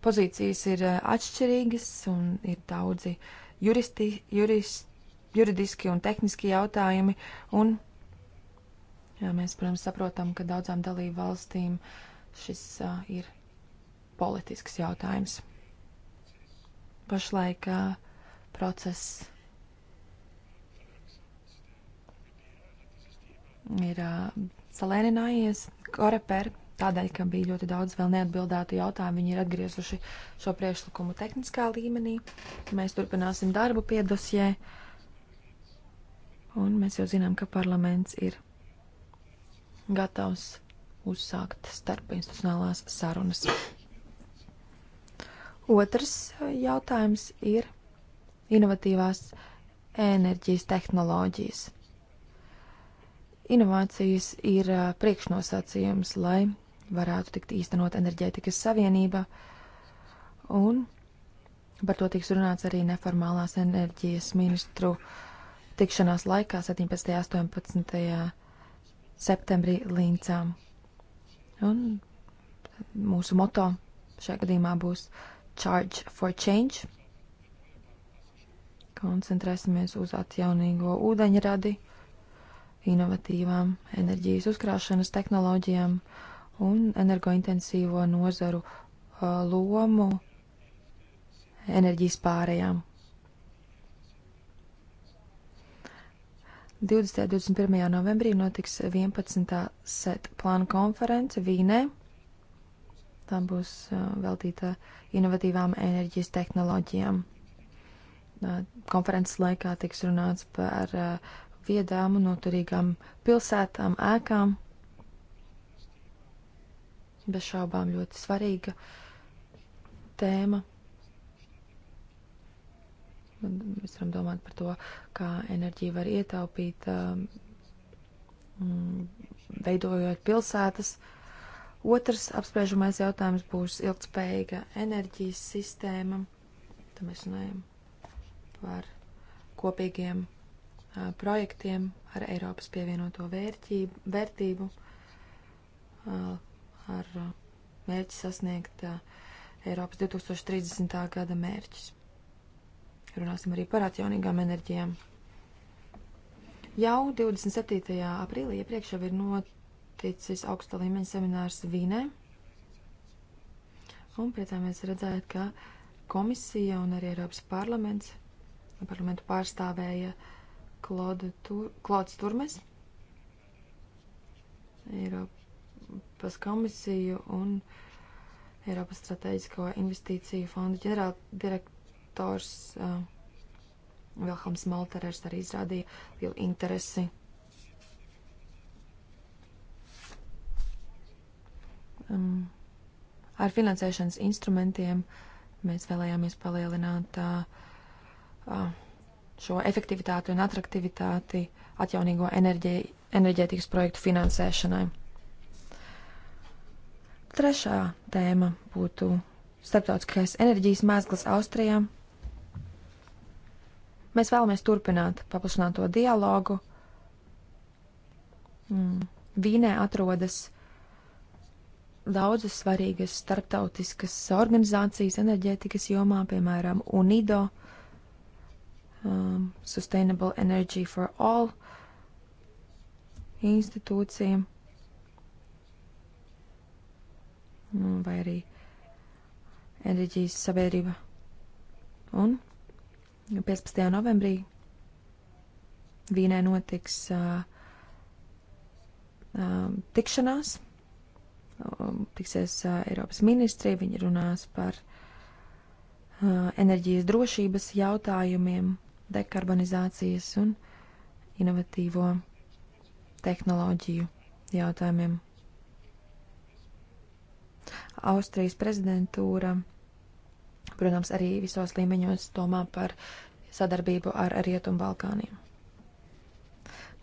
Pozīcijas ir atšķirīgas un ir daudzi juristi, jurist, juridiski un tehniski jautājumi, un Jā, mēs, protams, saprotam, ka daudzām dalību valstīm šis uh, ir politisks jautājums. Pašlaik uh, process ir uh, salēninājies. Koreper tādēļ, ka bija ļoti daudz vēl neatbildētu jautājumu, viņi ir atgriezuši šo priekšlikumu tehniskā līmenī. Mēs turpināsim darbu pie dosjē. Un mēs jau zinām, ka parlaments ir gatavs uzsākt starpinstitucionālās sarunas. Otrs jautājums ir inovatīvās enerģijas tehnoloģijas. Inovācijas ir priekšnosacījums, lai varētu tikt īstenot enerģētikas savienība, un par to tiks runāts arī neformālās enerģijas ministru tikšanās laikā 17. un 18 septembrī Līncām. Un mūsu moto šajā gadījumā būs Charge for Change. Koncentrēsimies uz atjaunīgo ūdeņradi, inovatīvām enerģijas uzkrāšanas tehnoloģijām un energointensīvo nozaru uh, lomu enerģijas pārējām. 20. un 21. novembrī notiks 11. set plānu konference Vīnē. Tā būs uh, veltīta inovatīvām enerģijas tehnoloģijām. Uh, konferences laikā tiks runāts par uh, viedām un noturīgām pilsētām, ēkām. Bez šaubām ļoti svarīga tēma. Mēs varam domāt par to, kā enerģiju var ietaupīt, um, mm, veidojot pilsētas. Otrs apspriežamais jautājums būs ilgspējīga enerģijas sistēma. Tad mēs runājam par kopīgiem a, uh, projektiem ar Eiropas pievienoto vērtību, vērtību uh, a, ar mērķi sasniegt a, uh, Eiropas 2030. gada mērķis runāsim arī par atjaunīgām enerģijām. Jau 27. aprīlī iepriekš jau ir noticis augsta līmeņa seminārs Vīnē. Un priecāmies redzēt, ka komisija un arī Eiropas parlaments, parlamentu pārstāvēja Klodu, Tur, Klods Turmes, Eiropas komisiju un Eiropas strateģisko investīciju fondu ģenerāldirektoru autors uh, eh, Vilhelms Malterers arī izrādīja lielu interesi. Um, ar finansēšanas instrumentiem mēs vēlējāmies palielināt uh, šo efektivitāti un atraktivitāti atjaunīgo enerģiju, enerģētikas projektu finansēšanai. Trešā tēma būtu starptautiskais enerģijas mēsls Austrijā Mēs vēlamies turpināt paplašināto dialogu. Mm. Vīnē atrodas daudzas svarīgas starptautiskas organizācijas enerģētikas jomā, piemēram, UNIDO, um, Sustainable Energy for All institūcija, mm, vai arī enerģijas sabiedrība. Un 15. novembrī Vīnē notiks uh, uh, tikšanās, um, tiksies uh, Eiropas ministri, viņi runās par uh, enerģijas drošības jautājumiem, dekarbonizācijas un inovatīvo tehnoloģiju jautājumiem. Austrijas prezidentūra protams, arī visos līmeņos domā par sadarbību ar Rietumu Balkāniem.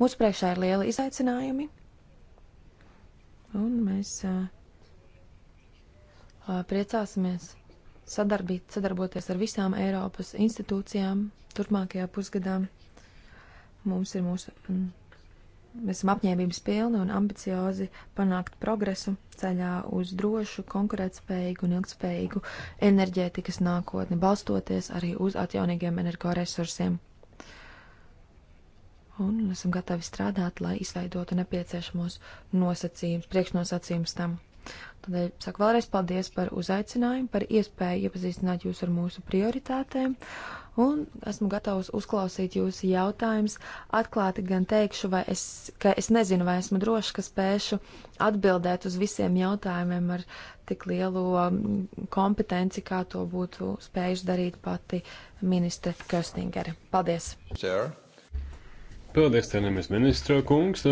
Mūsu priekšā ir lieli izaicinājumi, un mēs uh, priecāsimies sadarbīt, sadarboties ar visām Eiropas institūcijām turpmākajā pusgadā. Mums ir mūsu. Mm, Mēs esam apņēmības pilni un ambiciozi panākt progresu ceļā uz drošu, konkurētspējīgu un ilgspējīgu enerģētikas nākotni, balstoties arī uz atjaunīgiem energoresursiem. Un esam gatavi strādāt, lai izveidotu nepieciešamos nosacījumus, priekšnosacījumus tam. Tādēļ saku vēlreiz paldies par uzaicinājumu, par iespēju iepazīstināt jūs ar mūsu prioritātēm un esmu gatavs uzklausīt jūsu jautājumus. Atklāti gan teikšu, es, ka es nezinu, vai esmu drošs, ka spēšu atbildēt uz visiem jautājumiem ar tik lielu um, kompetenci, kā to būtu spējuši darīt pati ministre Köstingere. Paldies! Sir. Paldies, cienījamies ministra kungs!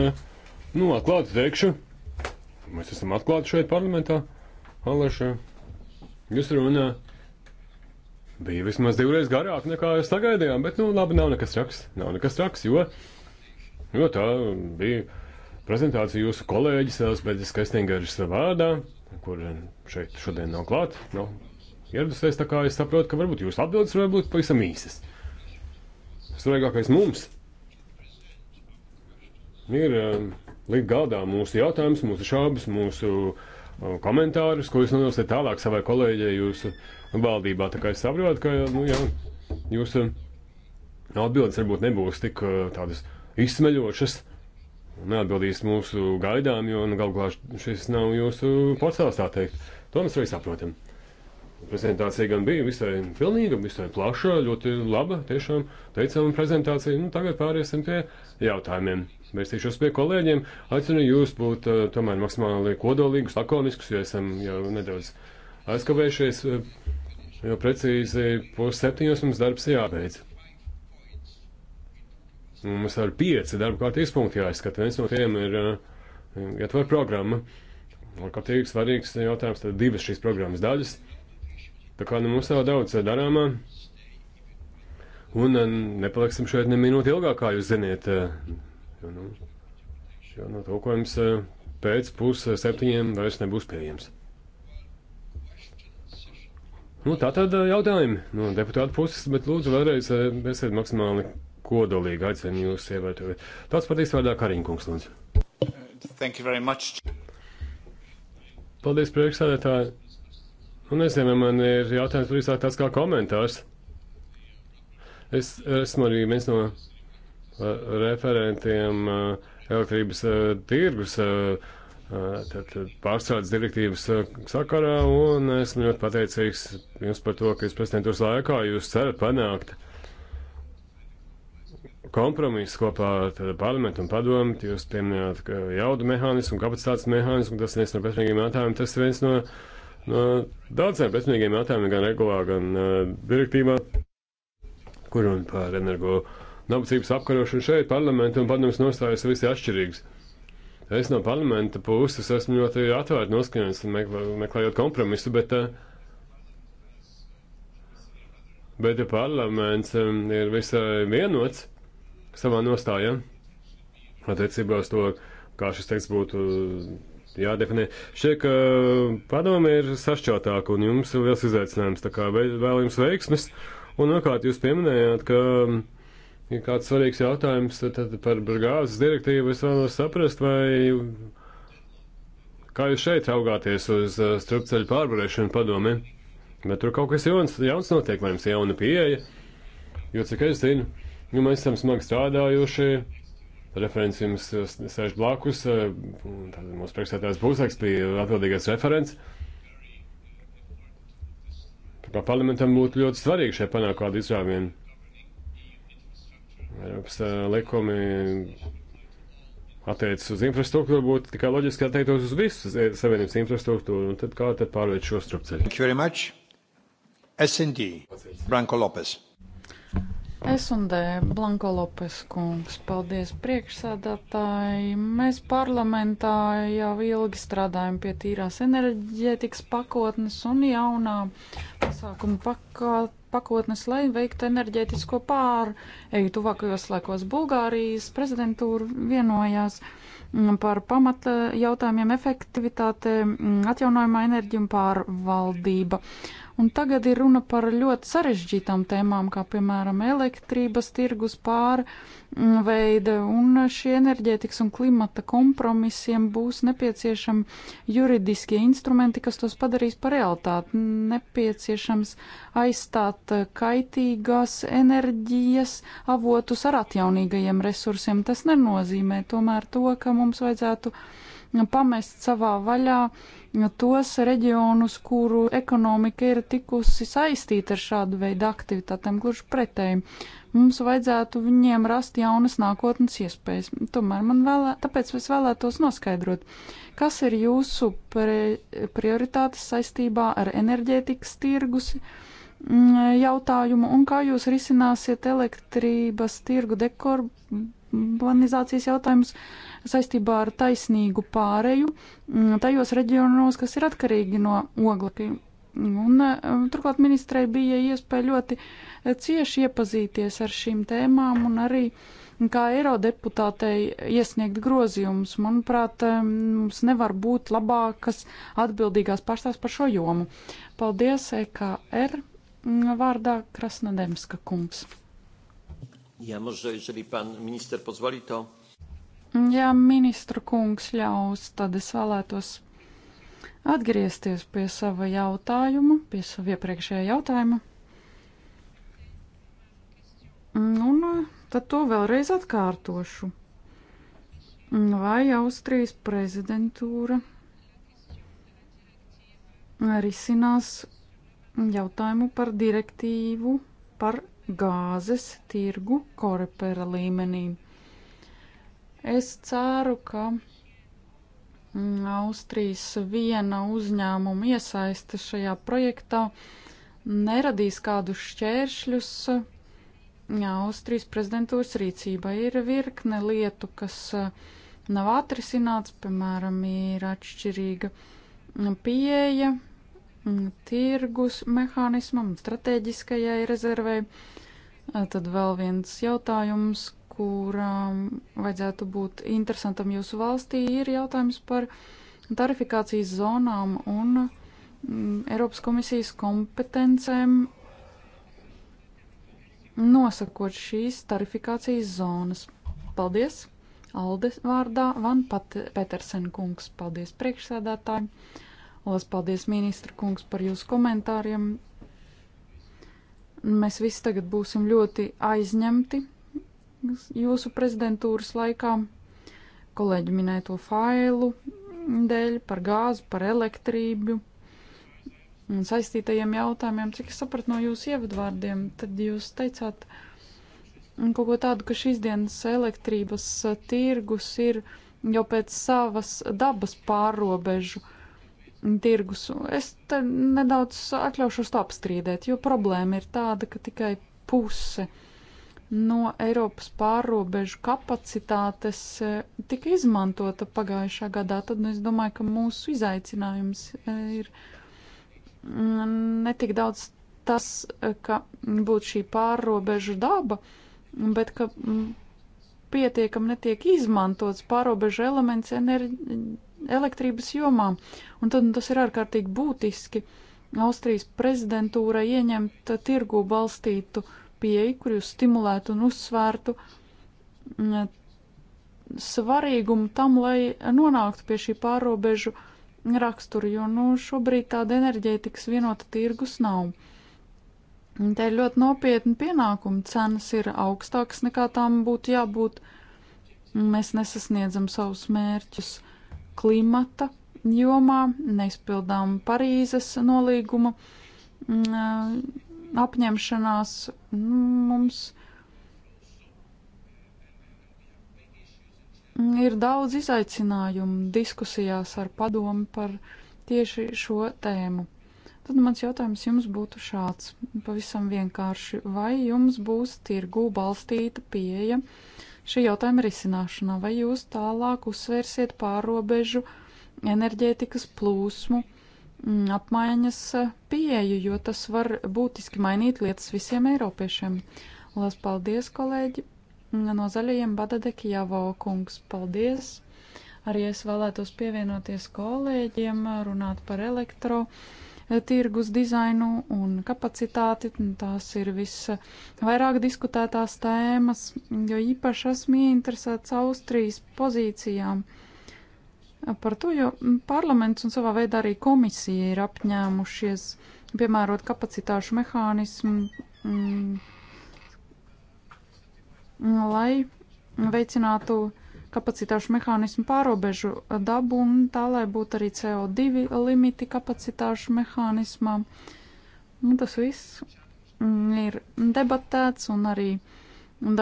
Nu, atklāti teikšu, mēs esam atklāti šeit parlamentā. Alaša, jūs runājat bija vismaz divreiz garāk nekā sagaidījām, bet, nu, labi, nav nekas traks, nav nekas traks, jo, jo tā bija prezentācija jūsu kolēģis Elspēdzis Kestingeris vārdā, kur šeit šodien nav klāt, nav ieradusies, tā kā es saprotu, ka varbūt jūsu atbildes var būt pavisam īsas. Svarīgākais mums ir um, likt galdā mūsu jautājumus, mūsu šābas, mūsu uh, komentārus, ko jūs nodosiet tālāk savai kolēģei jūsu. Uh, valdībā. Tā kā es saprotu, ka nu, jā, jūsu eh, atbildes varbūt nebūs tik eh, tādas izsmeļošas. Neatbildīs mūsu gaidām, jo nu, galu galā šis nav jūsu porcelāns, tā teikt. To mēs arī saprotam. Prezentācija gan bija visai pilnīga, visai plaša, ļoti laba, tiešām teicama prezentācija. Nu, tagad pāriesim pie jautājumiem. Vērsīšos pie kolēģiem. Aicinu jūs būt uh, tomēr maksimāli kodolīgus, lakoniskus, jo esam jau nedaudz aizkavējušies. Uh, jo precīzi pusseptiņos mums darbs jābeidz. Un mums ir pieci darba kārtības punkti jāizskata. Viens no tiem ir ietver eh, programma. Un katīgi svarīgs jautājums, tad divas šīs programmas daļas. Tā kā nu, mums nav daudz darāmā. Un eh, nepaliksim šeit ne minūti ilgāk, kā jūs ziniet. Eh, jo, nu, jo no nu, tulkojums pēc pusseptiņiem vairs nebūs pieejams. Nu, tā tad jautājumi no deputāta puses, bet lūdzu vēlreiz esiet maksimāli kodolīgi. Aicinu jūs ievērtot. Tāds patīs vārdā Kariņkungs, lūdzu. Thank you very much. Paldies, priekšsēdētāji. Un es nezinu, man ir jautājums drīzāk tāds kā komentārs. Es esmu arī viens no uh, referentiem uh, elektrības uh, tirgus. Uh, tad pārstrādes direktīvas uh, sakarā, un esmu ļoti pateicīgs jums par to, ka jūs prezidentūras laikā jūs cerat panākt kompromisu kopā ar parlamentu un padomu. Jūs pieminējāt jaudu mehānismu, kapacitātes mehānismu, tas viens no pretrunīgiem jautājumiem, tas viens no, no daudziem pretrunīgiem jautājumiem gan regulā, gan uh, direktīvā, kur un par energo nabadzības apkarošanu šeit parlamentu un padomas nostājas visi atšķirīgs. Uh, Es no parlamenta puses esmu ļoti atvērti noskaņots, meklē, meklējot kompromisu, bet, eh, bet ja parlaments um, ir visai vienots savā nostājā attiecībā uz to, kā šis teksts būtu jādefinē. Šķiet, ka padomi ir sašķeltāk un jums ir liels izaicinājums, tā kā vēl jums veiksmes. Un, otrkārt, jūs pieminējāt, ka. Um, ja kāds svarīgs jautājums tad par gāzes direktīvu, es vēlos saprast, vai kā jūs šeit raugāties uz uh, strupceļu pārvarēšanu padomi. Bet tur kaut kas jauns, jauns notiek, vai jums ir jauna pieeja, jo cik es zinu, nu, mēs esam smagi strādājuši, referents jums uh, sēž blakus, uh, tad mūsu priekšsētājs būsēks bija atbildīgais referents. Kā parlamentam būtu ļoti svarīgi šeit panākt kādu izrāvienu. Eiropas eh, likumi attiecas uz infrastruktūru, būtu tikai loģiski attiektos uz visu savienības infrastruktūru, un tad kā tad pārveikt šo strupceļu? Thank you very much. S&D, Branko Lopes. S&D Blanko Lopes kungs, paldies priekšsādātāji. Mēs parlamentā jau ilgi strādājam pie tīrās enerģētikas pakotnes un jaunā pasākuma pakot, pakotnes, lai veiktu enerģētisko pāreju. Tuvākajos laikos Bulgārijas prezidentūra vienojās mm, par pamata jautājumiem efektivitāte, mm, atjaunojumā enerģija un pārvaldība. Un tagad ir runa par ļoti sarežģītām tēmām, kā piemēram elektrības tirgus pārveide, mm, un šie enerģētikas un klimata kompromisiem būs nepieciešami juridiskie instrumenti, kas tos padarīs par realitāti. Nepieciešams aizstāt kaitīgās enerģijas avotus ar atjaunīgajiem resursiem. Tas nenozīmē tomēr to, ka mums vajadzētu vajadzētu pamest savā vaļā tos reģionus, kuru ekonomika ir tikusi saistīta ar šādu veidu aktivitātēm, gluži pretēji. Mums vajadzētu viņiem rast jaunas nākotnes iespējas. Tomēr man vēlē, tāpēc es vēlētos noskaidrot, kas ir jūsu pre, prioritātes saistībā ar enerģētikas tirgus mm, jautājumu un kā jūs risināsiet elektrības tirgu dekarbonizācijas jautājumus saistībā ar taisnīgu pāreju mm, tajos reģionos, kas ir atkarīgi no oglekļa. Un, eh, turklāt ministrei bija iespēja ļoti eh, cieši iepazīties ar šīm tēmām un arī kā eirodeputātei iesniegt grozījumus. Manuprāt, eh, mums nevar būt labākas atbildīgās pārstāvs par šo jomu. Paldies, EKR mm, vārdā Krasnodemska kungs. Ja, może, jeżeli pan minister pozwoli, to Ja ministru kungs ļaus, tad es vēlētos atgriezties pie sava jautājuma, pie sava iepriekšējā jautājuma. Un nu, tad to vēlreiz atkārtošu. Vai Austrijas prezidentūra risinās jautājumu par direktīvu par gāzes tirgu korepera līmenī? Es ceru, ka mm, Austrijas viena uzņēmuma iesaiste šajā projektā neradīs kādus šķēršļus Austrijas prezidentūras rīcībai. Ir virkne lietu, kas mm, nav atrisināts, piemēram, ir atšķirīga mm, pieeja tirgus mehānismam, strateģiskajai rezervei. Tad vēl viens jautājums, kurām vajadzētu būt interesantam jūsu valstī, ir jautājums par tarifikācijas zonām un mm, Eiropas komisijas kompetencēm nosakot šīs tarifikācijas zonas. Paldies! Aldes vārdā Van Pat Petersen kungs. Paldies priekšsēdētāji! Lielas paldies, ministra kungs, par jūsu komentāriem. Mēs visi tagad būsim ļoti aizņemti jūsu prezidentūras laikā kolēģi minēto failu dēļ par gāzu, par elektrību un saistītajiem jautājumiem. Cik es sapratu no jūsu ievadvārdiem, tad jūs teicāt kaut ko tādu, ka šīs dienas elektrības eh, tirgus ir jau pēc savas dabas pārobežu tirgus. Es te nedaudz atļaušos to apstrīdēt, jo problēma ir tāda, ka tikai puse no no Eiropas pārrobežu kapacitātes e, tika izmantota pagājušā gadā, tad nu, es domāju, ka mūsu izaicinājums e, ir mm, netik daudz tas, e, ka būtu šī pārrobežu daba, bet ka mm, pietiekam netiek izmantots pārrobežu elements elektrības jomā. Un tad un nu, tas ir ārkārtīgi būtiski Austrijas prezidentūrai ieņemt tirgu balstītu uh, pieeju, kur jūs stimulētu un uzsvērtu mm, svarīgumu tam, lai nonāktu pie šī pārobežu rakstura, jo nu, šobrīd tāda enerģētikas vienota tirgus nav. Tā ir ļoti nopietna pienākuma. Cenas ir augstākas nekā tām būtu jābūt. Mēs nesasniedzam savus mērķus klimata jomā, neizpildām Parīzes nolīguma mm, apņemšanās nu, mums ir daudz izaicinājumu diskusijās ar padomu par tieši šo tēmu. Tad mans jautājums jums būtu šāds, pavisam vienkārši, vai jums būs tirgū balstīta pieeja šī jautājuma risināšanā, vai jūs tālāk uzsvērsiet pārobežu enerģētikas plūsmu? Mm, apmaiņas eh, pieeju, jo tas var būtiski mainīt lietas visiem eiropiešiem. Lielas paldies, kolēģi! No zaļajiem Badadeki Javo kungs, paldies! Arī es vēlētos pievienoties kolēģiem, runāt par elektro eh, tirgus dizainu un kapacitāti. Tās ir visvairāk diskutētās tēmas, jo īpaši esmu ieinteresēts Austrijas pozīcijām. Uh, par to, jo parlaments un savā veidā arī komisija ir apņēmušies piemērot kapacitāšu mehānismu, mm, mm lai veicinātu kapacitāšu mehānismu pārobežu dabu un tā, lai būtu arī CO2 limiti kapacitāšu mehānismā. Un tas viss mm, ir debatēts un arī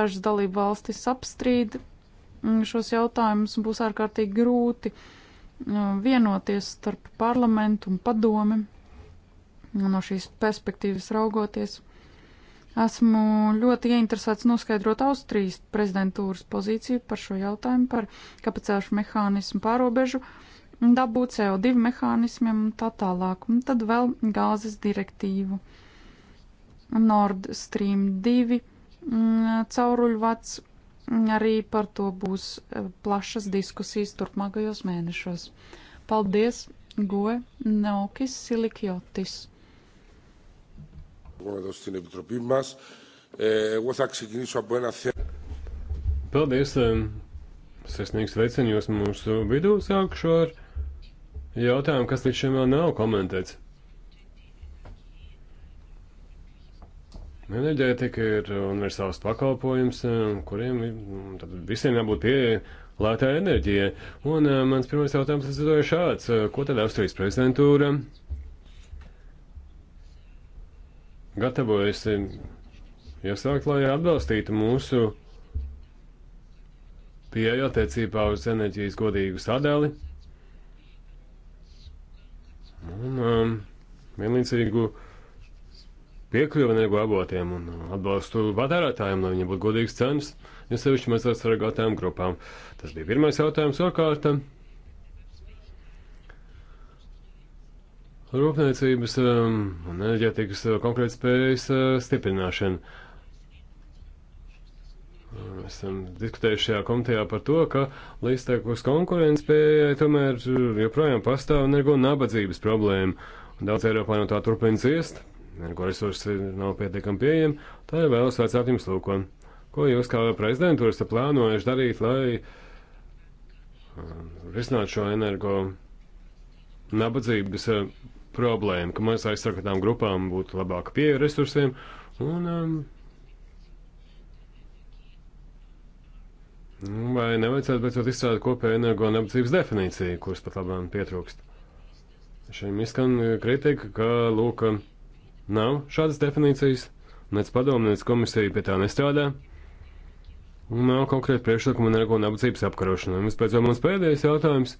dažas dalību valstis apstrīd Mm, šos jautājumus būs ārkārtīgi grūti uh, vienoties starp parlamentu un padomi. No šīs perspektīvas raugoties, esmu ļoti ieinteresēts noskaidrot Austrijas prezidentūras pozīciju par šo jautājumu, par kapacitāšu mehānismu pārobežu, dabū CO2 mehānismiem un tā tālāk, un tad vēl gāzes direktīvu. Nord Stream 2 mm, cauruļvats arī par to būs eh, plašas diskusijas turpmākajos mēnešos. Paldies, Goe Naukis Silikjotis. Eh, Paldies, eh, sirsnīgs veicienījos mūsu vidū sākušo ar jautājumu, kas līdz šim vēl nav komentēts. Enerģētika ir universāls pakalpojums, eh, kuriem nu, visiem jābūt pieejai lētā enerģija. Un eh, mans pirmais jautājums ir šāds. Ko tad Austrijas prezidentūra gatavojas eh, iesākt, lai atbalstītu mūsu pieeju attiecībā uz enerģijas godīgu sadali un um, vienlīdzīgu piekļuvi energoavotiem un atbalstu patērētājiem, lai viņiem būtu godīgs cenas, jo sevišķi mēs aizsargātājiem grupām. Tas bija pirmais jautājums okārta. Rūpniecības um, un enerģētikas uh, konkrētas spējas uh, stiprināšana. Esam uh, um, diskutējuši šajā komitejā par to, ka līdztekus konkurences spējai tomēr joprojām pastāv energo nabadzības problēma. Daudz Eiropā no tā turpina ciest energoresursi nav pietiekami pieejami, tā ir vēlas vecāt jums lūko. Ko jūs kā prezidentūra esat plānojuši darīt, lai um, risinātu šo energo nabadzības uh, problēmu, ka mēs aizsargātām grupām būtu labāka pieeja resursiem un um, nu, Vai nevajadzētu beidzot izstrādāt kopēju energo nabadzības definīciju, kuras pat labāk pietrūkst? Šim izskan kritika, ka, lūk, Nav šādas definīcijas, nec padomu, nec komisija pie tā nestrādā. Nav konkrēti priekšlikumi narko nabadzības apkarošanai. Vispēc jau mums pēdējais jautājums.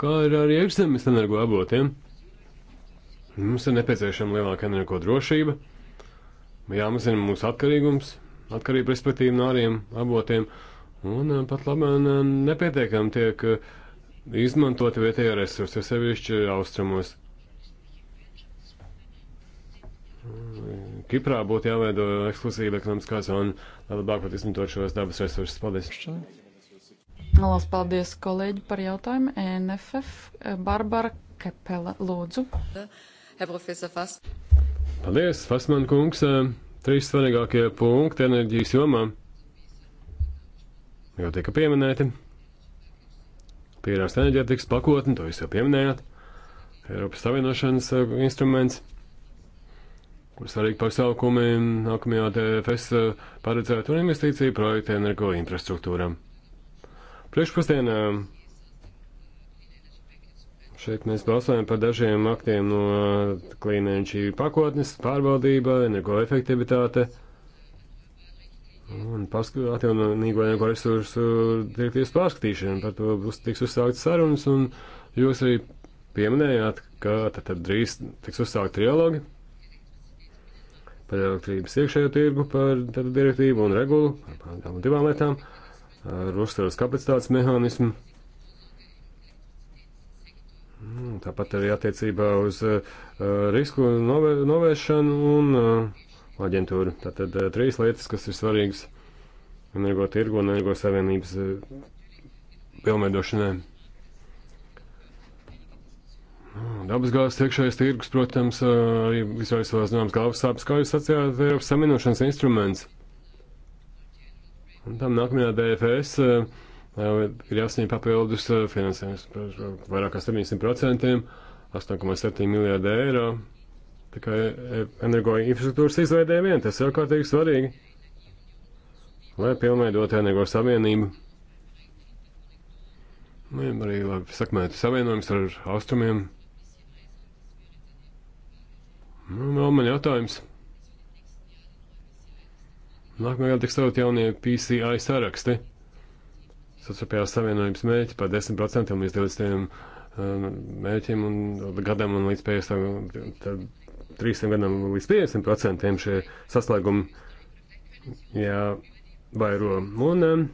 Kā ir ar iekšzemes energo avotiem? Mums ir nepieciešama lielāka energo drošība, jāmazina mūsu atkarīgums, atkarība respektīvi no āriem avotiem, un eh, pat labāk nepietiekami tiek uh, izmantot vietējā resursa, sevišķi austrumos. Kiprā būtu jāveido ekskluzīva ekonomiskā zona, lai labāk pat izmantot šos dabas resursus. Paldies! Lielas paldies, kolēģi, par jautājumu. E NFF, Barbara Kepele, lūdzu. Paldies, Fasman kungs. Trīs svarīgākie punkti enerģijas jomā jau tika pieminēti pierās enerģētikas pakotni, to jūs jau pieminējāt, Eiropas Savienošanas eh, instruments, kur svarīgi pasaukumi nākamajā TFS eh, paredzētu un investīciju projektu energo infrastruktūram. Priekšpusdienā Šeit mēs balsojam par dažiem aktiem no klīnēņšī eh, pakotnes, pārvaldība, energoefektivitāte, Un atjaunīgo energo resursu direktīvas pārskatīšana, par to būs tiks uzsākts sarunas, un jūs arī pieminējāt, ka tad, tad drīz tiks uzsākt trialogi par elektrības iekšējo tirgu, par tad, direktīvu un regulu, par tām divām lietām, ar uzsveras kapacitātes mehānismu. Mm, tāpat arī attiecībā uz uh, risku novē, novēršanu un uh, aģentūru. Tātad eh, trīs lietas, kas ir svarīgas energo tirgu un energo savienības eh, pilnveidošanai. Nu, Dabasgāzes iekšējais tirgus, protams, eh, arī visai savā zināmas galvas sāpes, kā jūs sacījāt, ir saminošanas instruments. Un tam nākamajā DFS ir jāsņem papildus finansējums par vairāk kā 700%, 8,7 miljārdu eiro. Tā kā e, energo infrastruktūras izveidē vien, tas ir ārkārtīgi svarīgi, lai pilnveidot energo savienību. Mēs arī labi sakmētu savienojums ar austrumiem. Nu, vēl man jautājums. Nākamajā gadā tiks stāvot jaunie PCI saraksti. Sasapjās savienojums mēķi par 10% līdz 20 um, mēķiem un gadam un līdz 50 301 līdz 50% šie saslēgumi jāvairo. Un um,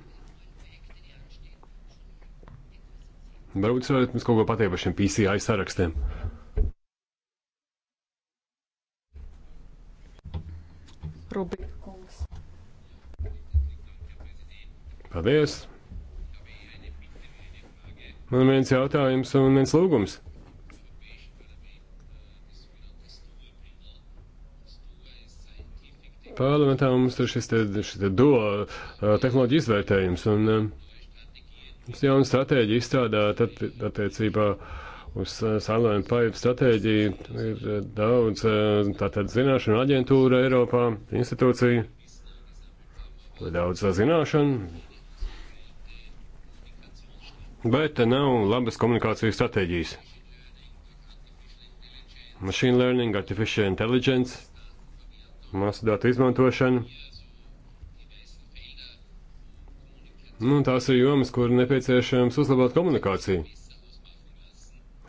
varbūt jūs varat mums kaut ko pateikt par šiem PCI sarakstiem. Rubikungs. Paldies! Man viens jautājums un viens lūgums. parlamentā mums ir šis, te, šis te do tehnoloģiju izvērtējums, un mums jauna stratēģija izstrādāta attiecībā uz sālēm paiet stratēģiju, ir daudz tātad zināšanu aģentūra Eiropā, institūcija, daudz zināšanu, bet nav labas komunikācijas stratēģijas. Machine learning, artificial intelligence, masu datu izmantošana. Nu, tās ir jomas, kur nepieciešams uzlabot komunikāciju.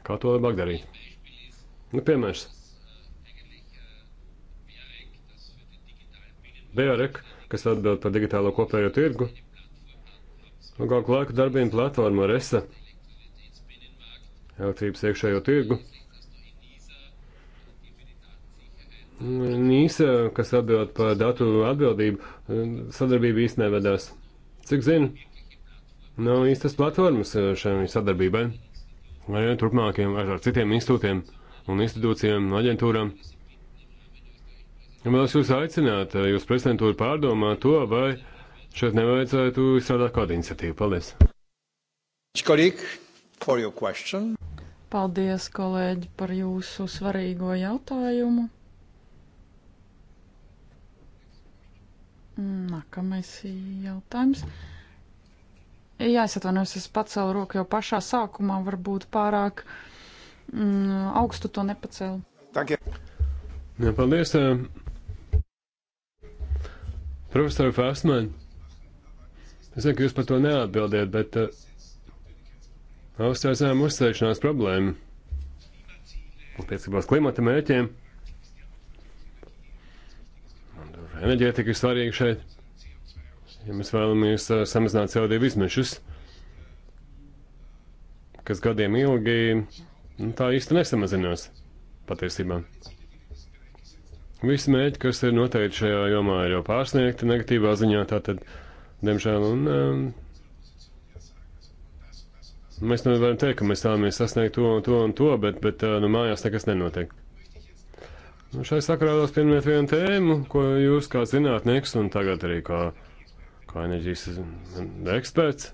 Kā to labāk darīt? Nu, piemērs. BREK, kas atbild par digitālo kopējo tirgu, ilgāku laiku darbina platformu ar ESA, elektrības iekšējo tirgu. Nīsa, kas atbild par datu atbildību, sadarbība īsti nevedās. Cik zinu, nav īstas platformas šai sadarbībai. Vai turpmākiem ar, ar citiem institūtiem un institūcijiem, aģentūram. Vēlos jūs aicināt, jūs prezidentūru pārdomāt to, vai šeit nevajadzētu izstrādāt kādu iniciatīvu. Paldies! Paldies, kolēģi, par jūsu svarīgo jautājumu! Nākamais jautājums. Jā, es atvainojos, es pacēlu roku jau pašā sākumā, varbūt pārāk mm, augstu to nepacēlu. Thank you. Jā, paldies. Profesor Fastman, es zinu, ka jūs par to neatbildiet, bet uh, uzsvērsim uzsvēršanās problēmu. Attiecībā uz klimata mērķiem. enerģētika ir svarīga šeit. Ja mēs vēlamies uh, samazināt CO2 izmešus, kas gadiem ilgi nu, tā īsti nesamazinās patiesībā. Visi mērķi, kas ir noteikti šajā jomā, ir jau pārsniegti negatīvā ziņā, tātad, diemžēl, un um, mēs nu varam teikt, ka mēs vēlamies sasniegt to un to un to, bet, bet uh, nu, mājās nekas nenotiek. Nu, šai sakrālos pieminēt vienu tēmu, ko jūs kā zinātnieks un tagad arī kā, kā enerģijas eksperts.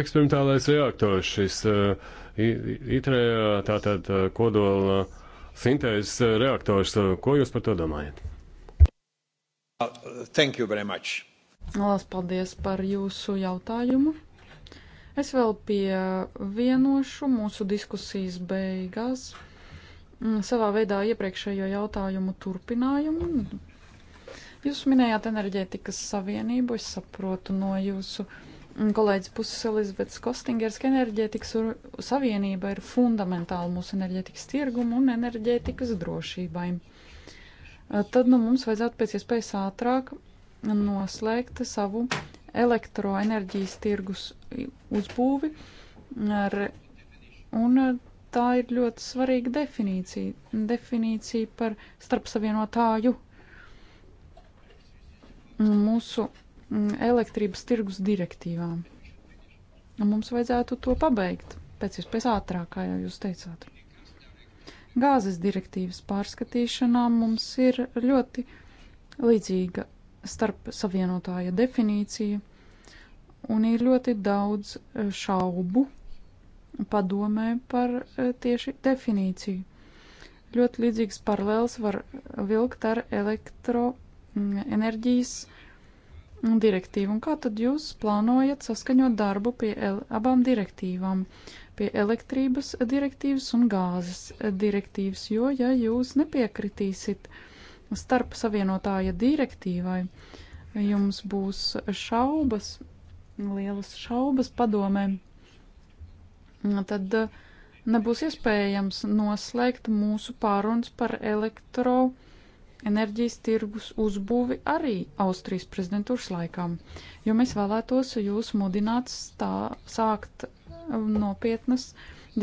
Eksperimentālais reaktors, šis uh, ITRE, uh, tātad uh, kodola sintēzes uh, reaktors, uh, ko jūs par to domājat? Uh, thank you very much. Lās paldies par jūsu jautājumu. Es vēl pievienošu mūsu diskusijas beigās mm, savā veidā iepriekšējo jautājumu turpinājumu. Jūs minējāt enerģētikas savienību, es saprotu no jūsu mm, kolēģis puses Elizabetes Kostingers, ka enerģētikas savienība ir fundamentāla mūsu enerģētikas tirgumu un enerģētikas drošībai. Tad nu, mums vajadzētu pēc iespējas ātrāk noslēgt savu elektroenerģijas tirgus uzbūvi. Ar, un tā ir ļoti svarīga definīcija. Definīcija par starpsavienotāju. Mūsu mm, elektrības tirgus direktīvām. Mums vajadzētu to pabeigt pēc iespējas ātrāk, kā jau jūs teicāt. Gāzes direktīvas pārskatīšanā mums ir ļoti līdzīga starp savienotāja definīcija Un ir ļoti daudz e, šaubu padomē par e, tieši definīciju. Ļoti līdzīgs paralēls var vilkt ar elektroenerģijas direktīvu. Un kā tad jūs plānojat saskaņot darbu pie abām direktīvām? Pie elektrības direktīvas un gāzes direktīvas, jo ja jūs nepiekritīsit starp savienotāja direktīvai, jums būs šaubas lielas šaubas padomē, tad uh, nebūs iespējams noslēgt mūsu pārunas par elektroenerģijas tirgus uzbūvi arī Austrijas prezidentūras laikā, jo mēs vēlētos jūs mudināt stā, sākt um, nopietnas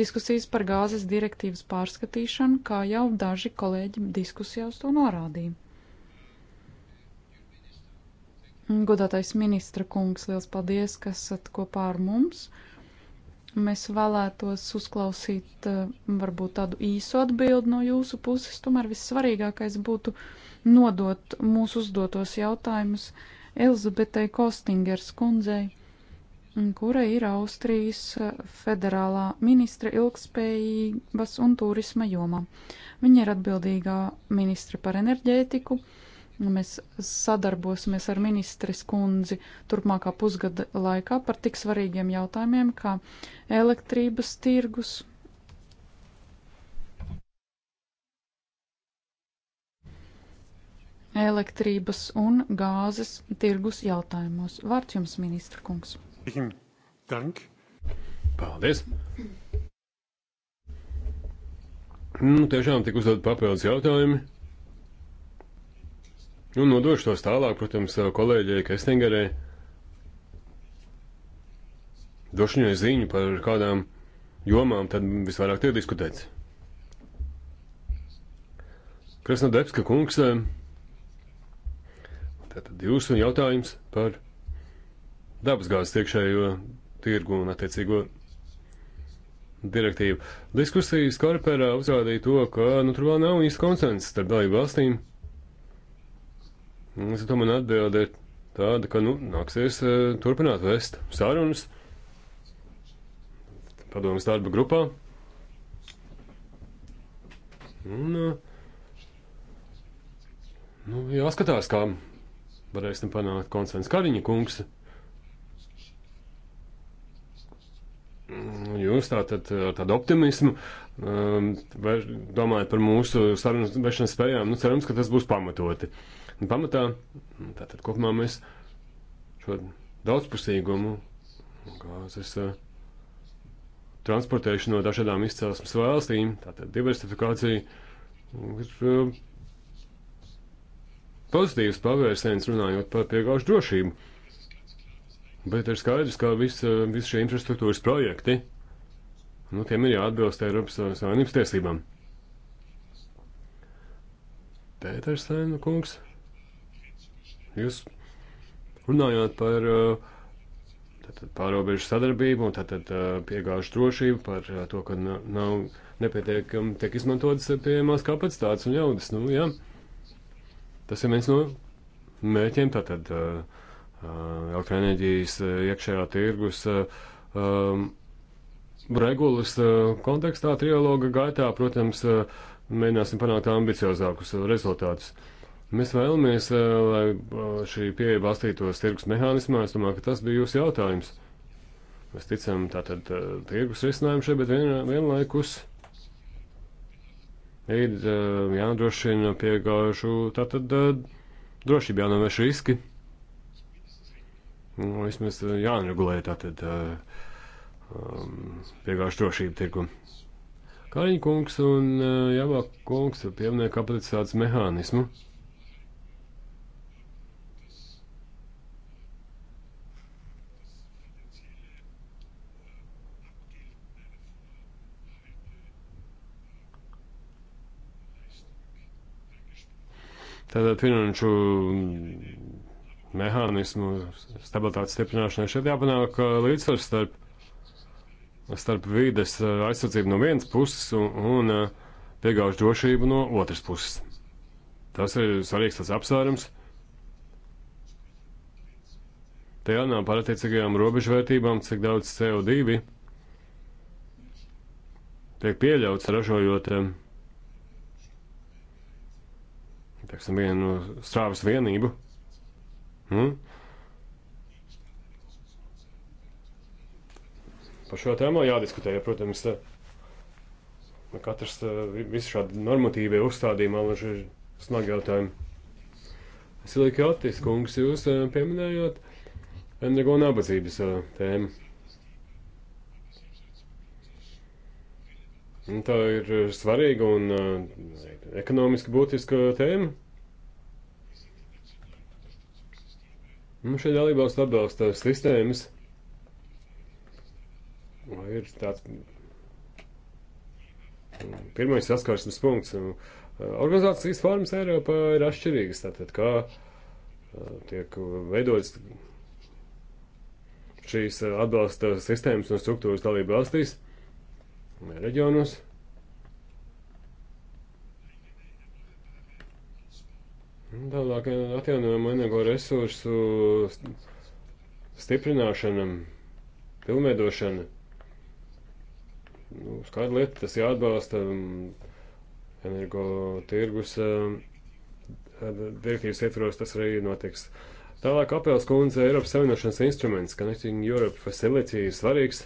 diskusijas par gāzes direktīvas pārskatīšanu, kā jau daži kolēģi diskusijās to norādīja. Godātais ministra kungs, liels paldies, ka esat kopā ar mums. Mēs vēlētos uzklausīt eh, varbūt tādu īsu atbildi no jūsu puses, tomēr vissvarīgākais būtu nodot mūsu uzdotos jautājumus Elizabetei Kostingers kundzei, kura ir Austrijas eh, federālā ministra ilgspējības un turisma jomā. Viņa ir atbildīgā ministra par enerģētiku Mēs sadarbosimies ar ministres kundzi turpmākā pusgada laikā par tik svarīgiem jautājumiem kā elektrības tirgus. Elektrības un gāzes tirgus jautājumos. Vārds jums, ministra kungs. Dank. Paldies! Nu, tiešām tik uzdot papildus jautājumi. Un nu, nodošu tos tālāk, protams, eh, kolēģei Kestingerai. Došu viņai ziņu par kādām jomām tad visvairāk tiek diskutēts. Krasnodebska kungs, eh, tātad jūsu jautājums par dabasgāzes iekšējo tirgu un attiecīgo direktīvu. Diskusijas korperā uzrādīja to, ka nu, tur vēl nav īsti konsensus starp dalību valstīm Es domāju, man atbilde ir tāda, ka nu, nāksies uh, turpināt vest sarunas padomus darba grupā. Un, uh, nu, jāskatās, kā varēsim panākt konsensu Kariņa kungs. Mm, jūs tātad ar tādu optimismu um, domājat par mūsu sarunu vešanas spējām. Nu, cerams, ka tas būs pamatoti. Uh, pamatā. Tātad kopumā mēs šo daudzpusīgumu gāzes transportēšanu no dažādām izcelsmes valstīm, tātad diversifikācija ir pozitīvs pavērsiens runājot par piegāžu drošību. Bet ir skaidrs, ka viss vis šie infrastruktūras projekti, nu, tiem ir jāatbilst Eiropas Savienības tiesībām. Pēters Lēna kungs. Jūs runājāt par uh, pārobežu sadarbību un tātad uh, piegāžu drošību, par uh, to, ka nav nepietiekami tiek izmantotas pieejamās kapacitātes un ļaudas. Nu, jā. Tas ir viens no mērķiem, tātad elektroenerģijas iekšējā tirgus um, regulas kontekstā, trialoga gaitā, protams, mēģināsim panākt ambiciozākus rezultātus. Uh, Mēs vēlamies, eh, lai eh, šī pieeja balstītos tirgus mehānismā. Es domāju, ka tas bija jūsu jautājums. Mēs ticam tātad eh, tirgus risinājumu šeit, bet vien, vienlaikus ir jānodrošina piegājušu tātad drošību, jānovērš riski. Nu, vismaz jāregulē tātad um, piegājušu drošību tirgumu. Kariņkungs un Jāvāk kungs pieminēja kapacitātes mehānismu. Nu? Tātad finanšu mehānismu stabilitātes stiprināšanai šeit jāpanāk līdzsvars starp, starp vīdes eh, aizsardzību no vienas puses un, un eh, piegāžu drošību no otras puses. Tas ir svarīgs tas apsvērums. Te jānāk par attiecīgajām robežvērtībām, cik daudz CO2 tiek pieļauts ražojot. Um, teiksim, vienu strāvas vienību. Mm? Par šo tēmu jādiskutē, ja, protams, eh, nu, katrs eh, visu šādi normatīvie uzstādījumi man ir smagi jautājumi. Silikjotis kungs, jūs eh, pieminējāt energo nabadzības tēmu. Un tā ir eh, svarīga un uh, ekonomiski būtiska tēma. Nu, šie dalībvalstu atbalsta sistēmas ir tāds mm, pirmais saskarsmes punkts. Eh, organizācijas formas Eiropā ir atšķirīgas. Tātad, kā tiek veidotas šīs atbalsta sistēmas un struktūras dalība valstīs reģionos. Tālāk atjaunojumu energoresursu stiprināšana, pilnveidošana. Nu, Skaidra lieta, tas jāatbalsta energo tirgus eh, direktīvas ietvaros, tas arī notiks. Tālāk apels kundze Eiropas Savienošanas instruments, Connecting Europe Facility, ir svarīgs.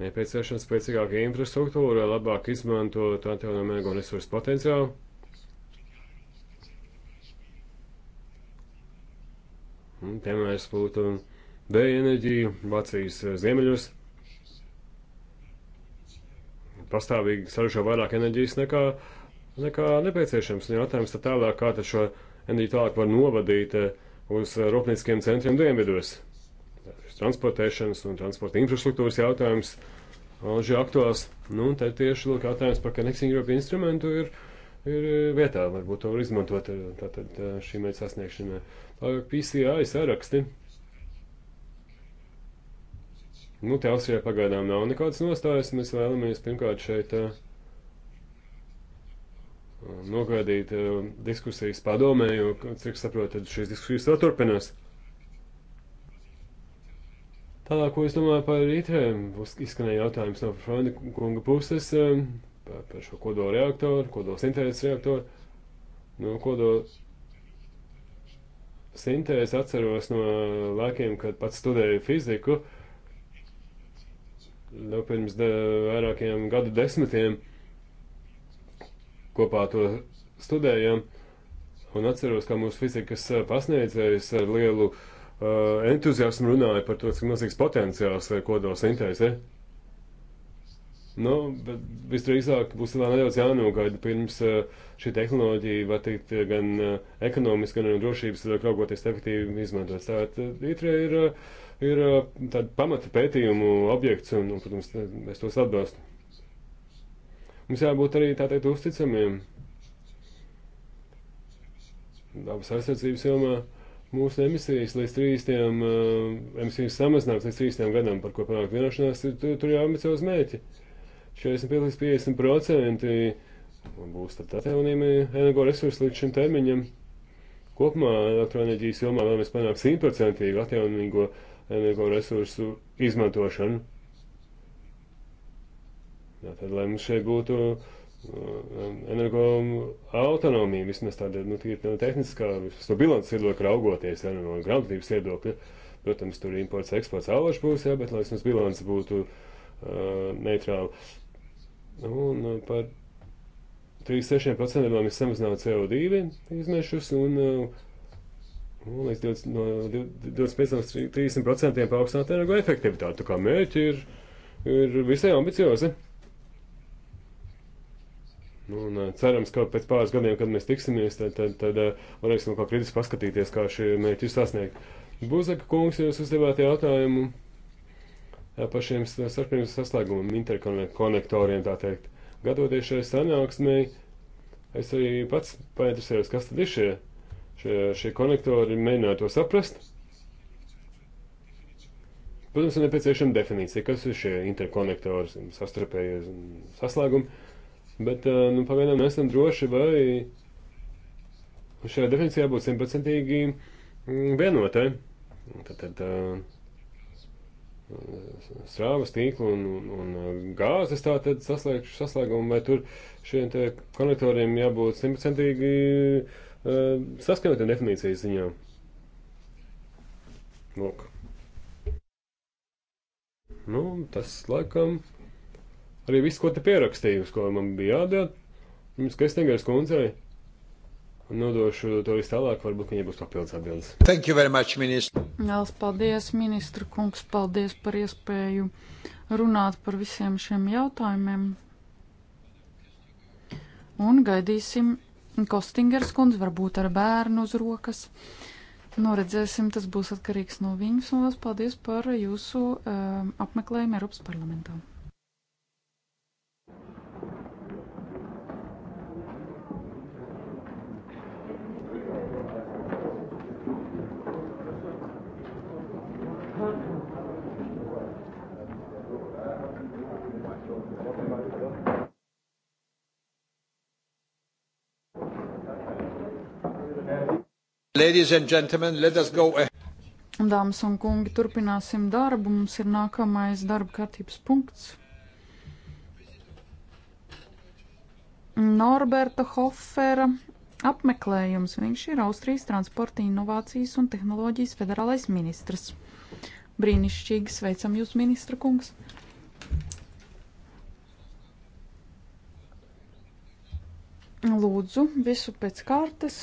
Nepieciešama spēcīgāka infrastruktūra, lai labāk izmantotu atjaunojamo energoresursu potenciālu. Un, piemērs būtu vēja enerģija Vācijas eh, ziemeļos. Pastāvīgi saražo vairāk enerģijas nekā, nekā nepieciešams. Un jautājums tad tālāk, kā tad šo enerģiju tālāk var novadīt eh, uz eh, rūpnieciskiem centriem dienvidos transportēšanas un transporta infrastruktūras jautājums Alži aktuāls. Nu, tad tieši lūk, jautājums par Connecting Europe instrumentu ir, ir e, vietā, varbūt to var izmantot e, tātad e, šī mērķa sasniegšanai. PCI saraksti. Nu, te Austrijā pagaidām nav nekādas nostājas, mēs vēlamies pirmkārt šeit uh, nogaidīt uh, diskusijas padomē, jo, cik saprotu, tad šīs diskusijas vēl turpinās. Tālāk, ko es domāju par itrēm, izskanēja jautājums no Frāna kunga puses um, par, par šo kodola reaktoru, kodola sintēzes reaktoru. Nu, kodola sintēzi atceros no laikiem, kad pats studēju fiziku, jau pirms de, vairākiem gadu desmitiem kopā to studējām, un atceros, ka mūsu fizikas pasniedzējs ar lielu uh, Eh, entuziasmu runāja par to, cik milzīgs potenciāls ir kodolsintēze. Eh? Nu, bet visdrīzāk būs vēl nedaudz jānogaida, pirms eh, šī tehnoloģija var tikt gan ekonomiski, gan drošības raugoties efektīvi izmantot. Tātad ITRE ir, ir tāda pamata pētījumu objekts, un, un, nu, protams, es tos atbalstu. Mums jābūt arī tā teikt uzticamiem. Dabas aizsardzības jomā. Uh, mūsu emisijas līdz 30, uh, eh, emisijas samazinājums līdz 30 gadam, par ko panākt vienošanās, tur, tur jau ambiciozi mērķi. 45 līdz 50 procenti būs tad atjaunījumi energoresursi līdz šim termiņam. Kopumā elektroenerģijas jomā vēlamies panākt 100% atjaunīgo energoresursu izmantošanu. Jā, tad, lai mums šeit būtu uh, energo autonomiju, vismaz tāda nu, no tehniskā, no bilances viedokļa raugoties, ja, no grāmatvedības viedokļa. Protams, tur imports, eksports, āvaši būs, ja, bet lai vismaz bilance būtu uh, neitrāla. Un uh, par 36% mēs samazinām CO2 izmešus un, uh, un līdz 20, no 25 līdz 30% paaugstināt energo efektivitāti. Tā kā mērķi ir, ir visai ambiciozi. Ja? Nu, un, cerams, ka pēc pāris gadiem, kad mēs tiksimies, tad, tad, tad varēsim kā kritiski paskatīties, kā šie mērķi ir sasniegti. Buzaka kungs, jūs uzdevāt jautājumu par šiem starpības saslēgumiem, interkonektoriem, tā teikt. Gadoties šai sanāksmei, es arī pats painteresējos, kas tad ir šie, šie, šie konektori, mēģināju to saprast. Protams, ir nepieciešama definīcija, kas ir šie interkonektori, sastarpējies mm, saslēgumi. Bet eh, nu, pagaidām nesam droši, vai šajā definīcijā būtu simtprocentīgi mm, vienotai. Tad, tad eh, strāvas tīklu un, un, un eh, gāzes tātad saslēgumu, vai tur šiem te konektoriem jābūt simtprocentīgi saskanotiem definīcijas ziņā. Lūk. Nu, tas laikam arī viss, ko te pierakstīju, uz ko man bija jādod. Jums Kristīgais kundzei nodošu to visu tālāk, varbūt viņai būs papildus atbildes. Thank you very much, ministr. Lielas paldies, ministru kungs, paldies par iespēju runāt par visiem šiem jautājumiem. Un gaidīsim Kostingers kundzi, varbūt ar bērnu uz rokas. Nu, redzēsim, tas būs atkarīgs no viņas, un liels paldies par jūsu um, apmeklējumu Eiropas parlamentā. Ladies and gentlemen, let us go ahead. Dāmas un kungi, turpināsim darbu. Mums ir nākamais darba kārtības punkts. Norberta Hofera apmeklējums. Viņš ir Austrijas transporta inovācijas un tehnoloģijas federālais ministrs. Brīnišķīgi sveicam jūs, ministra kungs! Lūdzu, visu pēc kārtas.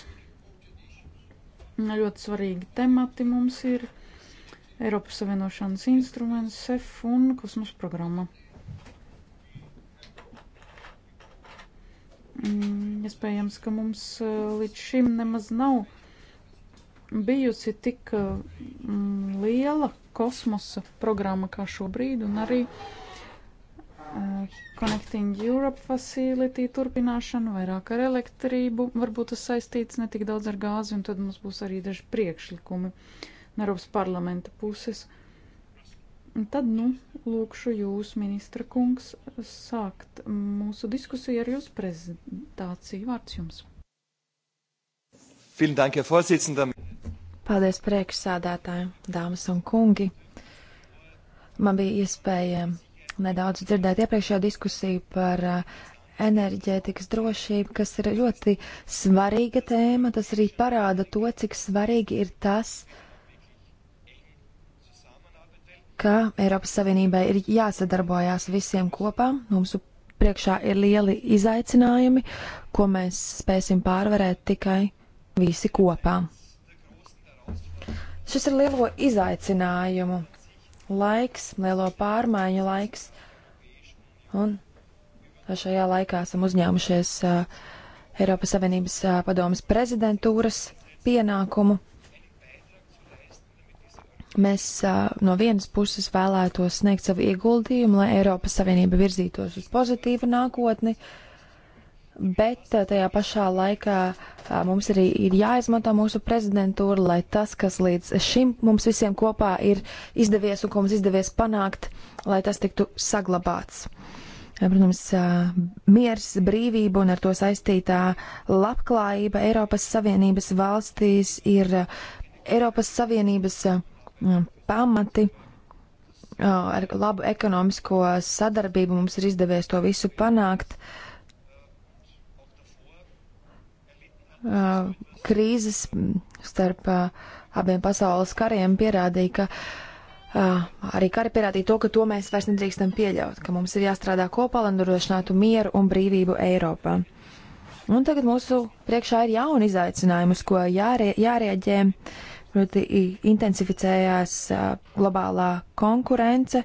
Ļoti svarīgi temati mums ir Eiropas Savienošanas instruments, SEF un kosmosa programma. Mm, iespējams, ka mums eh, līdz šim nemaz nav bijusi tik eh, mm, liela kosmosa programma kā šobrīd, un arī uh, Uh, Connecting Europe facility turpināšanu, vairāk ar elektrību, varbūt tas saistīts ne tik daudz ar gāzi, un tad mums būs arī daži priekšlikumi no Eiropas parlamenta puses. Un tad, nu, lūkšu jūs, ministra kungs, sākt mūsu diskusiju ar jūsu prezentāciju. Vārds jums. Paldies priekšsādātājiem, dāmas un kungi. Man bija iespēja nedaudz dzirdēt iepriekšējo diskusiju par uh, enerģētikas drošību, kas ir ļoti svarīga tēma. Tas arī parāda to, cik svarīgi ir tas, ka Eiropas Savienībai ir jāsadarbojās visiem kopā. Mums priekšā ir lieli izaicinājumi, ko mēs spēsim pārvarēt tikai visi kopā. Šis ir lielo izaicinājumu laiks, lielo pārmaiņu laiks. Un šajā laikā esam uzņēmušies uh, Eiropas Savienības uh, padomas prezidentūras pienākumu. Mēs uh, no vienas puses vēlētos sniegt savu ieguldījumu, lai Eiropas Savienība virzītos uz pozitīvu nākotni, uh, bet tajā pašā laikā mums arī ir jāizmanto mūsu prezidentūra, lai tas, kas līdz šim mums visiem kopā ir izdevies un ko mums izdevies panākt, lai tas tiktu saglabāts. Protams, miers, brīvība un ar to saistītā labklājība Eiropas Savienības valstīs ir Eiropas Savienības pamati ar labu ekonomisko sadarbību mums ir izdevies to visu panākt. Uh, Uh, krīzes starp uh, abiem pasaules kariem pierādīja, ka uh, arī kari pierādīja to, ka to mēs vairs nedrīkstam pieļaut, ka mums ir jāstrādā kopā, lai nodrošinātu mieru un brīvību Eiropā. Un tagad mūsu priekšā ir jauni izaicinājumi, uz ko jārie, jārieģē. Proti, intensificējās globālā konkurence.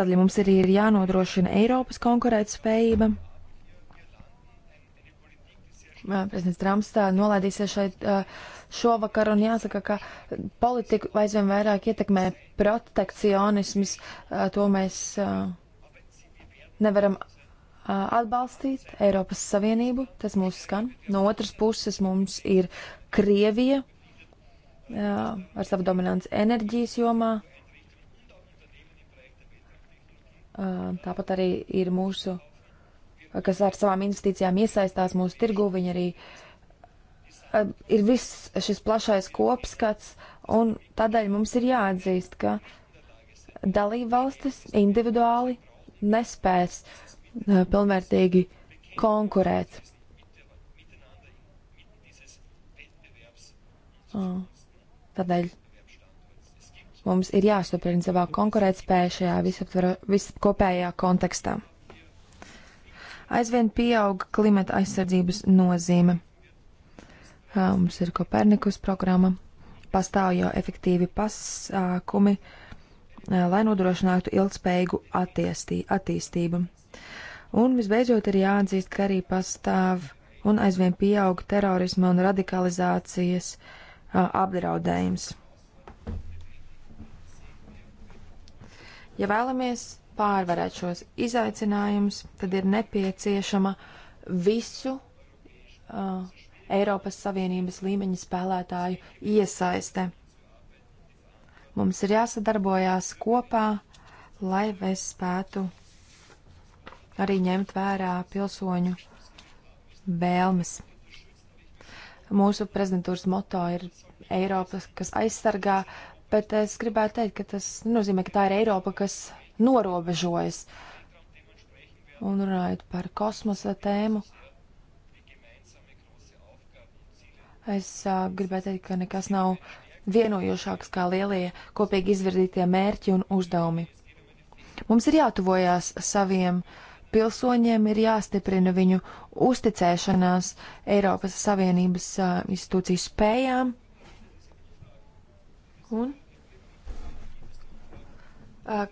Tad, ja mums arī ir jānodrošina Eiropas konkurētspējība, Eh, prezidents Trumps eh, nolaidīsies šeit eh, šovakar, un jāsaka, ka politiku aizvien vairāk ietekmē protekcionisms. To mēs nevaram atbalstīt Eiropas Savienību, tas mūs skan. No otras puses mums ir Krievija ar savu dominanci enerģijas jomā. Tāpat arī ir mūsu kas ar savām investīcijām iesaistās mūsu tirgu, viņi arī ir viss šis plašais kopskats, un tādēļ mums ir jāatzīst, ka dalībvalstis individuāli nespēs pilnvērtīgi konkurēt. Tādēļ mums ir jāstiprina savā konkurētspēja šajā visaptver, viskopējā kontekstā aizvien pieaug klimata aizsardzības nozīme. Mums ir Kopernikus programma, pastāv jau efektīvi pasākumi, lai nodrošinātu ilgspējīgu attiestī, attīstību. Un visbeidzot ir jāatzīst, ka arī pastāv un aizvien pieaug terorisma un radikalizācijas apdraudējums. Ja vēlamies pārvarēt šos izaicinājumus, tad ir nepieciešama visu uh, Eiropas Savienības līmeņa spēlētāju iesaiste. Mums ir jāsadarbojās kopā, lai mēs spētu arī ņemt vērā pilsoņu vēlmes. Mūsu prezidentūras moto ir Eiropas, kas aizsargā, bet es gribētu teikt, ka tas nozīmē, ka tā ir Eiropa, kas norobežojas. Un runājot par kosmosa tēmu, es uh, gribētu teikt, ka nekas nav vienojošāks kā lielie kopīgi izvirzītie mērķi un uzdevumi. Mums ir jātuvojās saviem pilsoņiem, ir jāstiprina viņu uzticēšanās Eiropas Savienības uh, institūciju spējām. Un? Uh,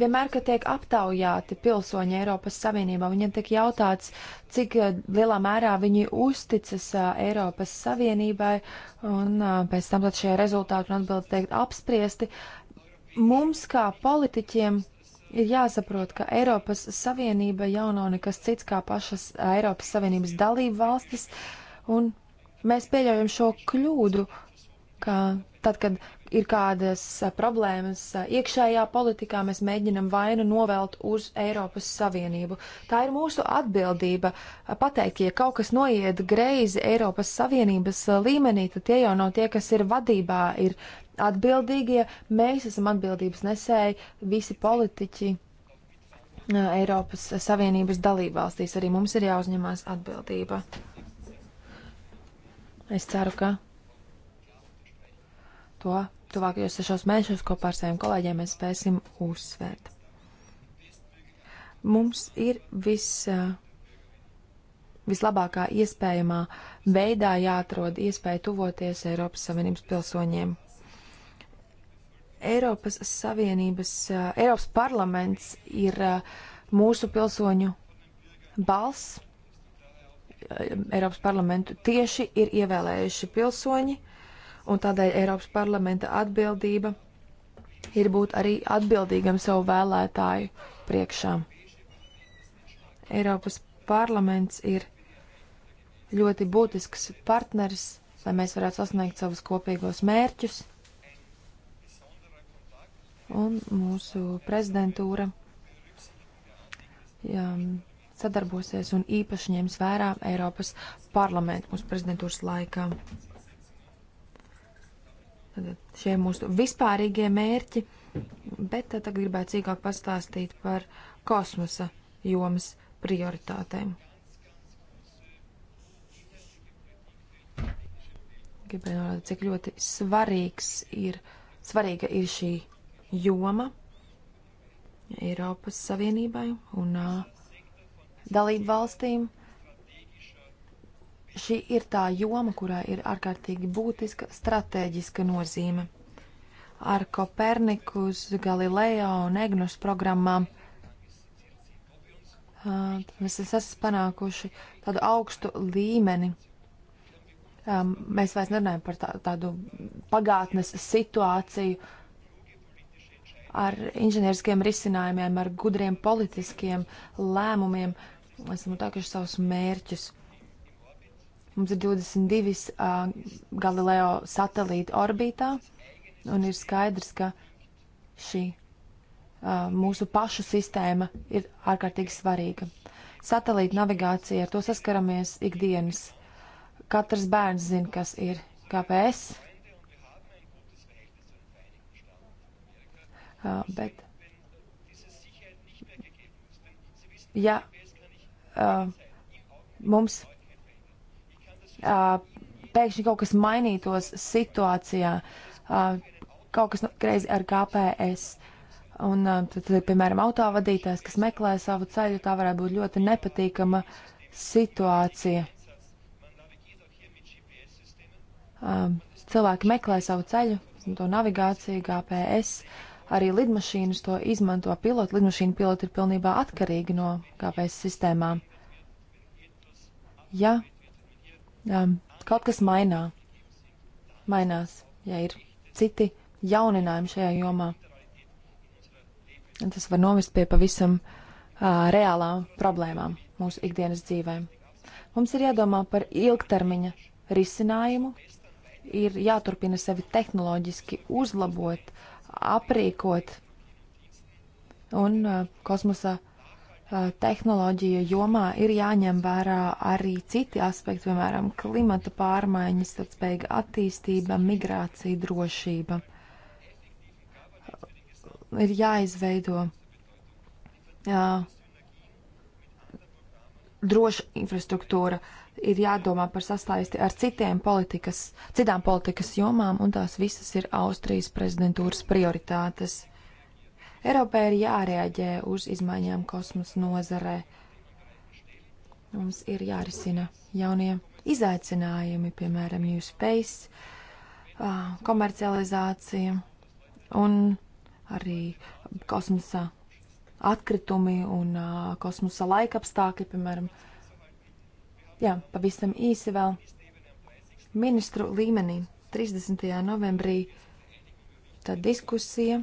vienmēr, kad tiek aptaujāti pilsoņi Eiropas Savienībā, viņiem tiek jautāts, cik eh, lielā mērā viņi uzticas eh, Eiropas Savienībai, un eh, pēc tam tad šie rezultāti un atbildi tiek apspriesti. Mums, kā politiķiem, ir jāsaprot, ka Eiropas Savienība jau nav nekas cits kā pašas Eiropas Savienības dalību valstis, un mēs pieļaujam šo kļūdu, ka tad, kad ir kādas problēmas iekšējā politikā, mēs mēģinam vainu novelt uz Eiropas Savienību. Tā ir mūsu atbildība pateikt, ja kaut kas noiet greizi Eiropas Savienības līmenī, tad tie jau nav tie, kas ir vadībā, ir atbildīgie. Mēs esam atbildības nesēji, visi politiķi Eiropas Savienības dalībvalstīs. Arī mums ir jāuzņemās atbildība. Es ceru, ka to tuvākajos sešos mēnešos kopā ar saviem kolēģiem mēs spēsim uzsvērt. Mums ir viss vislabākā iespējamā veidā jāatrod iespēja tuvoties Eiropas Savienības pilsoņiem. Eiropas Savienības, Eiropas parlaments ir mūsu pilsoņu balss. Eiropas parlamentu tieši ir ievēlējuši pilsoņi, un tādēļ Eiropas parlamenta atbildība ir būt arī atbildīgam savu vēlētāju priekšā. Eiropas parlaments ir ļoti būtisks partners, lai mēs varētu sasniegt savus kopīgos mērķus. Un mūsu prezidentūra jā, sadarbosies un īpaši ņems vērā Eiropas parlamentu mūsu prezidentūras laikā. Tad šie mūsu vispārīgie mērķi, bet uh, tad gribētu cīkāk pastāstīt par kosmosa jomas prioritātēm. Gribēju norādīt, cik ļoti svarīgs ir, svarīga ir šī joma Eiropas Savienībai un uh, dalību valstīm. Uh, Šī ir tā joma, kurā ir ārkārtīgi būtiska stratēģiska nozīme. Ar Kopernikus, Galileo un Egnus programmām uh, mēs esam panākuši tādu augstu līmeni. Um, mēs vairs nerunājam par tā, tādu pagātnes situāciju ar inženieriskiem risinājumiem, ar gudriem politiskiem lēmumiem. Mēs esam atākuši savus mērķus Mums ir 22 uh, Galileo satelīti orbītā, un ir skaidrs, ka šī uh, mūsu pašu sistēma ir ārkārtīgi svarīga. Satelīta navigācija, ar to saskaramies ikdienas. Katrs bērns zina, kas ir GPS, uh, bet ja uh, mums pēkšņi kaut kas mainītos situācijā, kaut kas nu, greizi ar KPS. Un tad, piemēram, autovadītājs, kas meklē savu ceļu, tā varētu būt ļoti nepatīkama situācija. Cilvēki meklē savu ceļu, to navigāciju, GPS, arī lidmašīnas to izmanto pilotu. Lidmašīna piloti ir pilnībā atkarīgi no GPS sistēmām. Ja um, kaut kas mainā, mainās, ja ir citi jauninājumi šajā jomā. Un tas var novest pie pavisam uh, reālām problēmām mūsu ikdienas dzīvēm. Mums ir jādomā par ilgtermiņa risinājumu, ir jāturpina sevi tehnoloģiski uzlabot, aprīkot, un uh, kosmosa uh, Eh, tehnoloģija jomā ir jāņem vērā arī citi aspekti, piemēram, klimata pārmaiņas, spēja attīstība, migrācija, drošība. Ir jāizveido jā, eh, droša infrastruktūra, ir jādomā par sastāvisti ar citiem politikas, citām politikas jomām, un tās visas ir Austrijas prezidentūras prioritātes. Eiropai ir jārēģē uz izmaiņām kosmosa nozarē. Mums ir jārisina jaunie izaicinājumi, piemēram, New Space, komercializācija un arī kosmosa atkritumi un kosmosa laikapstākļi, piemēram. Jā, pavisam īsi vēl. Ministru līmenī 30. novembrī tā diskusija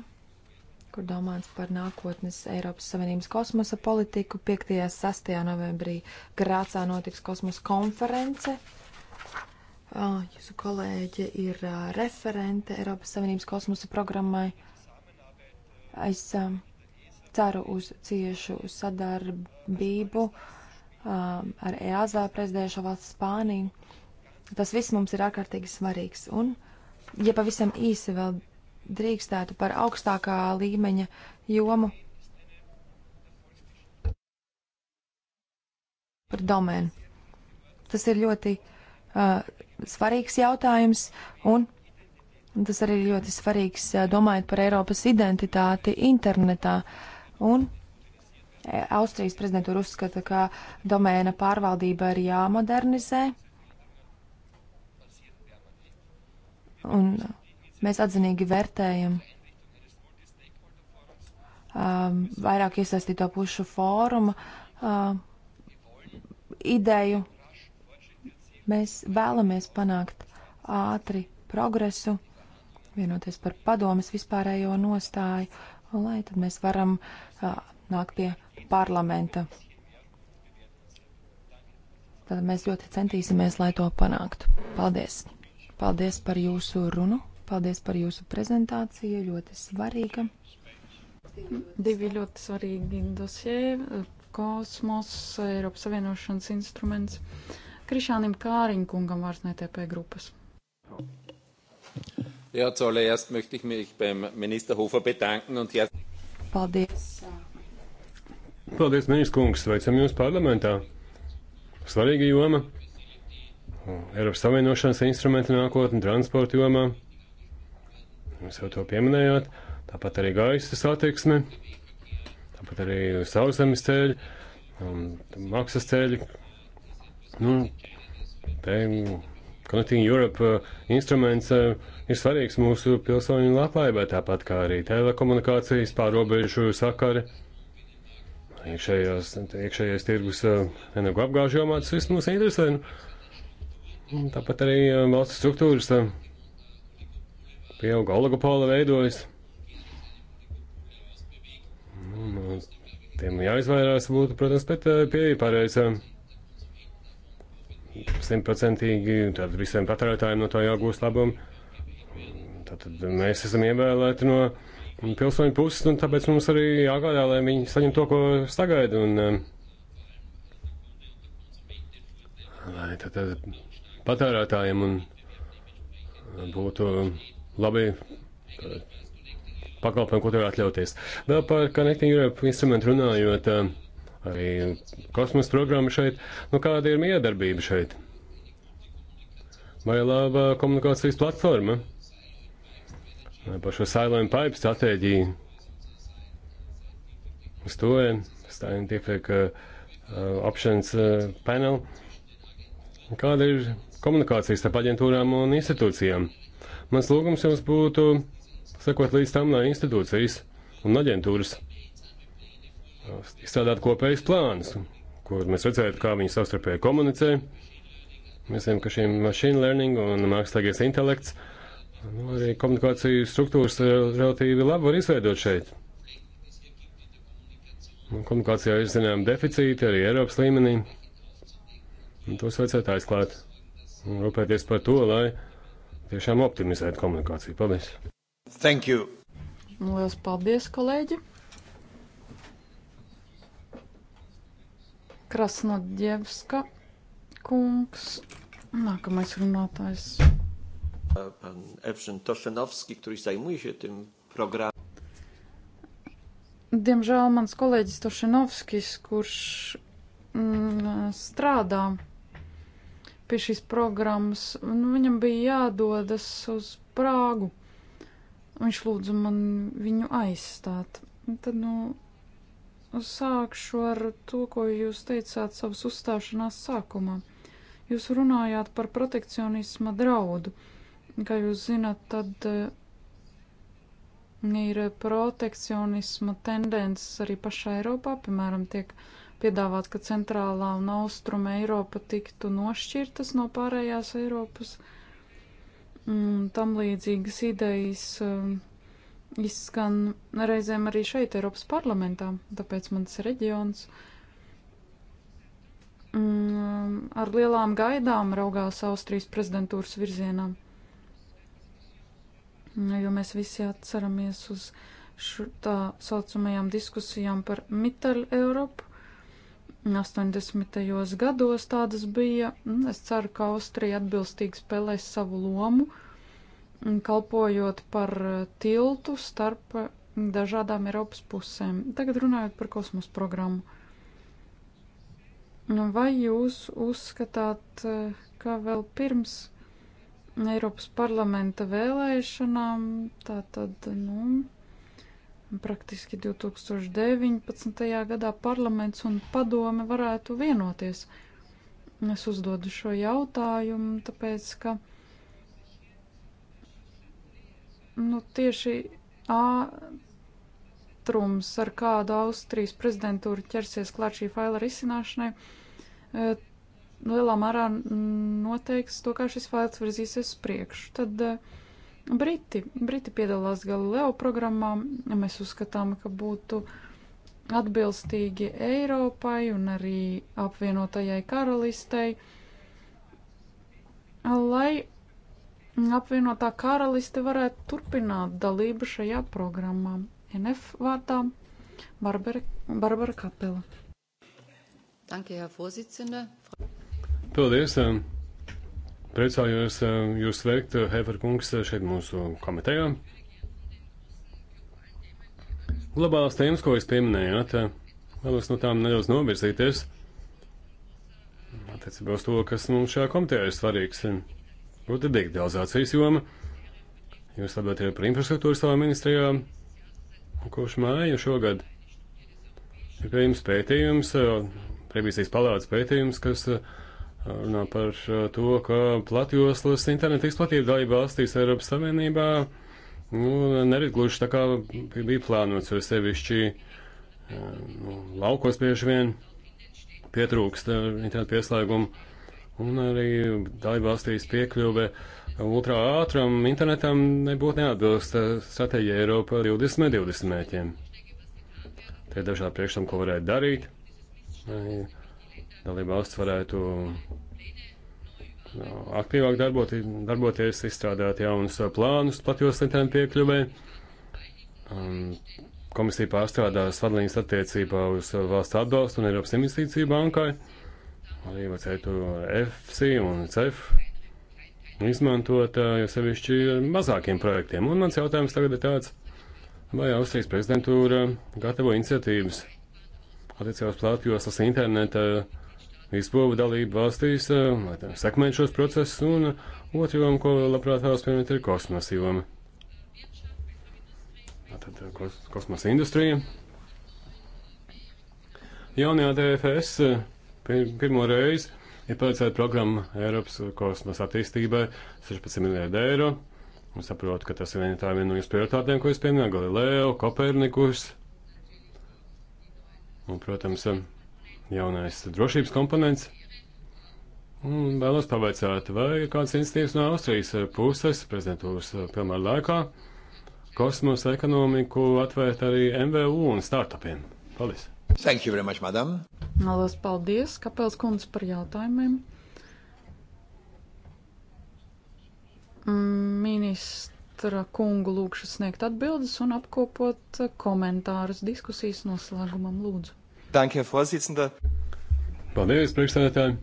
kur domāts par nākotnes Eiropas Savienības kosmosa politiku. 5. un 6. novembrī Grācā notiks kosmosa konference. Jūsu kolēģe ir referente Eiropas Savienības kosmosa programmai. Es ceru uz ciešu sadarbību ar EASA prezidējušo valsts Spāniju. Tas viss mums ir ārkārtīgi svarīgs. Un, ja pavisam īsi vēl drīkstētu par augstākā līmeņa jomu, par domēnu. Tas ir ļoti uh, svarīgs jautājums, un tas arī ir ļoti svarīgs uh, domājot par Eiropas identitāti internetā. Un e, Austrijas prezidentūra uzskata, ka domēna pārvaldība ir jāmodernizē. Un Mēs atzinīgi vērtējam um, vairāk iesaistīto pušu fóruma um, ideju. Mēs vēlamies panākt ātri progresu, vienoties par padomas vispārējo nostāju, lai tad mēs varam uh, nākt pie parlamenta. Tad mēs ļoti centīsimies, lai to panāktu. Paldies! Paldies par jūsu runu! Paldies par jūsu prezentāciju, ļoti svarīga. Divi ļoti svarīgi dosie - kosmos, Eiropas Savienošanas instruments. Krišānim Kāriņkungam vārds NTP e grupas. Jā, zuallererst möchte ich mich beim Minister Hofer bedanken und herzlich. Paldies. Paldies, ministrs kungs, sveicam jūs parlamentā. Svarīga joma. Eiropas Savienošanas instrumenta nākotne transporta jomā. Jūs jau to pieminējāt. Tāpat arī gaisa satiksme, tāpat arī sauszemes ceļi, um, maksas ceļi. Nu, te Connecting Europe uh, instruments uh, ir svarīgs mūsu pilsoņu labklājībai, tāpat kā arī telekomunikācijas pārobežu sakari iekšējās, iekšējais tirgus uh, energoapgāžu jomā, tas viss mūs interesē. Nu, tāpat arī valsts struktūras pieauga oligopola veidojas. Nu, nu, tiem jāizvairās būtu, protams, bet eh, pieeja pareiza. Simtprocentīgi, tad visiem patērētājiem no tā jāgūst labumu. Tātad mēs esam ievēlēti no pilsoņu puses, un tāpēc mums arī jāgādā, lai viņi saņem to, ko sagaida. Un, eh, lai tātad patērētājiem un būtu. Uh, labi pakalpojumi, ko tu vari atļauties. Vēl par Connecting Europe instrumentu runājot, eh, arī kosmosa programma šeit, nu kāda ir miedarbība šeit? Vai laba komunikācijas platforma? Vai par šo Silent Pipe stratēģiju? Uz to eh, scientific uh, eh, options uh, panel. Kāda ir komunikācijas starp aģentūrām un institūcijām? Mans lūgums jums būtu sekot līdz tam, lai institūcijas un aģentūras uh, izstrādātu kopējus plānus, kur mēs redzētu, kā viņi savstarpēji komunicē. Mēs zinām, ka šiem mašīna learning un mākslīgais intelekts nu, arī komunikāciju struktūras uh, relatīvi labi var izveidot šeit. Un komunikācijā ir zinām deficīti arī Eiropas līmenī. Un tos vajadzētu aizklāt un rūpēties par to, lai tiešām optimizēt komunikāciju. Paldies! Thank you! Lielas paldies, kolēģi! Krasnodievska kungs, nākamais runātājs. Pan Evžen Tošenovski, kurš zaimuje się tym programmem. Diemžēl mans kolēģis Tošenovskis, kurš mm, strādā pie šīs programmas, un nu, viņam bija jādodas uz Prāgu. Viņš lūdza man viņu aizstāt. Un tad, nu, sākšu ar to, ko jūs teicāt savas uzstāšanās sākumā. Jūs runājāt par protekcionisma draudu. Kā jūs zināt, tad eh, ir protekcionisma tendence arī pašā Eiropā, piemēram, tiek uh, piedāvāt, ka centrālā un austruma Eiropa tiktu nošķirtas no pārējās Eiropas. Un mm, tam līdzīgas idejas um, izskan reizēm arī šeit, Eiropas parlamentā, tāpēc mans reģions mm, ar lielām gaidām raugās Austrijas prezidentūras virzienā. Jo mēs visi atceramies uz tā saucamajām diskusijām par Mitteļ Eiropu, 80. gados tādas bija. Es ceru, ka Austrija atbilstīgi spēlēs savu lomu, kalpojot par eh, tiltu starp eh, dažādām Eiropas pusēm. Tagad runājot par kosmosa programmu. Nu, vai jūs uzskatāt, eh, ka vēl pirms Eiropas parlamenta vēlēšanām, tātad, nu, praktiski 2019. gadā parlaments un padome varētu vienoties. Es uzdodu šo jautājumu, tāpēc, ka nu, tieši ātrums, ar kādu Austrijas prezidentūra ķersies klāt šī faila risināšanai, e, lielā mērā noteiks to, kā šis fails virzīsies priekšu. Tad uh, Briti, Briti piedalās Galileo programmā. Mēs uzskatām, ka būtu atbilstīgi Eiropai un arī apvienotajai karalistei, lai apvienotā karaliste varētu turpināt dalību šajā programmā. NF vārtā Barbara, Barbara Kapela. Danke, Herr Vorsitzender. Paldies, um, Priecājos eh, jūs sveikt, eh, Hefer kungs, eh, šeit mūsu komitejā. Globālās tēmas, ko jūs pieminējāt, vēlos no tām nedaudz novirzīties. Attiecībā uz to, kas mums nu, šajā komitejā ir svarīgs, būtu digitalizācijas joma. Jūs atbildējāt par infrastruktūru savā ministrijā, kurš māja šogad ir pie jums pētījums, revīzijas palādes pētījums, kas uh, runā par uh, to, ka platjoslas interneta izplatība dalība valstīs Eiropas Savienībā nu, nerit gluži tā kā bija plānots, jo sevišķi uh, nu, laukos bieži vien pietrūkst uh, internetu pieslēgumu un arī dalība valstīs piekļuve ultrā ātram internetam nebūtu neatbilst stratēģija Eiropa 2020 mēķiem. Tie ir dažādi priekšstam, ko varētu darīt. Vai, dalība valsts varētu uh, aktīvāk darboties, darboties izstrādāt jaunus uh, plānus platjos internetu piekļuvē. Um, komisija pārstrādās vadlīnijas attiecībā uz uh, valsts atbalstu un Eiropas investīciju bankai. Arī vajadzētu FC un CEF izmantot, jo sevišķi mazākiem projektiem. Un mans jautājums tagad ir tāds, vai Austrijas prezidentūra gatavo iniciatīvas attiecībā uz platjoslas interneta uh, izpildu dalību valstīs, eh, lai tā sekmētu šos procesus, un otru jomu, ko labprāt vēlas pieminēt, ir kosmosa joma. Tātad eh, kos, kosmosa industrija. Jaunajā DFS eh, pir, pirmo reizi ir paredzēta programma Eiropas kosmosa attīstībai 16 miljardu eiro. Es saprotu, ka tas ir viena, viena no jūsu prioritātēm, ko es pieminēju, Galileo, Kopernikus. Un, protams, jaunais drošības komponents. Un vēlos pavaicāt, vai ir kāds institīvs no Austrijas puses prezidentūras pilnvaru laikā kosmosa ekonomiku atvērt arī MVU un startupiem? Paldies! Thank you very much, madam! Lielas paldies, Kapels kundze, par jautājumiem. Ministra kungu lūkšu sniegt atbildes un apkopot komentārus diskusijas noslēgumam lūdzu. Danke, Herr Vorsitzender. Paldies, priekšstādātāji.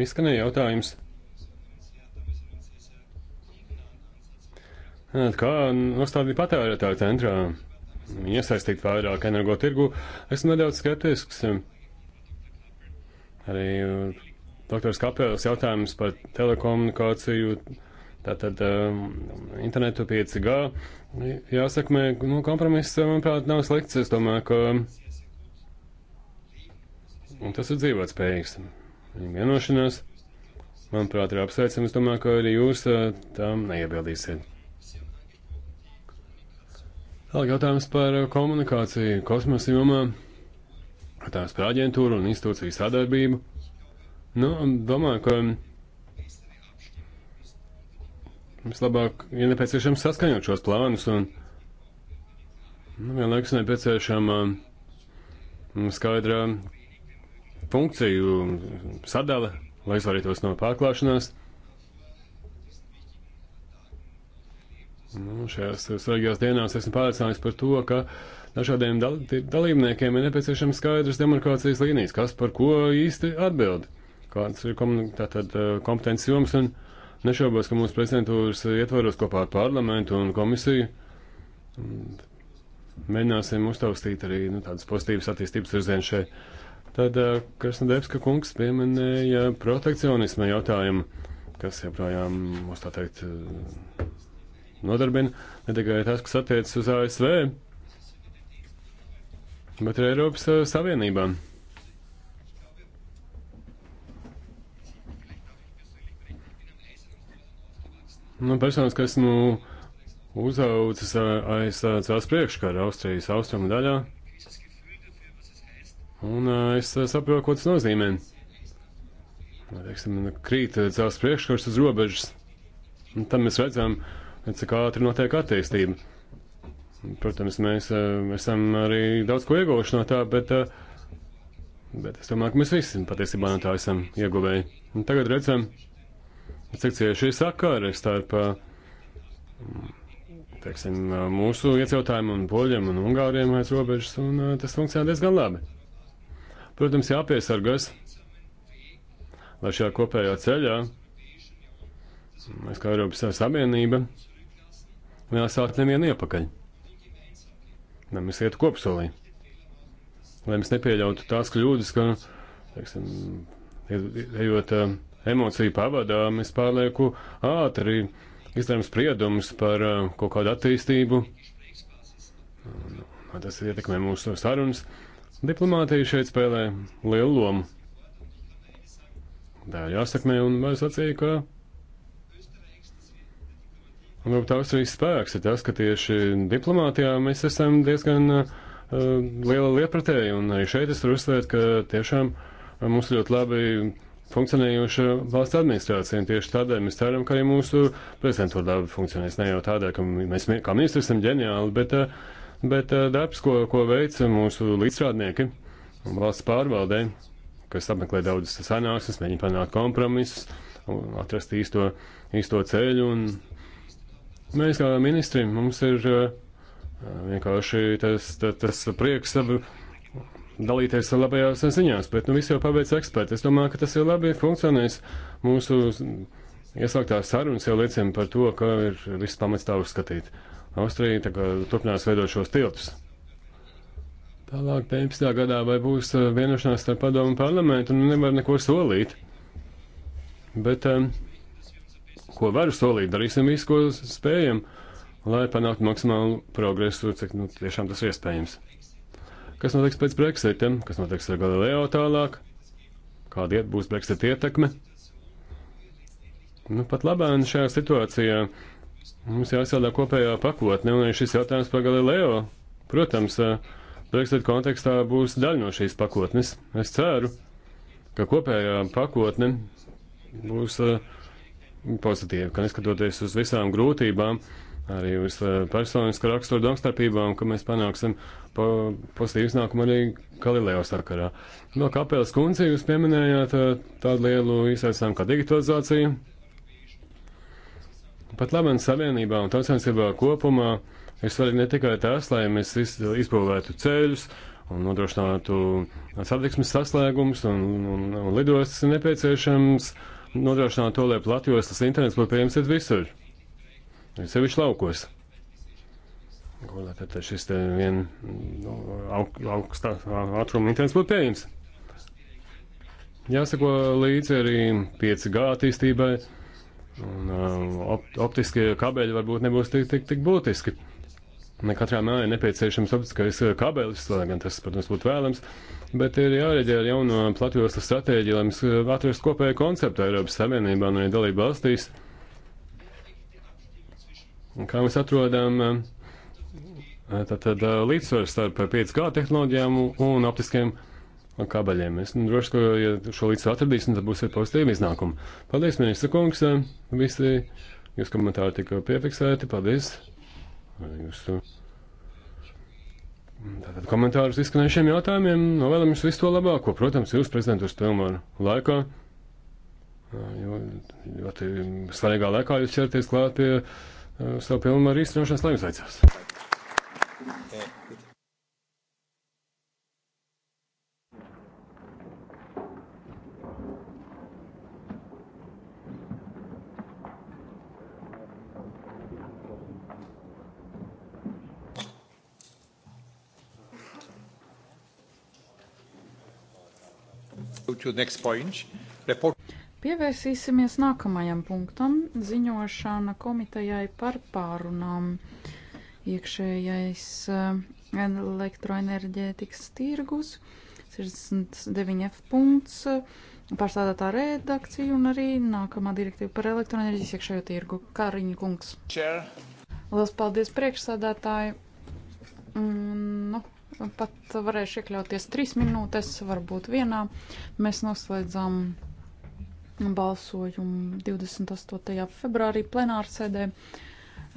Izskanēja jautājums. Kā nostādīt patērētāju centrā, iesaistīt vairāk energo tirgu, esmu nedaudz skeptisks. Arī uh, doktors Kapels jautājums par telekomunikāciju Tātad um, internetu 5G jāsakmē, nu, kompromiss, manuprāt, nav slikts. Es domāju, ka un tas ir dzīvot spējīgs. Viņa vienošanās, manuprāt, ir apsveicama. Es domāju, ka arī jūs uh, tam neiebildīsiet. Tālāk jautājums par komunikāciju kosmosa jomā, jautājums par aģentūru un institūciju sadarbību. Nu, domāju, ka vislabāk, ja nepieciešams, saskaņot šos plānus un nu, vienlaikus nepieciešama mm, skaidra funkciju sadale, lai izvairītos no pārklāšanās. Nu, šajās svarīgajās dienās esmu pārliecināts par to, ka dažādiem dal dalībniekiem ir nepieciešams skaidrs demarkācijas līnijas, kas par ko īsti atbild, kāds ir kom tātad, eh, kompetences joms un, uh, Nešaubos, ka mūsu prezidentūras ietvaros kopā ar parlamentu un komisiju mēģināsim uztaustīt arī nu, tādas pozitīvas attīstības virzienus šeit. Tad eh, Krasnodebska kungs pieminēja protekcionismu jautājumu, kas joprojām mūs tā teikt eh, nodarbina. Ne tikai tas, kas attiecas uz ASV, bet arī Eiropas eh, Savienībām. Nu, personas, kas nu, uzaugušas aiz tās priekškara Austrijas austrumu daļā. Un es saprotu, ko tas nozīmē. Nu, teiksim, nu, krīt tās priekškars uz robežas. Un tam mēs redzam, cik ātri notiek attīstība. Protams, mēs esam arī daudz ko ieguvuši no tā, bet, bet es domāju, ka mēs visi patiesībā no tā esam ieguvēji. Un tagad redzam, ka cik cieši ir sakari starp eh, teiksim, mūsu ieciltājiem un poļiem un ungāriem aiz robežas, un eh, tas funkcionē diezgan labi. Protams, jāpiesargas, lai šajā kopējā ceļā mēs kā Eiropas Savienība neesāt nevienu iepakaļ. Lai mēs ietu kopsolī. Lai mēs nepieļautu tās kļūdas, ka, teiksim, ejot. Uh, emociju pavadā, mēs pārlieku ātri izdarām spriedumus par uh, kaut kādu attīstību. Uh, tas ietekmē mūsu sarunas. Diplomātija šeit spēlē lielu lomu. Tā ir jāsakmē, un es atsīju, ka Varbūt Austrijas spēks ir tas, ka tieši diplomātijā mēs esam diezgan uh, liela liepratēji, un arī šeit es varu uzsvērt, ka tiešām uh, mums ļoti labi funkcionējoša valsts administrācija. Tieši tādēļ mēs ceram, ka arī mūsu prezidentūra darba funkcionēs ne jau tādēļ, ka mēs kā ministri esam ģeniāli, bet, eh, bet eh, darbs, ko, ko veica mūsu līdzstrādnieki valsts pārvaldē, kas apmeklē daudzas sanāksmes, mēģina panākt kompromisus, atrast īsto, īsto ceļu. Un mēs kā ministri, mums ir eh, vienkārši tas, tas, tas prieks savu dalīties ar labajās ziņās, bet nu viss jau pabeidz eksperti. Es domāju, ka tas ir labi funkcionēs. Mūsu iesāktās sarunas jau liecina par to, ka ir viss pamats tā uzskatīt. Austrija tā kā turpinās veidot šos tiltus. Tālāk, 15. gadā, vai būs eh, vienošanās starp padomu un parlamentu, nu nevar neko solīt. Bet, um, ko varu solīt, darīsim visu, ko spējam, lai panāktu maksimālu progresu, cik nu, tiešām tas ir iespējams. Kas notiks pēc Brexitiem, kas notiks ar Galileo tālāk, kāda iet būs Brexit ietekme. Nu, pat labāk šajā situācijā mums jāsādā kopējā pakotne, un šis jautājums par Galileo, protams, eh, Brexit kontekstā būs daļa no šīs pakotnes. Es ceru, ka kopējā pakotne būs eh, pozitīva, ka neskatoties uz visām grūtībām, uh, arī uz personiska rakstura domstarpībām, ka mēs panāksim po, pozitīvu iznākumu arī Galileo sakarā. No Kapelas kundze jūs pieminējāt eh, tādu lielu izaicinājumu kā digitalizācija. Pat labam savienībā un tautsensībā kopumā ir svarīgi ne tikai tas, lai mēs izbūvētu ceļus un nodrošinātu satiksmes saslēgumus un, un, un lidostas nepieciešams nodrošināt to, lai platjostas internets būtu pieejams visur. Ir sevišķi laukos. Gulā tad šis te vien nu, aug, augstā ātruma internets būtu pieejams. Jāsako līdzi arī 5G attīstībai, un uh, op, optiskie kabeļi varbūt nebūs tik, tik, tik būtiski. Ne katrā mājā nepieciešams optiskais uh, kabelis, lai gan tas, protams, būtu vēlams, bet ir jāreģē ar jauno platjoslu stratēģiju, lai mēs uh, atrastu kopēju konceptu Eiropas Savienībā un arī dalību valstīs. Ja Un kā mēs atrodam tātad eh, eh, līdzsvaru starp 5G tehnoloģijām un optiskiem kabeļiem. Es nu, droši vien, ka ja šo līdzsvaru atradīsim, tad būs arī pozitīva iznākuma. Paldies, ministra kungs! Eh, visi jūs komentāri tika piefiksēti. Paldies! Jūsu Tātad komentārus izskanējušiem jautājumiem novēlam jums visu to labāko. Protams, jūs prezidentūras pilnvaru laikā, jo ļoti svarīgā laikā jūs ķerties klāt pie savu pilnvaru īstenošanas laiku aicās. to the next point. Report. Pievērsīsimies nākamajam punktam - ziņošana komitejai par pārunām. Iekšējais eh, elektroenerģētikas tirgus 69F punkts pārstādātā redakcija un arī nākamā direktīva par elektroenerģijas iekšējo tirgu. Kāriņa kungs. Chair. Lielas paldies priekšsādātāji. Mm, nu, pat varēšu iekļauties trīs minūtes, varbūt vienā. Mēs noslēdzam balsojumu 28. februārī plenārsēdē.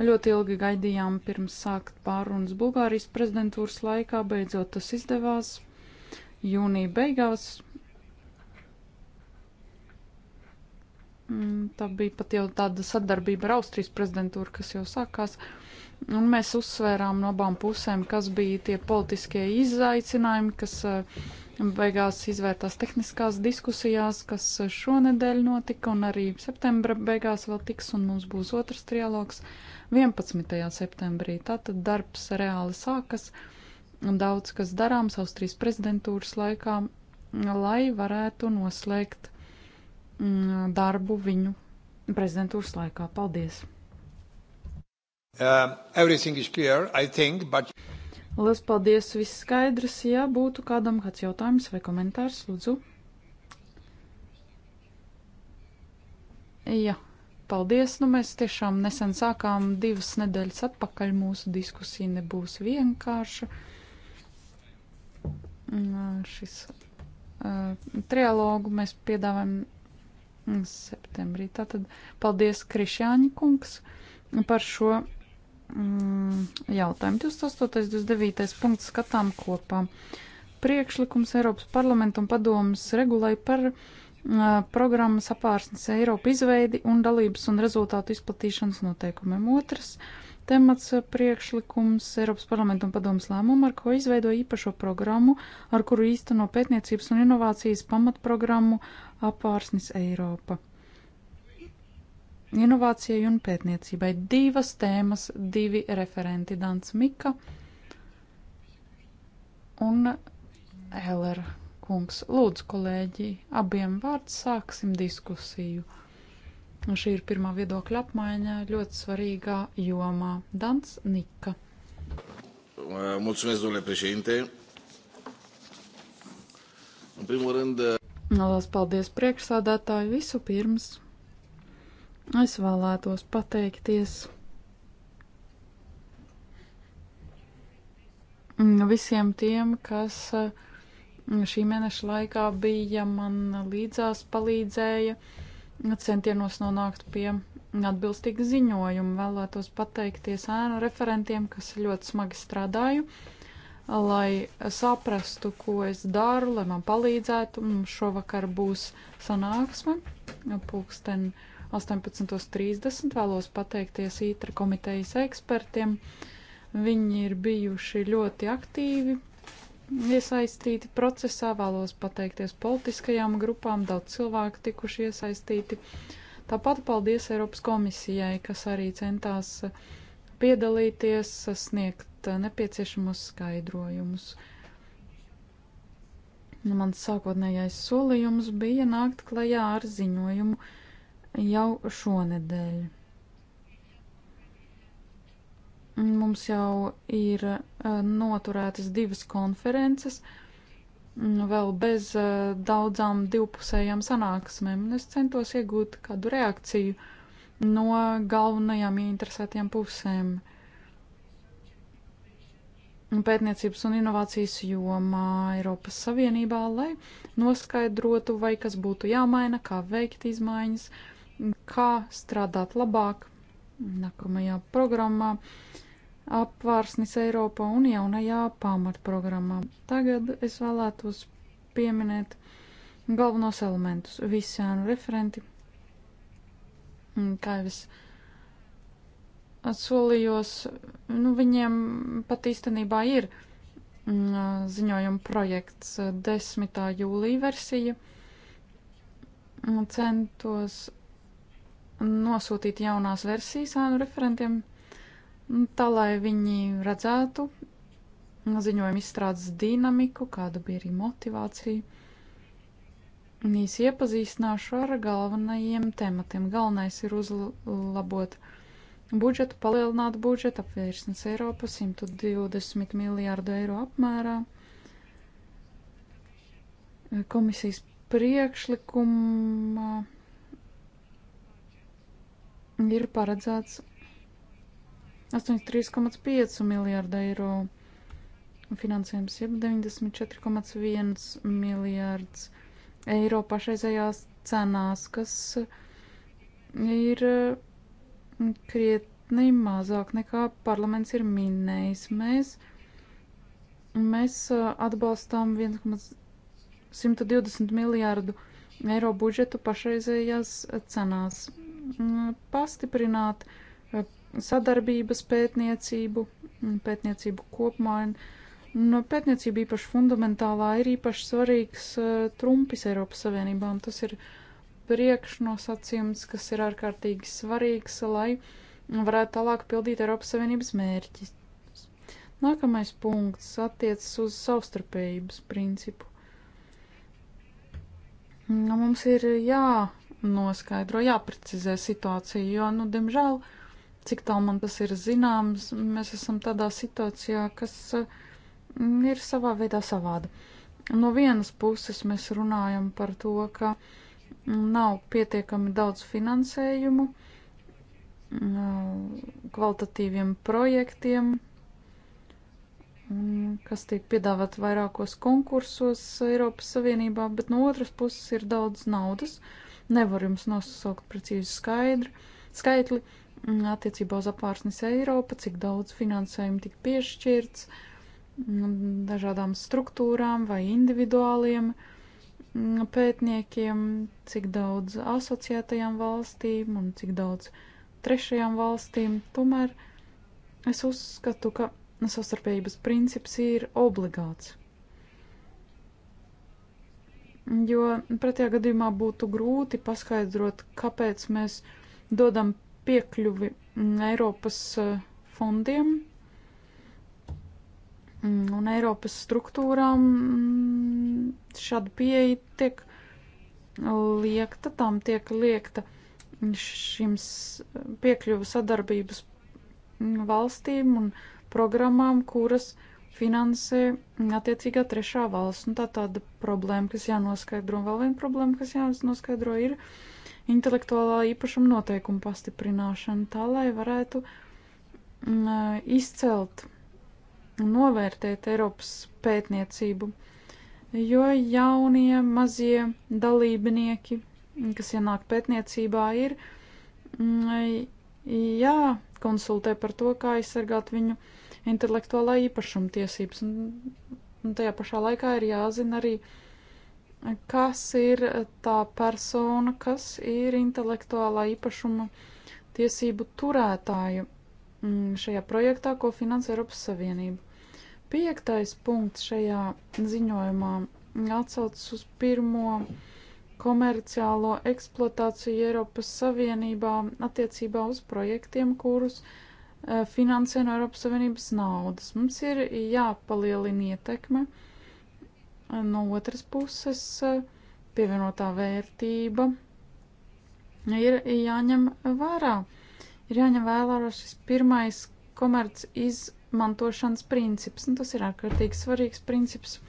Ļoti ilgi gaidījām pirms sākt pārunas Bulgārijas prezidentūras laikā, beidzot tas izdevās. Jūnija beigās mm, Tā bija pat jau tāda sadarbība ar Austrijas prezidentūru, kas jau sākās. Uh, Un mēs uzsvērām no abām pusēm, kas bija tie politiskie izaicinājumi, kas eh, beigās izvērtās tehniskās diskusijās, kas eh, šonedēļ notika, un arī septembra beigās vēl tiks, un mums būs otrs trialogs 11. septembrī. Tātad darbs reāli sākas, un daudz kas darāms Austrijas prezidentūras laikā, lai varētu noslēgt mm, darbu viņu prezidentūras laikā. Paldies! Um, clear, think, but... Lielas paldies, viss skaidrs. Ja būtu kādam kāds jautājums vai komentārs, lūdzu. Jā, paldies. Nu, mēs tiešām nesen sākām divas nedēļas atpakaļ. Mūsu diskusija nebūs vienkārša. Uh, šis uh, trialogu mēs piedāvājam mm, septembrī. Tātad paldies, Krišāņa kungs, par šo mm, jautājumu. 28. 29. punkts skatām kopā. Priekšlikums Eiropas parlamentu un padomas regulai par mm, programmas apārsnes Eiropa izveidi un dalības un rezultātu izplatīšanas noteikumiem. Otrs temats priekšlikums Eiropas parlamentu un padomas lēmumu, ar ko izveido īpašo programmu, ar kuru īsteno pētniecības un inovācijas pamatprogrammu apārsnes Eiropa inovācijai un pētniecībai. Divas tēmas, divi referenti - Dans Mika un Eller kungs. Lūdzu, kolēģi, abiem vārds sāksim diskusiju. Un šī ir pirmā viedokļa apmaiņa ļoti svarīgā jomā. Dans Nika. Mulțumesc, domnule președinte. În primul rând... Lielas paldies priekšsādātāju visu pirms. Es vēlētos pateikties visiem tiem, kas eh, šī mēneša laikā bija man līdzās, palīdzēja centienos nonākt pie atbilstīga ziņojuma. Vēlētos pateikties ēnu referentiem, kas ļoti smagi strādāju, lai saprastu, ko es daru, lai man palīdzētu. Mums šovakar būs sanāksme pulksteni 18.30. Vēlos pateikties ITRA komitejas ekspertiem. Viņi ir bijuši ļoti aktīvi iesaistīti procesā. Vēlos pateikties politiskajām grupām, daudz cilvēku tikuši iesaistīti. Tāpat paldies Eiropas komisijai, kas arī centās piedalīties, sniegt nepieciešamos skaidrojumus. Nu, mans sākotnējais solījums bija nākt klajā ar ziņojumu jau šonedēļ. Mums jau ir eh, noturētas divas konferences, mm, vēl bez eh, daudzām divpusējām sanāksmēm, un es centos iegūt kādu reakciju no galvenajām interesētajām pusēm pētniecības un inovācijas jomā Eiropas Savienībā, lai noskaidrotu, vai kas būtu jāmaina, kā veikt izmaiņas, uh, kā strādāt labāk nākamajā programmā apvārsnis Eiropā un jaunajā pamatprogrammā. Tagad es vēlētos pieminēt galvenos elementus visi ēnu referenti. Kā jau es solījos, nu, viņiem pat īstenībā ir mm, ziņojuma projekts 10. jūlija versija. Centos nosūtīt jaunās versijas ēnu referentiem, tā lai viņi redzētu ziņojumu izstrādes dinamiku, kāda bija arī motivācija. Īsi iepazīstināšu ar galvenajiem tematiem. Galvenais ir uzlabot budžetu, palielināt budžetu apvērsnes Eiropa 120 miljārdu eiro apmērā. Komisijas priekšlikuma ir paredzēts 83,5 miljārda eiro finansējums, jeb 94,1 miljārds eiro pašreizējās cenās, kas ir krietni mazāk nekā parlaments ir minējis. Mēs, mēs atbalstām 1,120 miljārdu eiro budžetu pašreizējās cenās. Mm, pastiprināt eh, sadarbības pētniecību, mm, pētniecību kopumā. No nu, pētniecība īpaši fundamentālā ir īpaši svarīgs eh, trumpis Eiropas Savienībā, un tas ir priekšnosacījums, kas ir ārkārtīgi svarīgs, lai varētu tālāk pildīt Eiropas Savienības mērķis. Nākamais punkts attiecas uz savstarpējības principu. Nu, mums ir jā jānoskaidro, jāprecizē situācija, jo, nu, diemžēl, cik tālu man tas ir zināms, mēs esam tādā situācijā, kas mm, ir savā veidā savāda. No vienas puses mēs runājam par to, ka mm, nav pietiekami daudz finansējumu mm, kvalitatīviem projektiem, kas tiek piedāvāt vairākos konkursos Eiropas Savienībā, bet no otras puses ir daudz naudas, uh, Nevar jums nosaukt precīzi skaidri, skaitli mm, attiecībā uz apvārsnes Eiropa, cik daudz finansējumu tika piešķirts mm, dažādām struktūrām vai individuāliem mm, pētniekiem, cik daudz asociētajām valstīm un cik daudz trešajām valstīm. Tomēr es uzskatu, ka sastarpējības princips ir obligāts jo pretējā gadījumā būtu grūti paskaidrot, kāpēc mēs dodam piekļuvi mm, Eiropas eh, fondiem mm, un Eiropas struktūrām. Mm, šāda pieeja tiek liekta, tām tiek liekta šīm piekļuvu sadarbības valstīm un programmām, kuras uh, finansē attiecīgā trešā valsts. Un nu, tā tāda problēma, kas jānoskaidro, un vēl viena problēma, kas jānoskaidro, ir intelektuālā īpašuma noteikuma pastiprināšana, tā lai varētu mm, izcelt un novērtēt Eiropas pētniecību, jo jaunie mazie dalībnieki, kas ienāk pētniecībā, ir mm, jākonsultē par to, kā aizsargāt viņu intelektuālā īpašuma tiesības. Un, un tajā pašā laikā ir jāzina arī, kas ir tā persona, kas ir intelektuālā īpašuma tiesību turētāju mm, šajā projektā, ko finansē Eiropas Savienība. Piektais punkts šajā ziņojumā atsaucas uz pirmo komerciālo eksploatāciju Eiropas Savienībā attiecībā uz projektiem, kurus uh, Eh, finansē no Eiropas Savienības naudas. Mums ir jāpalielina ietekme. Eh, no otras puses, eh, pievienotā vērtība ir jāņem vērā. Ir jāņem vērā šis pirmais komerc izmantošanas princips, un tas ir ārkārtīgi svarīgs princips.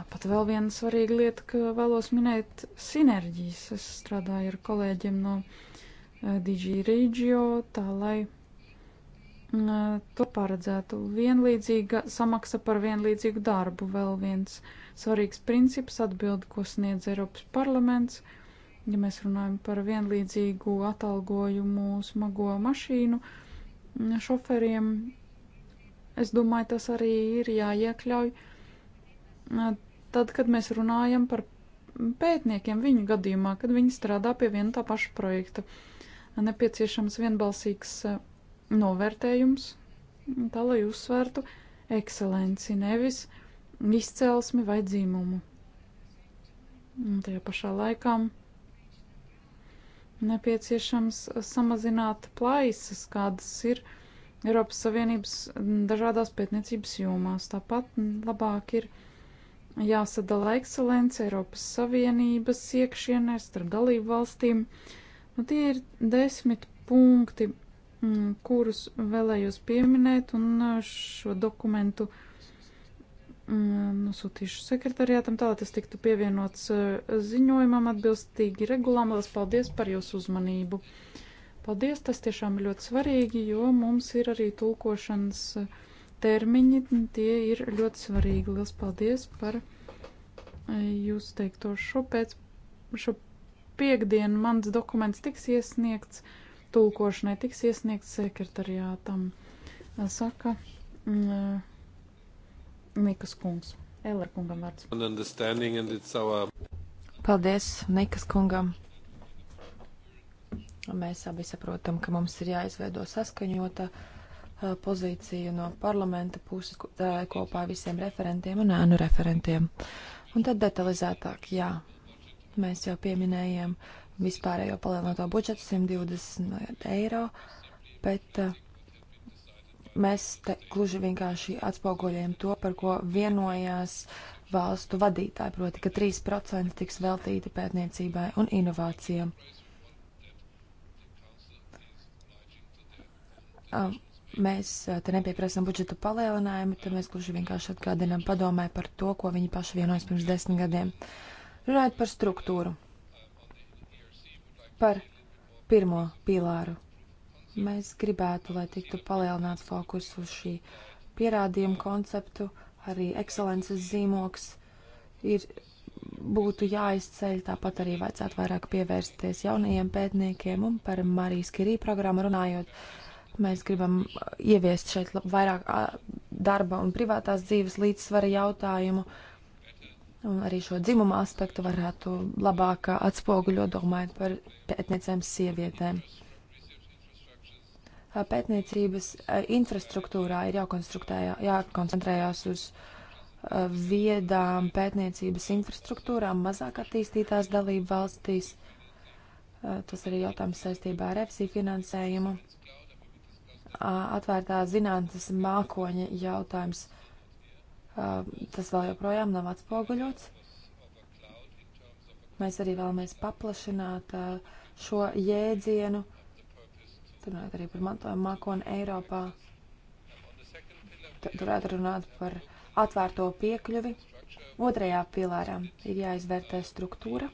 Tāpat vēl viena svarīga lieta, ka vēlos minēt sinerģijas. Es strādāju ar kolēģiem no uh, DigiRegio, tā lai to paredzētu. Vienlīdzīga samaksa par vienlīdzīgu darbu - vēl viens svarīgs princips atbildi, ko sniedz Eiropas parlaments. Ja mēs runājam par vienlīdzīgu atalgojumu smago mašīnu šoferiem, es domāju, tas arī ir jāiekļauj. Tad, kad mēs runājam par pētniekiem viņu gadījumā, kad viņi strādā pie viena tā paša projekta. Uh, nepieciešams vienbalsīgs eh, novērtējums, tā lai uzsvērtu ekscelenci, nevis izcelsmi vai dzīmumu. Un tajā pašā laikā nepieciešams samazināt plaisas, kādas ir Eiropas Savienības dažādās pētniecības jomās. Tāpat labāk ir jāsadala ekscelence Eiropas Savienības iekšienē starp dalību valstīm. Uh, Nu, tie ir desmit punkti, mm, kurus vēlējos pieminēt, un uh, šo dokumentu mm, nosūtīšu sekretariātam, tā lai tas tiktu pievienots uh, ziņojumam atbilstīgi regulām. Lielas paldies par jūsu uzmanību! Paldies, tas tiešām ir ļoti svarīgi, jo mums ir arī tulkošanas uh, termiņi, tie ir ļoti svarīgi. Lielas paldies par jūsu teikto šo pēc, šo piekdien mans dokuments tiks iesniegts, tulkošanai tiks iesniegts sekretariātam, saka Nikas kungs. Eller kungam vārds. Paldies Nikas kungam. Mēs abi saprotam, ka mums ir jāizveido saskaņota pozīciju no parlamenta puses kopā visiem referentiem un ēnu referentiem. Un tad detalizētāk, jā, Mēs jau pieminējām vispārējo palielināto budžetu 120 eiro, bet eh, mēs te gluži vienkārši atspoguļojam to, par ko vienojās valstu vadītāji, proti, ka 3% tiks veltīti pētniecībai un inovācijām. Mēs eh, te nepieprasām budžeta palielinājumu, tad mēs gluži vienkārši atgādinām padomē par to, ko viņi paši vienojas pirms desmit gadiem. Uh, Runājot par struktūru, par pirmo pīlāru, mēs gribētu, lai tiktu palielināts fokus uz šī pierādījumu konceptu, arī ekscelences zīmoks ir būtu jāizceļ, tāpat arī vajadzētu vairāk pievērsties jaunajiem pētniekiem un par Marijas Kirī programmu runājot. Mēs gribam ieviest šeit vairāk darba un privātās dzīves līdzsvara jautājumu. Uh, Un arī šo dzimumu aspektu varētu labāk atspoguļot, domājot par pētniecēm sievietēm. Pētniecības infrastruktūrā ir jākoncentrējās uz viedām pētniecības infrastruktūrām mazāk attīstītās dalību valstīs. Tas arī jautājums saistībā ar EFSI finansējumu. Atvērtā zinātnes mākoņa jautājums Um, tas vēl joprojām nav atspoguļots. Mēs arī vēlamies paplašināt uh, šo jēdzienu, runāt arī par mantojumu mākoni Eiropā, turētu runāt par atvērto piekļuvi. Otrajā pilārā ir jāizvērtē struktūra.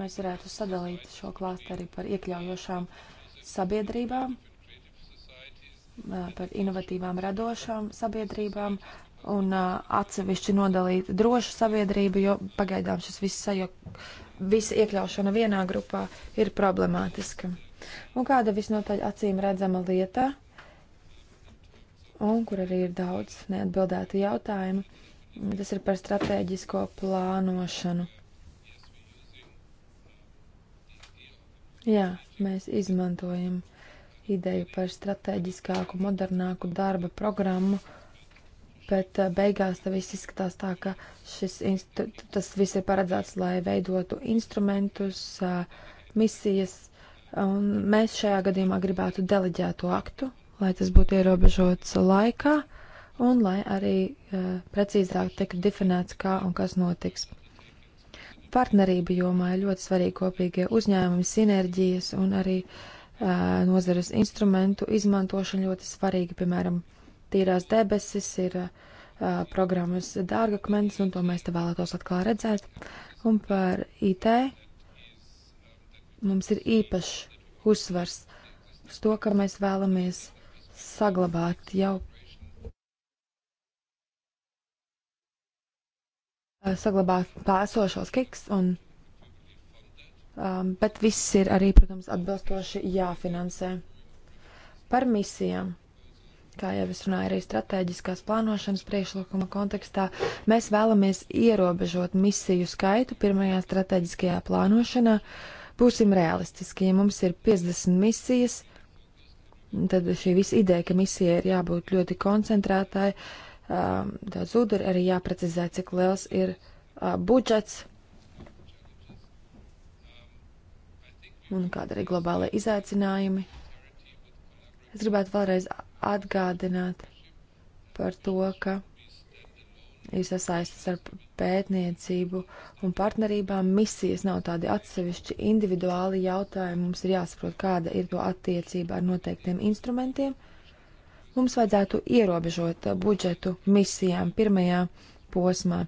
Mēs varētu sadalīt šo klāstu arī par iekļaujošām sabiedrībām, par inovatīvām radošām sabiedrībām un atsevišķi nodalīt drošu sabiedrību, jo pagaidām šis viss sajūta, visa iekļaušana vienā grupā ir problemātiska. Un kāda visnotaļ acīm redzama lieta, un kur arī ir daudz neatbildētu jautājumu, tas ir par strateģisko plānošanu. Jā, mēs izmantojam uh, ideju par strateģiskāku, modernāku darba programmu, bet eh, beigās tas viss izskatās tā, ka šis, tas viss ir paredzēts, lai veidotu instrumentus, eh, misijas, un mēs šajā gadījumā gribētu deleģēto aktu, lai tas būtu ierobežots laikā un lai arī eh, precīzāk tiktu definēts, kā un kas notiks partnerība jomā ir ļoti svarīgi kopīgie uzņēmumi, sinerģijas un arī uh, nozares instrumentu izmantošana ļoti svarīga. Piemēram, tīrās debesis ir uh, programmas dārgakmens, un to mēs te vēlētos atkal redzēt. Un par IT mums ir īpašs uzsvars uz to, ka mēs vēlamies saglabāt jau. saglabāt pārsošos kiks un um, bet viss ir arī, protams, atbilstoši jāfinansē. Par misijām. Kā jau es runāju, arī strateģiskās plānošanas priekšlikuma kontekstā mēs vēlamies ierobežot misiju skaitu pirmajā strateģiskajā plānošanā. Būsim realistiski, ja mums ir 50 misijas, tad šī visa ideja, ka misija ir jābūt ļoti koncentrētāji, tā um, zuda arī jāprecizē, cik liels ir uh, budžets, un kāda arī globālai izaicinājumi. Es gribētu vēlreiz atgādināt par to, ka ir sasaistas ar pētniecību un partnerībām. Misijas nav tādi atsevišķi individuāli jautājumi. Mums ir jāsaprot, kāda ir to attiecība ar noteiktiem instrumentiem. Mums vajadzētu ierobežot budžetu misijām pirmajā posmā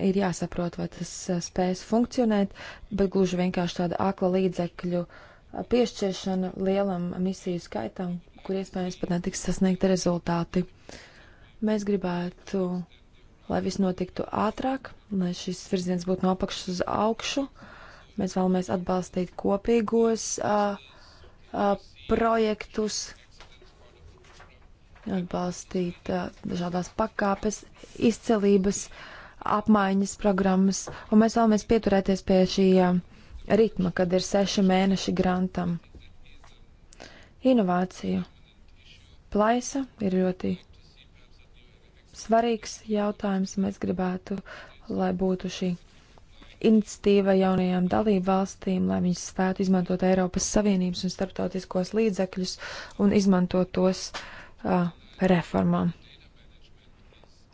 ir jāsaprot, vai tas eh, spēs funkcionēt, bet gluži vienkārši tāda akla līdzekļu eh, piešķiršana lielam misiju skaitam, kur iespējams pat netiks sasniegti rezultāti. Mēs gribētu, lai viss notiktu ātrāk, lai šis virziens būtu no apakšas uz augšu. Mēs vēlamies atbalstīt kopīgos uh, uh, projektus, atbalstīt uh, dažādās pakāpes, izcelības. Uh, apmaiņas programmas, un mēs vēlamies pieturēties pie šī ritma, kad ir seši mēneši grantam. Inovāciju. Plaisa ir ļoti svarīgs jautājums. Mēs gribētu, lai būtu šī iniciatīva jaunajām dalību valstīm, lai viņas spētu izmantot Eiropas Savienības un starptautiskos līdzekļus un izmantot tos uh, reformām.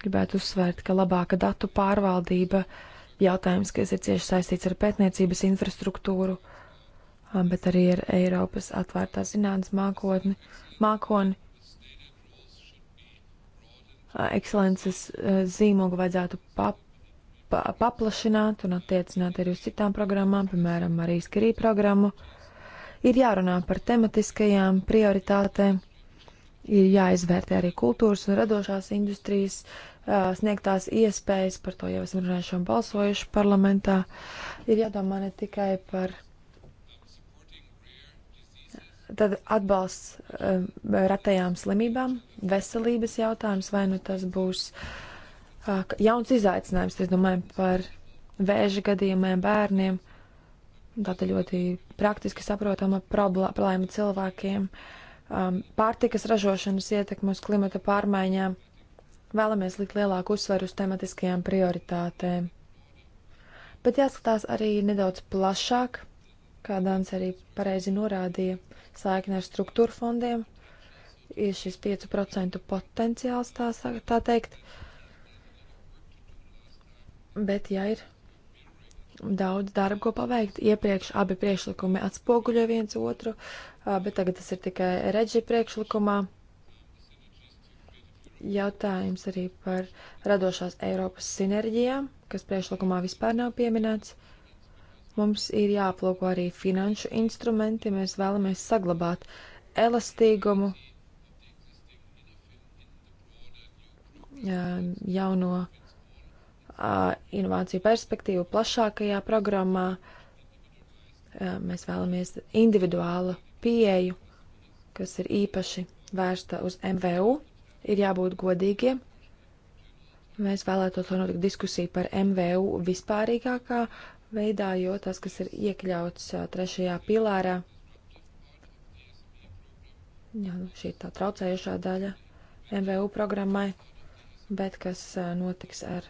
Gribētu uzsvērt, ka labāka datu pārvaldība jautājums, kas ir cieši saistīts ar pētniecības infrastruktūru, bet arī ar Eiropas atvērtā zinātnes mākotni, mākoni. Ekscelences zīmogu vajadzētu pap, pa, paplašināt un attiecināt arī uz citām programmām, piemēram, arī skrī programmu. Ir jārunā par tematiskajām prioritātēm, ir jāizvērtē arī kultūras un radošās industrijas uh, sniegtās iespējas, par to jau esam runājuši un balsojuši parlamentā, ir jādomā ne tikai par tad atbalsts um, ratajām slimībām, veselības jautājums, vai nu tas būs uh, jauns izaicinājums, es domāju, par vēža gadījumiem, bērniem, tāda ļoti praktiski saprotama problēma cilvēkiem, um, pārtikas ražošanas ietekmas klimata pārmaiņām. Vēlamies likt lielāku uzsvaru uz tematiskajām prioritātēm. Bet jāskatās arī nedaudz plašāk, kā Dāns arī pareizi norādīja, saikne ar struktūra fondiem ir šis 5% potenciāls, tā, saka, tā teikt. Bet, ja ir daudz darba, ko paveikt, iepriekš abi priekšlikumi atspoguļo viens otru, bet tagad tas ir tikai reģi priekšlikumā jautājums arī par radošās Eiropas sinerģijām, kas priekšlikumā vispār nav pieminēts. Mums ir jāaplūko arī finanšu instrumenti, mēs vēlamies saglabāt elastīgumu, jauno inovāciju perspektīvu plašākajā programmā. Mēs vēlamies individuālu pieeju, kas ir īpaši vērsta uz MVU ir jābūt godīgiem. Mēs vēlētos, lai notiek diskusija par MVU vispārīgākā veidā, jo tas, kas ir iekļauts trešajā pilārā, jā, nu, šī tā traucējušā daļa MVU programmai, bet kas notiks ar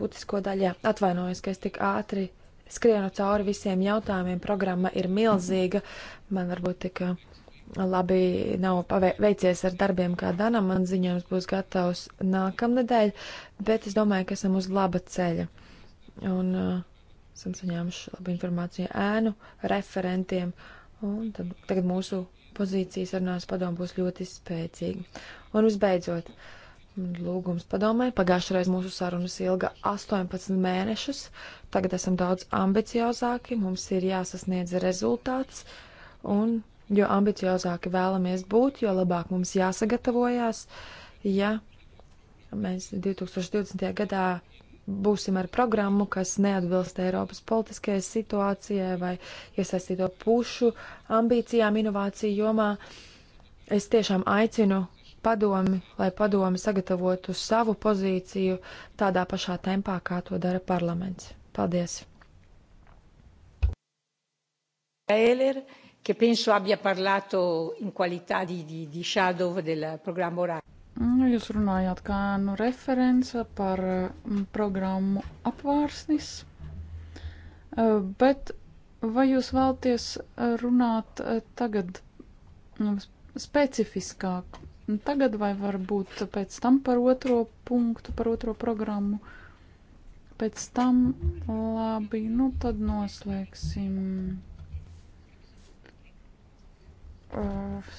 būtisko daļu. Jā, atvainojos, ka es tik ātri skrienu cauri visiem jautājumiem. Programma ir milzīga. Man varbūt tika. Uh, labi nav paveicies ar darbiem kā Danam, man ziņojums būs gatavs nākamnedēļ, bet es domāju, ka esam uz laba ceļa. Un uh, esam saņēmuši labu informāciju ēnu referentiem, un tad, tagad mūsu pozīcijas sarunās padomu būs ļoti spēcīgi. Un visbeidzot, lūgums padomē, pagājušreiz mūsu sarunas ilga 18 mēnešus, tagad esam daudz ambiciozāki, mums ir jāsasniedz rezultāts, un jo ambiciozāki vēlamies būt, jo labāk mums jāsagatavojās, ja mēs 2020. gadā būsim ar programmu, kas neatbilst Eiropas politiskajai situācijai vai iesaistīto pušu ambīcijām inovāciju jomā. Es tiešām aicinu padomi, lai padomi sagatavotu savu pozīciju tādā pašā tempā, kā to dara parlaments. Paldies! Eiler che penso abbia parlato in qualità di, di, di shadow del programma Oracle. Mm, jūs runājāt kā nu referents par mm, programmu apvārsnis, eh, bet vai jūs vēlties runāt eh, tagad mm, specifiskāk? Tagad vai varbūt pēc tam par otro punktu, par otro programmu? Pēc tam labi, nu tad noslēgsim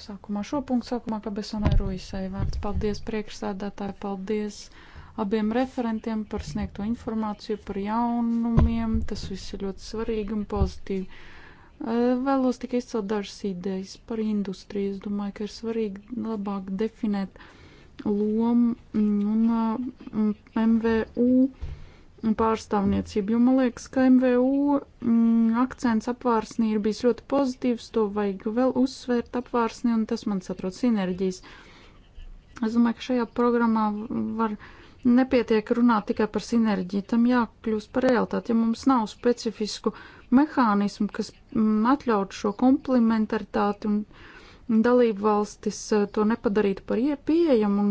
sākumā šo punktu, sākumā Kabesonai Ruisai vārds. Paldies priekšsēdētāji, paldies abiem referentiem par sniegto informāciju, par jaunumiem. Tas viss ir ļoti svarīgi un pozitīvi. Vēlos tikai izcelt dažas idejas par industriju. Es domāju, ka ir svarīgi labāk definēt lomu un MVU pārstāvniecību, jo man liekas, ka MVU mm, akcents apvārsnī ir bijis ļoti pozitīvs, to vajag vēl uzsvērt apvārsnī, un tas man saprot sinerģijas. Es domāju, ka šajā programmā var nepietiek runāt tikai par sinerģiju, tam jākļūst par realitāti. Ja mums nav specifisku mehānismu, kas mm, atļautu šo komplementaritāti un dalību valstis eh, to nepadarītu par pieejamu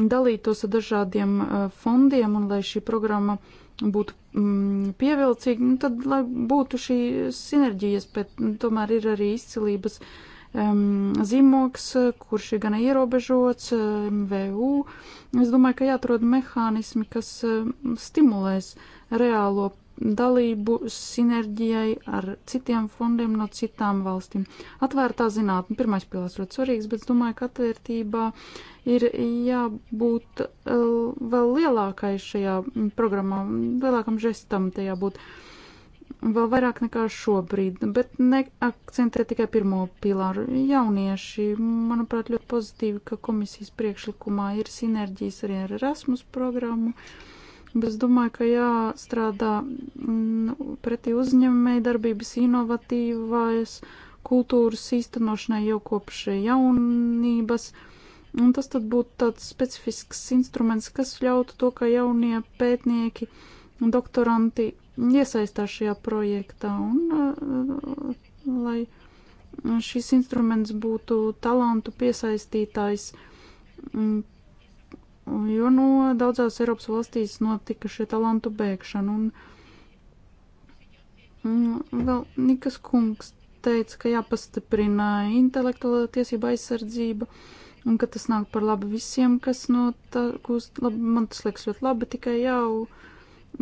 un dalītos ar dažādiem eh, fondiem un lai šī programma uh, būtu mm, pievilcīgi, nu, tad, lai būtu šī sinerģijas, bet nu, tomēr ir arī izcilības um, zīmoks, kurš ir gan ierobežots, MVU. Es domāju, ka jāatrod mehānismi, kas um, stimulēs reālo dalību sinerģijai ar citiem fondiem no citām valstīm. Atvērtā zinātne, pirmais pilārs ļoti svarīgs, bet es domāju, ka atvērtībā ir jābūt eh, vēl lielākai šajā programmā, lielākam žestam te jābūt vēl vairāk nekā šobrīd, bet neakcentē tikai pirmo pilāru. Jaunieši, manuprāt, ļoti pozitīvi, ka komisijas priekšlikumā ir sinerģijas arī ar Erasmus programmu. Uh, Bet es domāju, ka jāstrādā mm, pretī uzņēmēji darbības inovatīvais kultūras īstenošanai jau kopš jaunības. Un tas tad būtu tāds specifisks instruments, kas ļautu to, ka jaunie pētnieki un doktoranti iesaistās šajā projektā. Un, uh, lai šis instruments būtu talantu piesaistītājs mm, jo no nu, daudzās Eiropas valstīs notika šie talantu bēgšana. Un, un mm, vēl Nikas kungs teica, ka jāpastiprina intelektuālā tiesība aizsardzība un ka tas nāk par labu visiem, kas no tā gūst labi. Man tas liekas ļoti labi, tikai jau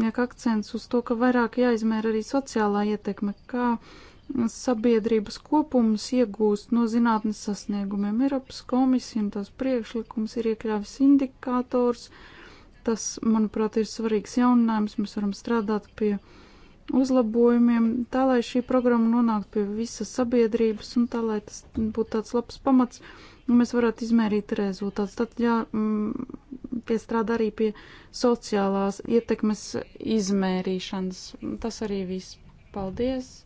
liek akcents uz to, ka vairāk jāizmēra arī sociālā ietekme, kā sabiedrības kopums iegūst no zinātnes sasniegumiem. Eiropas komisija un tās priekšlikums ir iekļāvis indikators. Tas, manuprāt, ir svarīgs jauninājums. Mēs varam strādāt pie uzlabojumiem, tā lai šī programma nonāktu pie visas sabiedrības un tā lai tas būtu tāds labs pamats, un mēs varētu izmērīt rezultātus. Tad jāpiestrādā mm, arī pie sociālās ietekmes izmērīšanas. Tas arī viss. Paldies!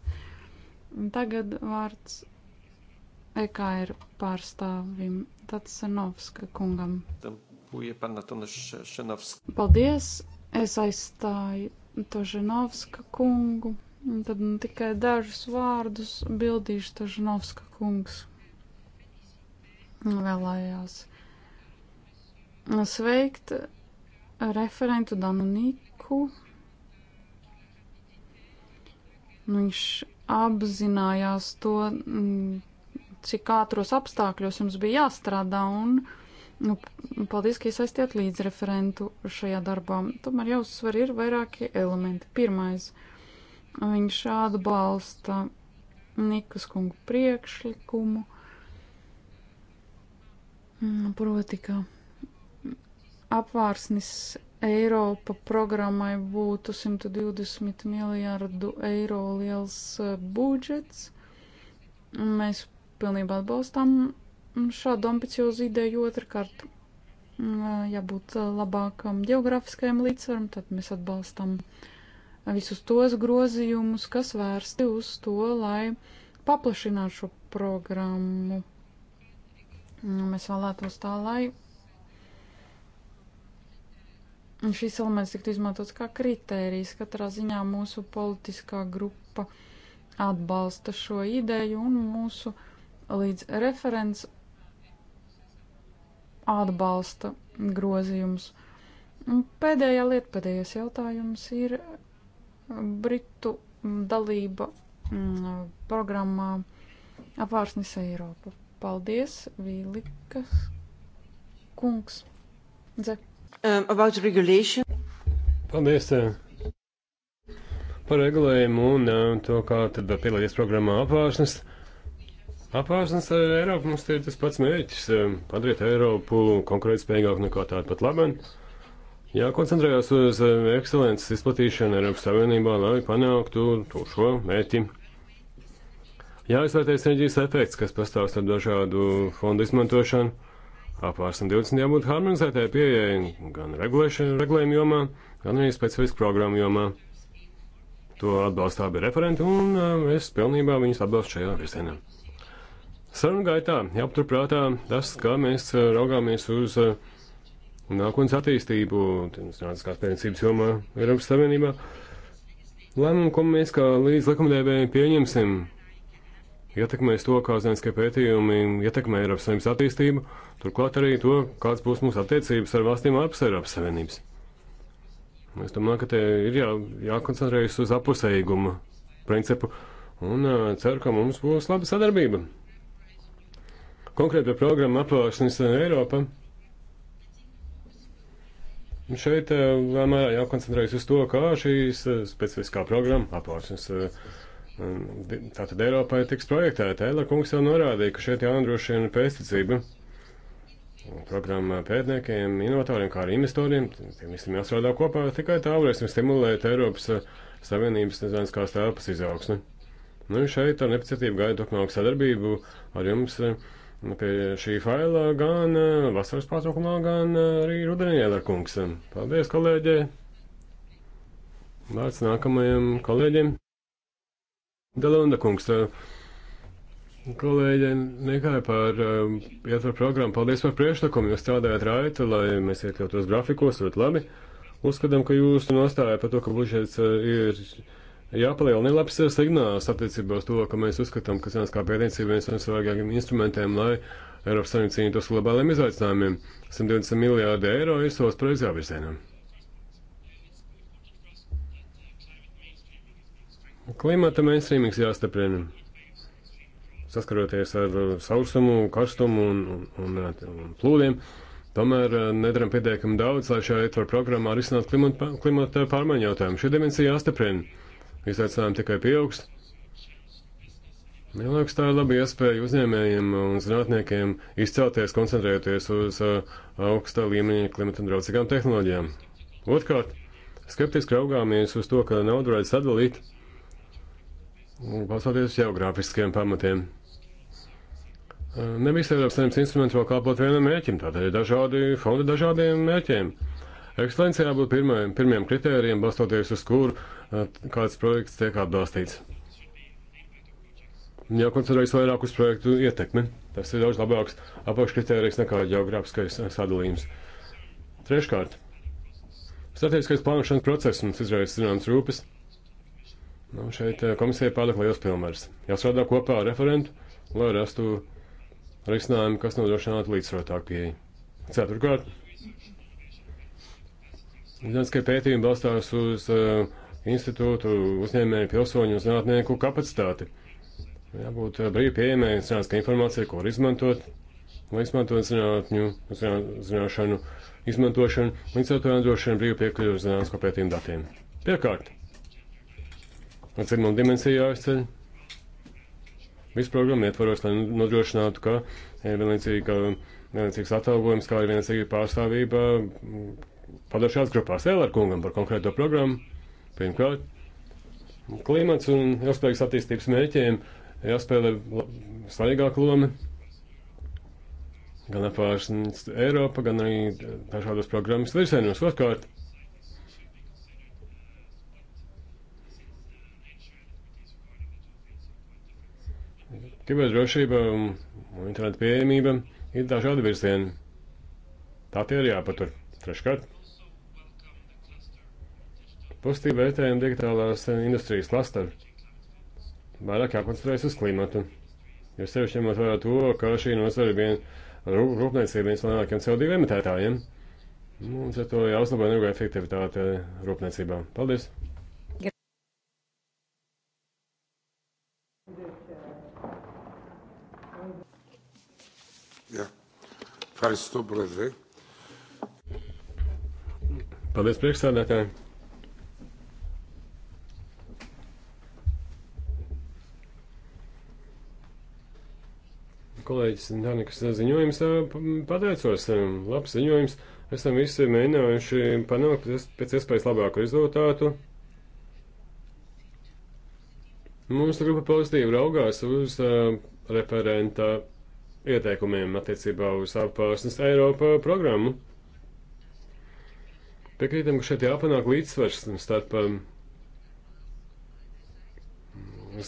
Tagad vārds EKR pārstāvim Tatsanovska kungam. Paldies, es aizstāju Tožinovska kungu. Tad nu, tikai dažus vārdus bildīšu Tožinovska kungs. Vēlējās sveikt referentu Danuniku Nu, viņš apzinājās to, mm, cik ātros apstākļos jums bija jāstrādā, un nu, paldies, ka iesaistījāt līdzreferentu šajā darbā. Tomēr jāuzsver ir vairāki elementi. Pirmais, viņš atbalsta Nikas kungu priekšlikumu, mm, proti, ka apvārsnis Eiropa programmai būtu 120 miljārdu eiro liels eh, budžets. Mēs pilnībā atbalstām mm, šādu ambiciozu ideju otrkārt. Mm, eh, jābūt eh, labākam geogrāfiskajam līdzsvaram, tad mēs atbalstam visus tos grozījumus, kas vērsti uz to, lai paplašinātu šo programmu. Mm, mēs vēlētos tā, lai šis elements tiktu izmantots kā kritērijs. Katrā ziņā mūsu politiskā grupa atbalsta šo ideju un mūsu līdz referents atbalsta grozījums. Pēdējā lieta, pēdējais jautājums ir Britu dalība mm, programmā Apvārsnis Eiropa. Paldies, Vīlikas kungs. Dzek um, about regulation. Paldies eh, par regulējumu un eh, to, kā tad pielāgoties programmā apvāršanas. Apvāršanas eh, Eiropa mums ir tas pats mērķis - padarīt Eiropu konkurētspējīgāku nekā tāda pat labāk. Jākoncentrējās uz ekscelences izplatīšanu Eiropas Savienībā, lai panāktu to šo mērķi. Jāizvērtēs enerģijas efekts, kas pastāv starp dažādu fondu izmantošanu apvārsim 20 jābūt harmonizētāji pieejai gan regulējumu jomā, gan arī specifisku programmu jomā. To atbalsta abi referenti, un uh, es pilnībā viņus atbalstu šajā virzienā. Sarunu gaitā jāpaturprātā tas, kā mēs uh, raugāmies uz uh, nākotnes attīstību, zinātniskās pētniecības jomā Eiropas Savienībā. Lēmumu, ko mēs kā līdz likumdevējiem pieņemsim, ietekmēs to, kā zinātniskie pētījumi ietekmē Eiropas Savienības attīstību, turklāt arī to, kāds būs mūsu attiecības ar valstīm ārpus Eiropas Savienības. Es domāju, ka te ir jā, jākoncentrējas uz apusējīguma principu un uh, ceru, ka mums būs laba sadarbība. Konkrēta programma apvāršanas Eiropa. Un šeit uh, vēlamērā jākoncentrējas uz to, kā šīs uh, specifiskā programma apvāršanas. Uh, Tātad Eiropai tiks projektēta. Eila kungs jau norādīja, ka šeit jānodrošina pēsticība programmu pētniekiem, inovatoriem, kā arī investoriem. Tiem visiem jāstrādā kopā, tikai tā varēsim stimulēt Eiropas eh, Savienības nezinātniskās telpas izaugsmi. Nu, šeit ar nepacietību gaidu turpmāku sadarbību ar jums eh, pie šī faila gan eh, vasaras pārtraukumā, gan arī rudenī, Elerkungs. Paldies, kolēģi! Vārds nākamajam kolēģim. Galunda kungs, kolēģi, nekā par uh, ietvaru programmu. Paldies par priekšlikumu, jūs strādājat raiti, lai mēs iekļautos grafikos, ļoti labi. Uzskatām, ka jūs nostājāt par to, ka budžets uh, ir jāpalielina labs signāls attiecībā uz to, ka mēs uzskatām, ka zemes kā pētniecība viens no svarīgākiem instrumentiem, lai Eiropas Savienība cīnītos globāliem izaicinājumiem. 120 miljārdi eiro ir savas pareizā virzienā. Klimata mainstreamings jāstiprina. Saskaroties ar uh, sausumu, karstumu un, un, un, un plūdiem, tomēr uh, nedaram pietiekami daudz, lai šajā ietvaru programmā risinātu klimata, klimata pārmaiņu jautājumu. Šī dimensija jāstiprina. Izaicinājumi tikai pieaugst. Man liekas, tā ir laba iespēja uzņēmējiem un zinātniekiem izcelties, koncentrējoties uz uh, augsta līmeņa klimata draudzīgām tehnoloģijām. Otkārt, skeptiski raugāmies uz to, ka naudu varētu sadalīt balstoties geogrāfiskiem pamatiem. Nevis Eiropas Savienības instruments vēl kalpot vienam mērķim, tātad ir dažādi fondi dažādiem mērķiem. Ekscelencijā būtu pirmajiem, pirmiem kritērijiem, balstoties uz kuru kāds projekts tiek atbalstīts. Jākoncentrējas vairāk uz projektu ietekmi. Tas ir daudz labāks apakškritērijs nekā geogrāfiskais sadalījums. Treškārt, strateģiskais plānošanas process mums izraisa zināmas rūpes. Nu, šeit eh, komisija pārliek liels pilnvars. Jāstrādā kopā ar referentu, lai rastu risinājumu, kas nodrošinātu līdzsvarotāku pieeju. Ceturkārt, zinātniskie pētījumi balstās uz uh, institūtu, uzņēmēju, pilsoņu un zinātnieku kapacitāti. Jābūt uh, brīvi pieejamai zinātniskai informācijai, ko var izmantot, lai izmantot zinātņu, zinā, zināšanu, izmantošanu, līdz ar to nodrošina brīvu piekļuvi zinātnisko pētījumu datiem. Piekārt! Atcīmnuma dimensija jāizceļ. Visu programmu ietvaros, lai nodrošinātu, ka ir e, vienlīdzīga, vienlīdzīgs atalgojums, kā ir vienlīdzīga pārstāvība padošās grupās. Ēlēr kungam par konkrēto programmu. Pirmkārt, klimats un ilgspējīgas attīstības mērķiem jāspēlē svarīgāka loma. Gan apvārsnes Eiropa, gan arī dažādas programmas virsēnos. Otkārt, Kiberdrošība un interneta pieejamība ir dažādi virzieni. Tā tie ir jāpatur. Treškārt, pozitīvi vērtējam digitālās industrijas klasteru. Vairāk jākoncentrējas uz klimatu. Jo sevišķi ņemot vērā to, ka šī nozara ir vien rūpniecība viens no lielākiem CO2 emitētājiem. Mums ar to jāuzlabo energoefektivitāte rūpniecībā. Paldies! Ευχαριστώ, Πρόεδρε. Paldies, priekšsēdētāji. Kolēģis Danikas ziņojums, pateicos, labs ziņojums. Esam visi mēģinājuši panākt pēc iespējas labāku rezultātu. Mums grupa pozitīvi raugās uz uh, referenta ieteikumiem attiecībā uz apvārsnes Eiropa programmu. Piekrītam, ka šeit jāpanāk līdzsvars starp um,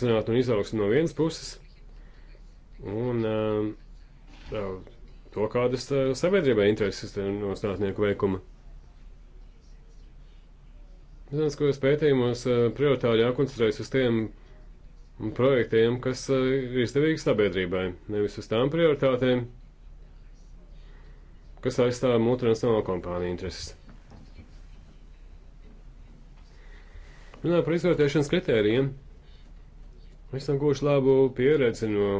zinātnē un izaugsmu no vienas puses un um, to, kādas uh, sabiedrībai intereses no zinātnieku veikuma. Zināms, ko es pētījumos uh, prioritāri jākoncentrējas uz tiem un projektiem, kas eh, ir izdevīgi sabiedrībai, nevis uz tām prioritātēm, kas aizstāv multinacionālo kompāniju intereses. Runājot par izvērtēšanas kritērijiem, mēs esam guvuši labu pieredzi no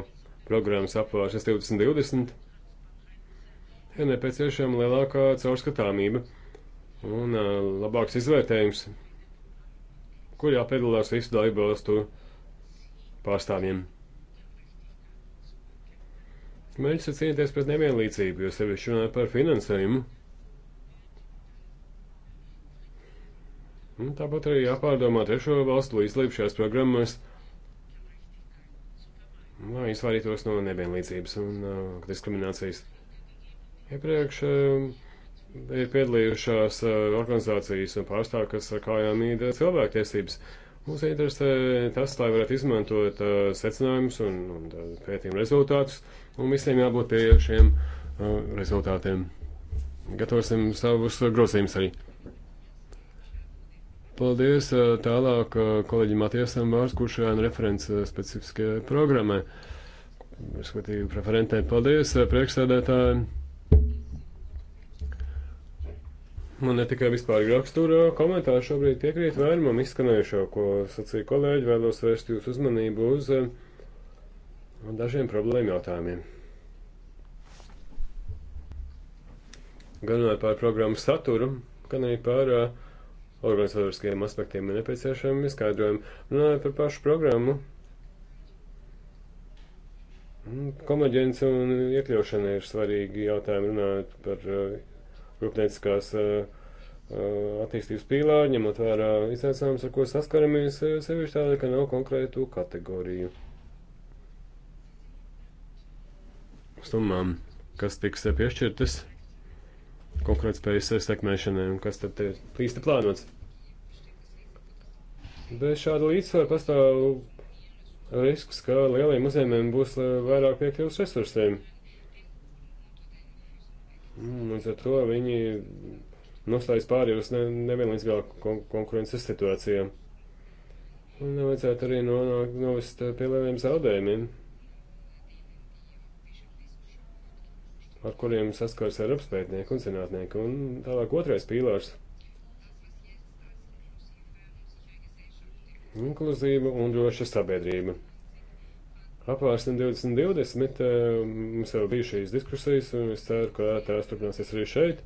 programmas apvāršas 2020. Ir nepieciešama lielākā caurskatāmība un uh, labāks izvērtējums, kur jāpiedalās visu dalībvalstu pārstāvjiem. Mērķis ir cīnīties pret nevienlīdzību, jo sevišķi runājot par finansējumu. Un tāpat arī jāpārdomā trešo valstu līdzdalību šajās programmās, lai izvairītos no nevienlīdzības un uh, diskriminācijas. Iepriekš uh, ir piedalījušās uh, organizācijas un pārstāvji, kas ar kājām īda uh, cilvēktiesības. Uh, Mums interesē tas, lai varētu izmantot uh, secinājumus un, un uh, pētījumu rezultātus, un visiem jābūt pie šiem uh, rezultātiem. Gatavosim savus grozījumus arī. Paldies uh, tālāk uh, kolēģim Matiesam vārds, kurš ir referents uh, specifiskajai programmai. Respektīvi, referentē, paldies uh, priekšsēdētājiem. Man ne tikai vispār rakstura komentāri šobrīd piekrīt vairumam izskanējušo, ko sacīja kolēģi, vēlos vērst jūsu uzmanību uz eh, dažiem problēmu jautājumiem. Gan par programmu saturu, gan arī par uh, organizatoriskajiem aspektiem ir nepieciešami izskaidrojumi. Runājot par pašu programmu, mm, konverģence un iekļaušana ir svarīgi jautājumi runājot par uh, rūpnieciskās eh, eh, attīstības pīlāri, ņemot vērā izaicinājumus, ar ko saskaramies, eh, sevišķi tādēļ, ka nav konkrētu kategoriju. Summām, kas tiks piešķirtas konkurētspējas sekmēšanai un kas tad ir īsti plānots. Bez šāda līdzsvara pastāv risks, ka lieliem uzņēmējiem būs vairāk piekļuvs resursiem. Līdz ar to viņi noslēdz pāri uz ne, nevienlīdzīgā kon konkurences situācijā. Un nevajadzētu arī nonākt novest eh, pie lieliem zaudējumiem, ar kuriem saskars ar apspētnieku un zinātnieku. Un tālāk otrais pīlārs. Inkluzīva un droša sabiedrība. Apvārsim 2020, eh, mums jau bija šīs diskusijas, un es ceru, ka tās turpināsies arī šeit.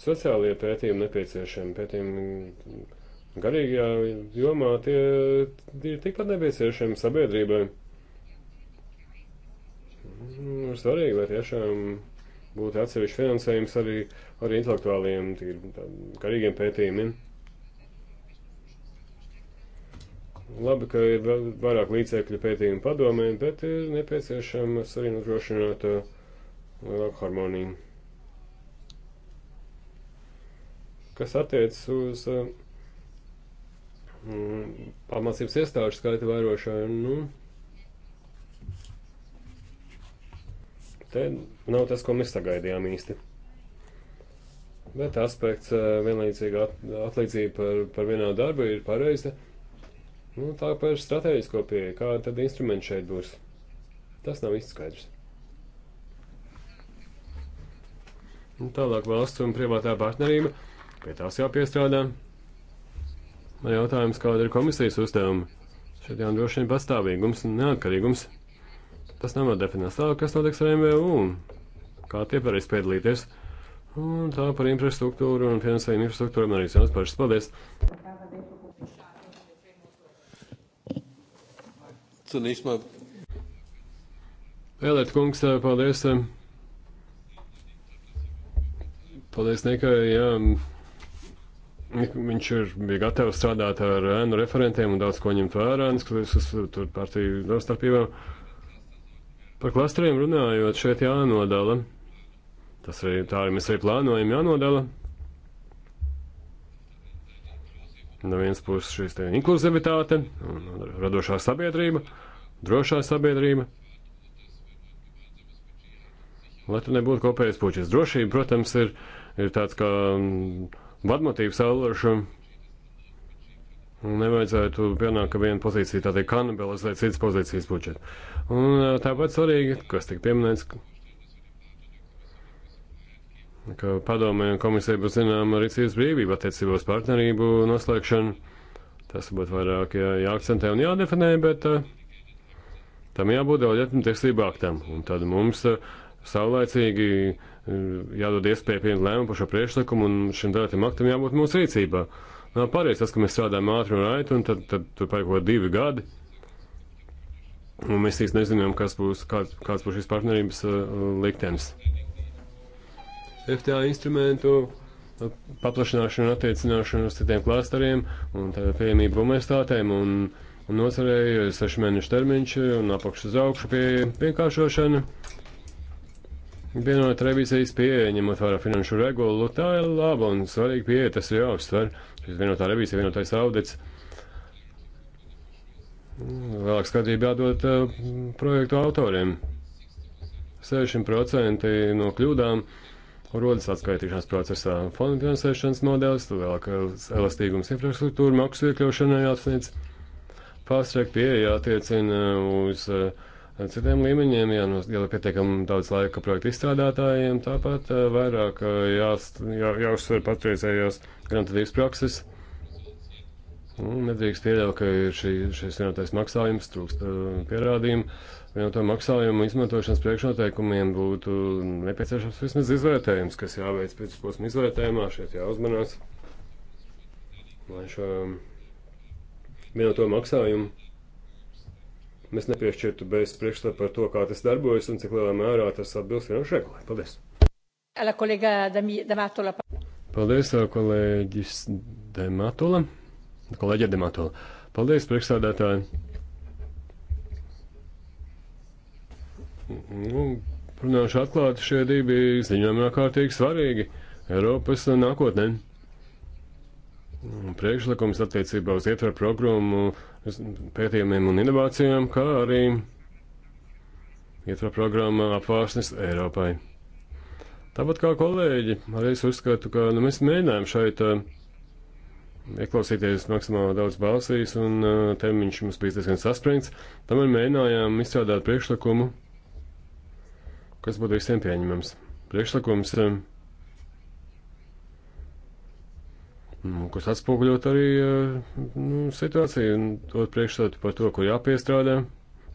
Sociālajie pētījumi nepieciešami, pētījumi garīgajā jomā, tie ir tikpat nepieciešami sabiedrībai. Ir mm, svarīgi, lai tiešām būtu atsevišķi finansējums arī, arī intelektuāliem, garīgiem pētījumiem. Ja? Labi, ka ir vairāk līdzekļu pētījumu padomē, bet ir nepieciešams arī nodrošināt uh, lielāku harmoniju. Kas attiecas uz uh, mm, pamācības iestāžu skaita vairošanu, nu, te nav tas, ko mēs sagaidījām īsti. Bet aspekts uh, vienlīdzīga at, atlīdzība par, par vienā darbu ir pareiza. Uh, Nu, tā par strateģisko pieeju, kāda tad instrumenta šeit būs. Tas nav īsti skaidrs. Un nu, tālāk valsts un privātā partnerība. Pie tās jāpiestrādā. Man jautājums, kāda ir komisijas uzdevuma? Šeit jau droši vien pastāvīgums un neatkarīgums. Tas nav definēts tālāk, kas notiks ar MVU. Kā tie varēs piedalīties? Un tā par infrastruktūru un finansējumu infrastruktūru man arī sanas pašas. Paldies! Zunächst mal. Elēt kungs, paldies. Paldies Nikai, jā. Viņš ir, bija gatavs strādāt ar ēnu referentiem un daudz ko ņemt vērā, neskatoties uz uh, tur partiju darbstarpībām. Par klasteriem runājot, šeit jānodala. Tas arī tā arī mēs arī plānojam jānodala. No vienas puses šīs te inkluzivitāte un radošā sabiedrība, drošā sabiedrība. Lai tur nebūtu kopējais puķis. Drošība, protams, ir, ir tāds kā mm, vadmotīvs elluršam. Nevajadzētu pienākt, ka viena pozīcija tā tiek kanibalizē citas pozīcijas puķet. Un tāpat svarīgi, kas tika pieminēts, ka padomē un komisija būs zināma rīcības brīvība attiecībā uz partnerību noslēgšanu. Tas būtu vairāk jā, jāakcentē un jādefinē, bet eh, tam jābūt daudzietim tiesību aktam. Un tad mums eh, saulēcīgi eh, jādod iespēja pieņemt lēmumu par šo priekšlikumu, un šim daudzietim aktam jābūt mūsu rīcībā. Nav pareizi tas, ka mēs strādājam ātri un raiti, un tad, tad tur paiko divi gadi. Un mēs īsti nezinām, kas būs, kāds, kāds būs šīs partnerības uh, liktenis. FTA instrumentu paplašināšanu un attiecināšanu uz citiem klāstariem un tāda pieejamība universitātēm un, un nozarei sešu mēnešu termiņš un apakšu uz augšu pie vienkāršošana. Vienot revīzijas pieeja, ņemot vērā finanšu regulu, tā ir laba un svarīga pieeja, tas ir jāuztver. Šis vienotā revīzija, vienotais audits. Vēlāk skatība jādod uh, projektu autoriem. 60% no kļūdām uh, kur rodas atskaitīšanās procesā fondu finansēšanas modelis, lielākais elastīgums infrastruktūra maksu iekļaušanai jāsniedz. Fast-track pieeja attiecina uz eh, citiem līmeņiem, jā, ja pietiekam daudz laika projektu izstrādātājiem, tāpat eh, vairāk eh, jās, jā, jāuzsver patreizējās grantadības prakses. Nedrīkst pieļaut, ka ir šī, šis vienotais maksājums, trūkst pierādījumu Vienotā maksājuma izmantošanas priekšnoteikumiem būtu nepieciešams vismaz izvērtējums, kas jāveic pēc posma izvērtējumā, šeit jāuzmanās, lai šo um, vienoto maksājumu mēs nepiešķirtu bez priekšstata par to, kā tas darbojas un cik lielā mērā tas atbilst finanšu regulai. Paldies! Paldies, kolēģis Dematola. Kolēģi Dematola. Paldies, priekšstādātāji! Nu, runāšu atklāti, šie divi ziņojumi ir ārkārtīgi svarīgi Eiropas nākotnē. Priekšlikums attiecībā uz ietveru programmu pētījumiem un inovācijām, kā arī ietveru programmu apvārsnes Eiropai. Tāpat kā kolēģi, arī es uzskatu, ka nu, mēs mēģinājām šeit uh, ieklausīties maksimāli daudz balsīs, un uh, termiņš mums bija diezgan saspringts. Tam mēs mēģinājām izstrādāt priekšlikumu, kas būtu visiem pieņemams. Priekšlikums, eh, nu, kas atspoguļot arī eh, nu, situāciju un dot priekšstatu par to, kur jāpiestrādā.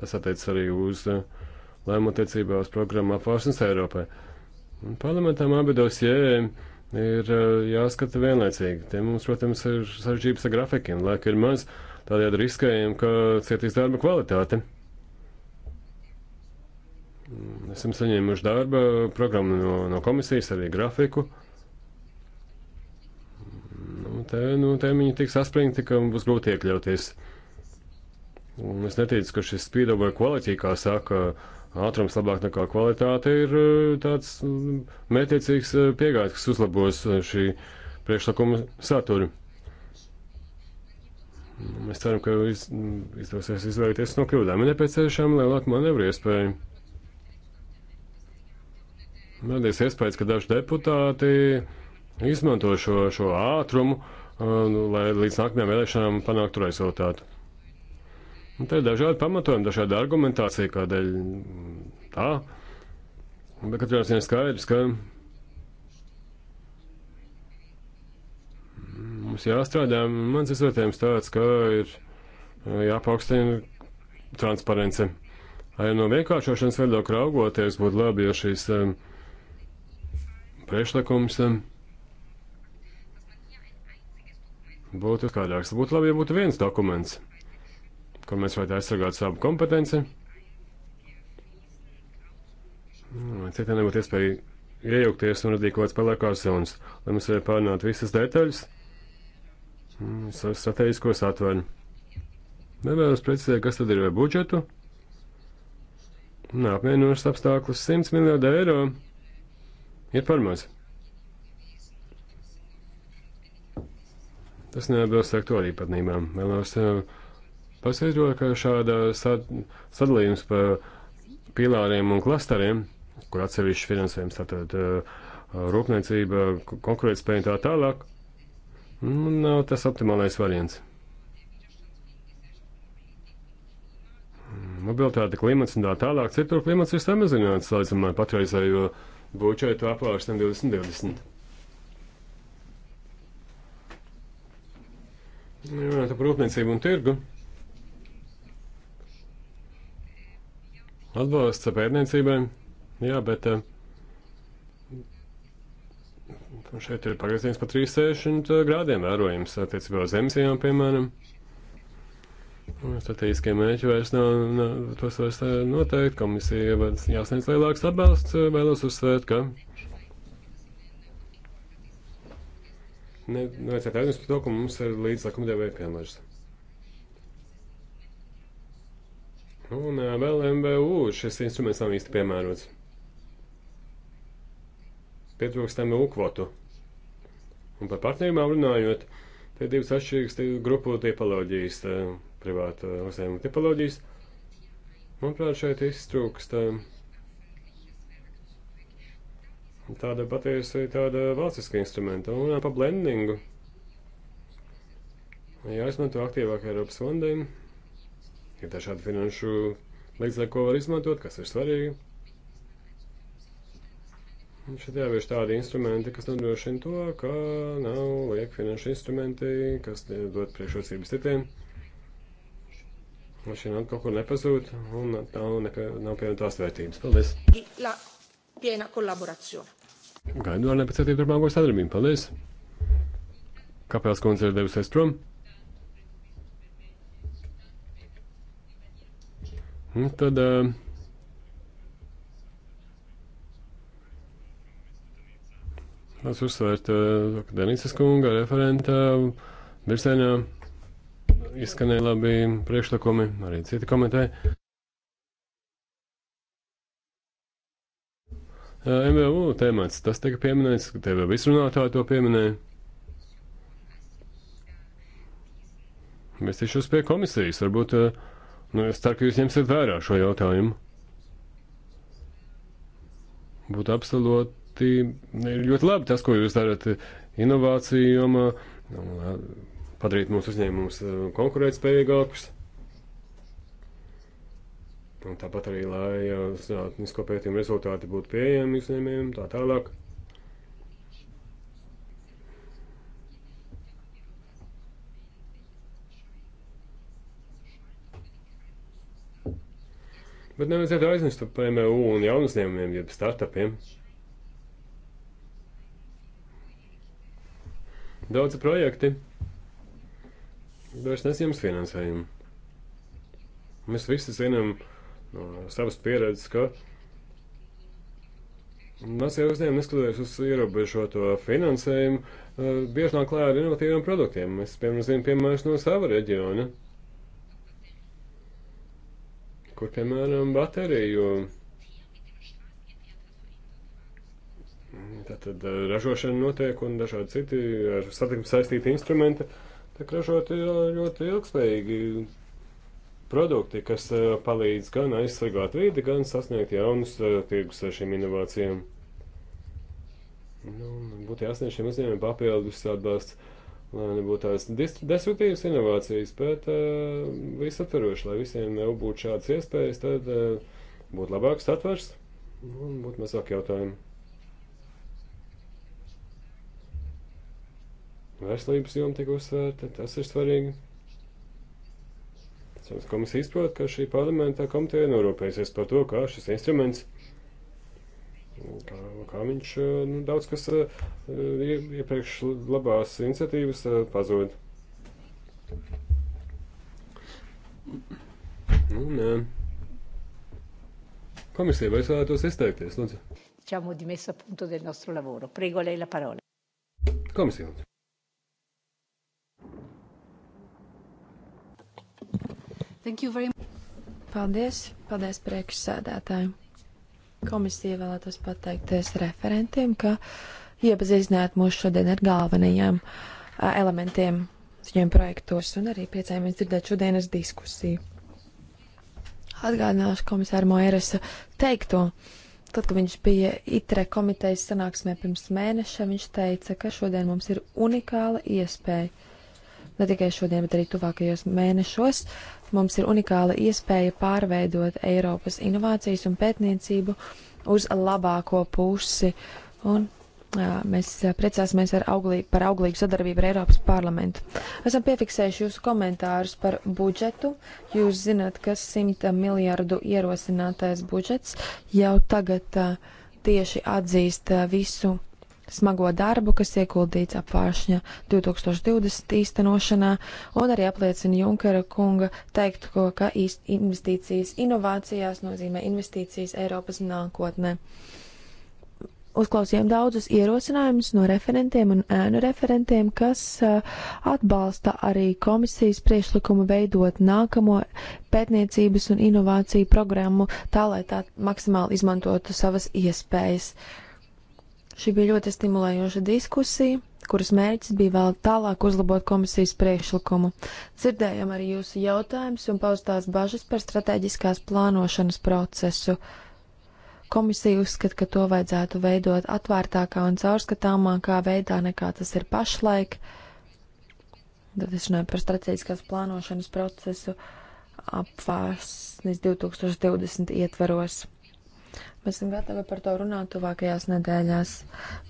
Tas attiecas arī uz eh, lēmumu attiecībā uz programmu apvāršanas Eiropai. Un parlamentam abi dosie ir jāskata vienlaicīgi. Te mums, protams, ir sarežģības ar grafikiem, laika ir maz, tādējādi riskējam, ka cietīs darba kvalitāte. Esam saņēmuši darba programmu no, no komisijas, arī grafiku. Nu, te, nu, te viņi tik saspringti, ka būs grūti iekļauties. Un es neticu, ka šis spīdo vai kvalitāte, kā saka, ātrums labāk nekā kvalitāte, ir eh, tāds mm, mētiecīgs eh, piegāds, kas uzlabos eh, šī priekšlikuma saturu. Mēs ceram, ka iz, mm, izdosies izvairīties no kļūdām. Ir nepieciešama lielāka manevru iespēja. Ja Mēdies iespējas, ka daži deputāti izmanto šo, šo ātrumu, uh, nu, lai līdz nākamajām vēlēšanām panāktu rezultātu. Un te ir dažādi pamatojumi, dažādi argumentācija, kādēļ mm, tā. Bet katrā ziņā skaidrs, ka mm, mums jāstrādā. Mans izvērtējums tāds, ka ir uh, jāpaukstina transparence. Arī no vienkāršošanas viedokļa raugoties, būtu labi, ja šīs um, priekšlikums būtu skaidrāks. Būtu labi, ja būtu viens dokuments, kur mēs varētu aizsargāt savu kompetenci. Citai nebūtu iespēja iejaukties un radīt kaut kāds pelēkās zonas, lai mēs varētu pārnāt visas detaļas, mm, savus strateģiskos atvaļu. Nevēlos precizēt, kas tad ir ar budžetu. Nā, apmienos apstākļus 100 miljardu eiro ir par maz. Tas neatbilst sektoru īpatnībām. Vēlos eh, paskaidrot, ka šāda sad, sadalījums pa pīlāriem un klasteriem, kur atsevišķi finansējums, tātad eh, rūpniecība, konkurētspēja un tā tālāk, nu, nav tas optimālais variants. mobilitāte, klimats un tā tālāk. Citur klimats ir samazināts salīdzinājumā patreizējo budžetu apvārstam 2020. Runāt par rūpniecību un tirgu. Atbalsts pērniecībai, jā, bet eh, šeit ir pagrieziens pa 3,60 eh, grādiem vērojams attiecībā uz emisijām, piemēram. Strateģiskie mērķi vairs nav, nav tos vairs eh, noteikti, komisija jāsniedz lielāks atbalsts, eh, vēlos uzsvērt, ka nevajadzētu aizmirst par to, ka mums ir līdz likumdevēja piemērs. Un eh, vēl MVU šis instruments nav īsti piemērots. Pietrūkst MVU kvotu. Un par partnerībām runājot, te divas atšķirīgas grupu tipoloģijas. Tā, privāta uzņēmuma tipoloģijas. Manuprāt, šeit iztrūkst eh, tāda patiesi tāda valstiska instrumenta un pa blendingu. Jāizmanto aktīvāk Eiropas fondiem. Ir dažādi finanšu līdzekļi, ko var izmantot, kas ir svarīgi. Šeit jāvieš tādi instrumenti, kas nodrošina to, ka nav lieki finanšu instrumenti, kas dod priekšrocības citiem mašīna kaut kur nepazūd, un tā nepie, nav pieejama tās vērtības. Paldies! La piena collaborazione. Gaidu ar nepacietību turpmāko sadarbību. Paldies! Kāpēc kundze ir devusies prom? Un nu, tad. Uh, Es uzsvērtu uh, Denīsas kunga referenta virzienā izskanēja labi priekšlikumi, arī citi komentēji. MVU temats, tas tika pieminēts, ka tev visrunātāji to pieminēja. Mēs tiešos pie komisijas, varbūt, nu, es ceru, ka jūs ņemsiet vērā šo jautājumu. Būtu absolūti, ļoti labi tas, ko jūs darat inovāciju jomā, padarīt mūsu uzņēmumus eh, konkurētspējīgākus. Un tāpat arī, lai eh, zinātnisko pētījumu rezultāti būtu pieejami uzņēmējiem, tā tālāk. Bet nevajadzētu aizmirst par MVU un jaunu uzņēmumiem, jeb startupiem. Daudzi projekti vairs nesiems finansējumu. Mēs visi zinām no savas pieredzes, ka mazie uzņēmumi, neskatoties uz ierobežoto finansējumu, eh, bieži nāk klājā ar inovatīviem produktiem. Mēs, piemēram, zinām piemērus no sava reģiona, kur, piemēram, bateriju. Mm, tātad eh, ražošana notiek un dažādi citi ar satikmi saistīti instrumenti. Uh, tiek ražoti ļoti ilgspējīgi produkti, kas palīdz gan aizsargāt vidi, gan sasniegt jaunus tirgus ar šīm inovācijām. Nu, būtu jāsniedz šiem uzņēmumiem papildus atbalsts, lai nebūtu tādas destruktīvas inovācijas, bet uh, visaptvaroši, lai visiem jau būtu šādas iespējas, tad uh, būtu labāks atvers un būtu mazāk jautājumu. Veselības joma tiek uzsvērta, tas ir svarīgi. Samas komisija izprot, ka šī parlamentā komiteja norūpēsies par to, kā šis instruments, kā, kā viņš eh, nu, daudz kas eh, iepriekš labās iniciatīvas eh, pazūd. Nu, nē. Komisija, vai es vēlētos izteikties, lūdzu? Diciamo di messa a punto del nostro lavoro. Prego, lei la parola. Komisija, lūdzu. Paldies, paldies priekšsēdētājiem. Komisija vēlētos pateikties referentiem, ka iepazīstināt mūs šodien ar galvenajiem elementiem viņiem projektos un arī priecājamies dzirdēt šodienas diskusiju. Atgādināšu komisāru Moerasa teikto. Tad, kad viņš bija ITRE komitejas sanāksmē pirms mēneša, viņš teica, ka šodien mums ir unikāla iespēja ne tikai šodien, bet arī tuvākajos mēnešos mums ir unikāla iespēja pārveidot Eiropas inovācijas un pētniecību uz labāko pusi. Un Mēs priecāsimies auglī, par auglīgu sadarbību ar Eiropas parlamentu. Esam piefiksējuši jūsu komentārus par budžetu. Jūs zināt, ka 100 miljardu ierosinātais budžets jau tagad tieši atzīst visu smago darbu, kas ieguldīts apvāršņa 2020 īstenošanā, un arī apliecina Junkera kunga teikt, ko, ka investīcijas inovācijās nozīmē investīcijas Eiropas nākotnē. Uzklausījām daudzus ierosinājumus no referentiem un ēnu referentiem, kas atbalsta arī komisijas priešlikumu veidot nākamo pētniecības un inovāciju programmu tā, lai tā maksimāli izmantotu savas iespējas. Uh, Šī bija ļoti stimulējoša diskusija, kuras mērķis bija vēl tālāk uzlabot komisijas priekšlikumu. Dzirdējām arī jūsu jautājumus un paustās bažas par strateģiskās plānošanas procesu. Komisija uzskata, ka to vajadzētu veidot atvērtākā un caurskatāmākā veidā nekā tas ir pašlaik. Tad es runāju par strateģiskās plānošanas procesu apvārsnes 2020 ietvaros. Mēs esam gatavi par to runāt tuvākajās nedēļās.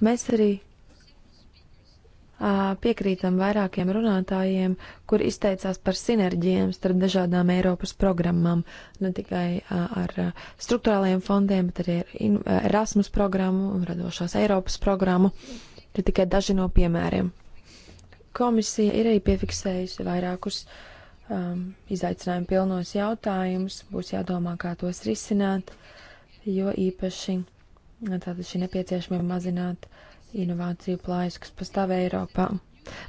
Mēs arī uh, piekrītam vairākiem runātājiem, kur izteicās par sinerģiem starp dažādām Eiropas programmām, ne tikai uh, ar uh, struktūrālajiem fondiem, bet arī ar in, Erasmus programmu un radošās Eiropas programmu. Ir tikai daži no piemēriem. Komisija ir arī piefiksējusi vairākus um, izaicinājumu pilnos jautājumus, būs jādomā, kā tos risināt. Uh, jo īpaši tātad šī nepieciešamība mazināt inovāciju plājas, kas pastāv Eiropā.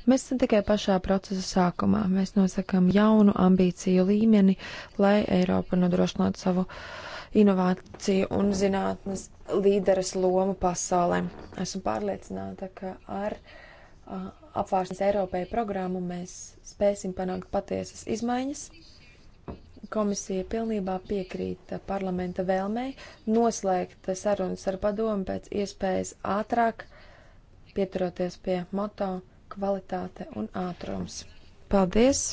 Mēs esam tikai pašā procesa sākumā. Mēs nosakām jaunu ambīciju līmeni, lai Eiropa nodrošinātu savu inovāciju un zinātnes līderes lomu pasaulē. Esmu pārliecināta, ka ar apvāršanas Eiropai programmu mēs spēsim panākt patiesas izmaiņas Komisija pilnībā piekrīt parlamenta vēlmei noslēgt sarunas ar padomu pēc iespējas ātrāk, pieturoties pie moto kvalitāte un ātrums. Paldies!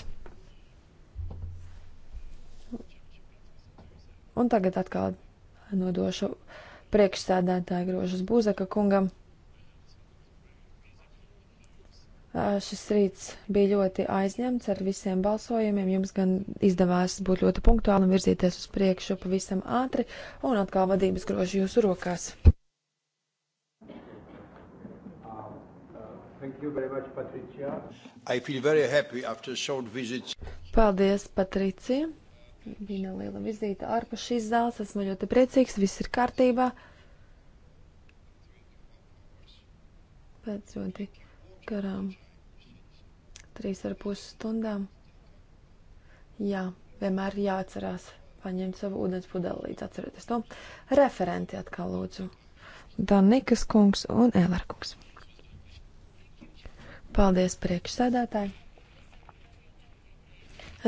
Un tagad atkal nodošu priekšsēdētāju grožas Buzaka kungam. Šis rīts bija ļoti aizņemts ar visiem balsojumiem. Jums gan izdevās būt ļoti punktuāli un virzīties uz priekšu pavisam ātri, un atkal vadības groži jūsu rokās. Much, Paldies, Patricija! Bija neliela vizīte ārpus šīs zāles. Esmu ļoti priecīgs, viss ir kārtībā. Pēc ļoti garām. Trīs ar pus stundām. Jā, vienmēr jāatcerās paņemt savu ūdens pudeli līdz atcerieties to. Referenti atkal lūdzu. Danikas kungs un Elerkungs. Paldies priekšsēdētāji.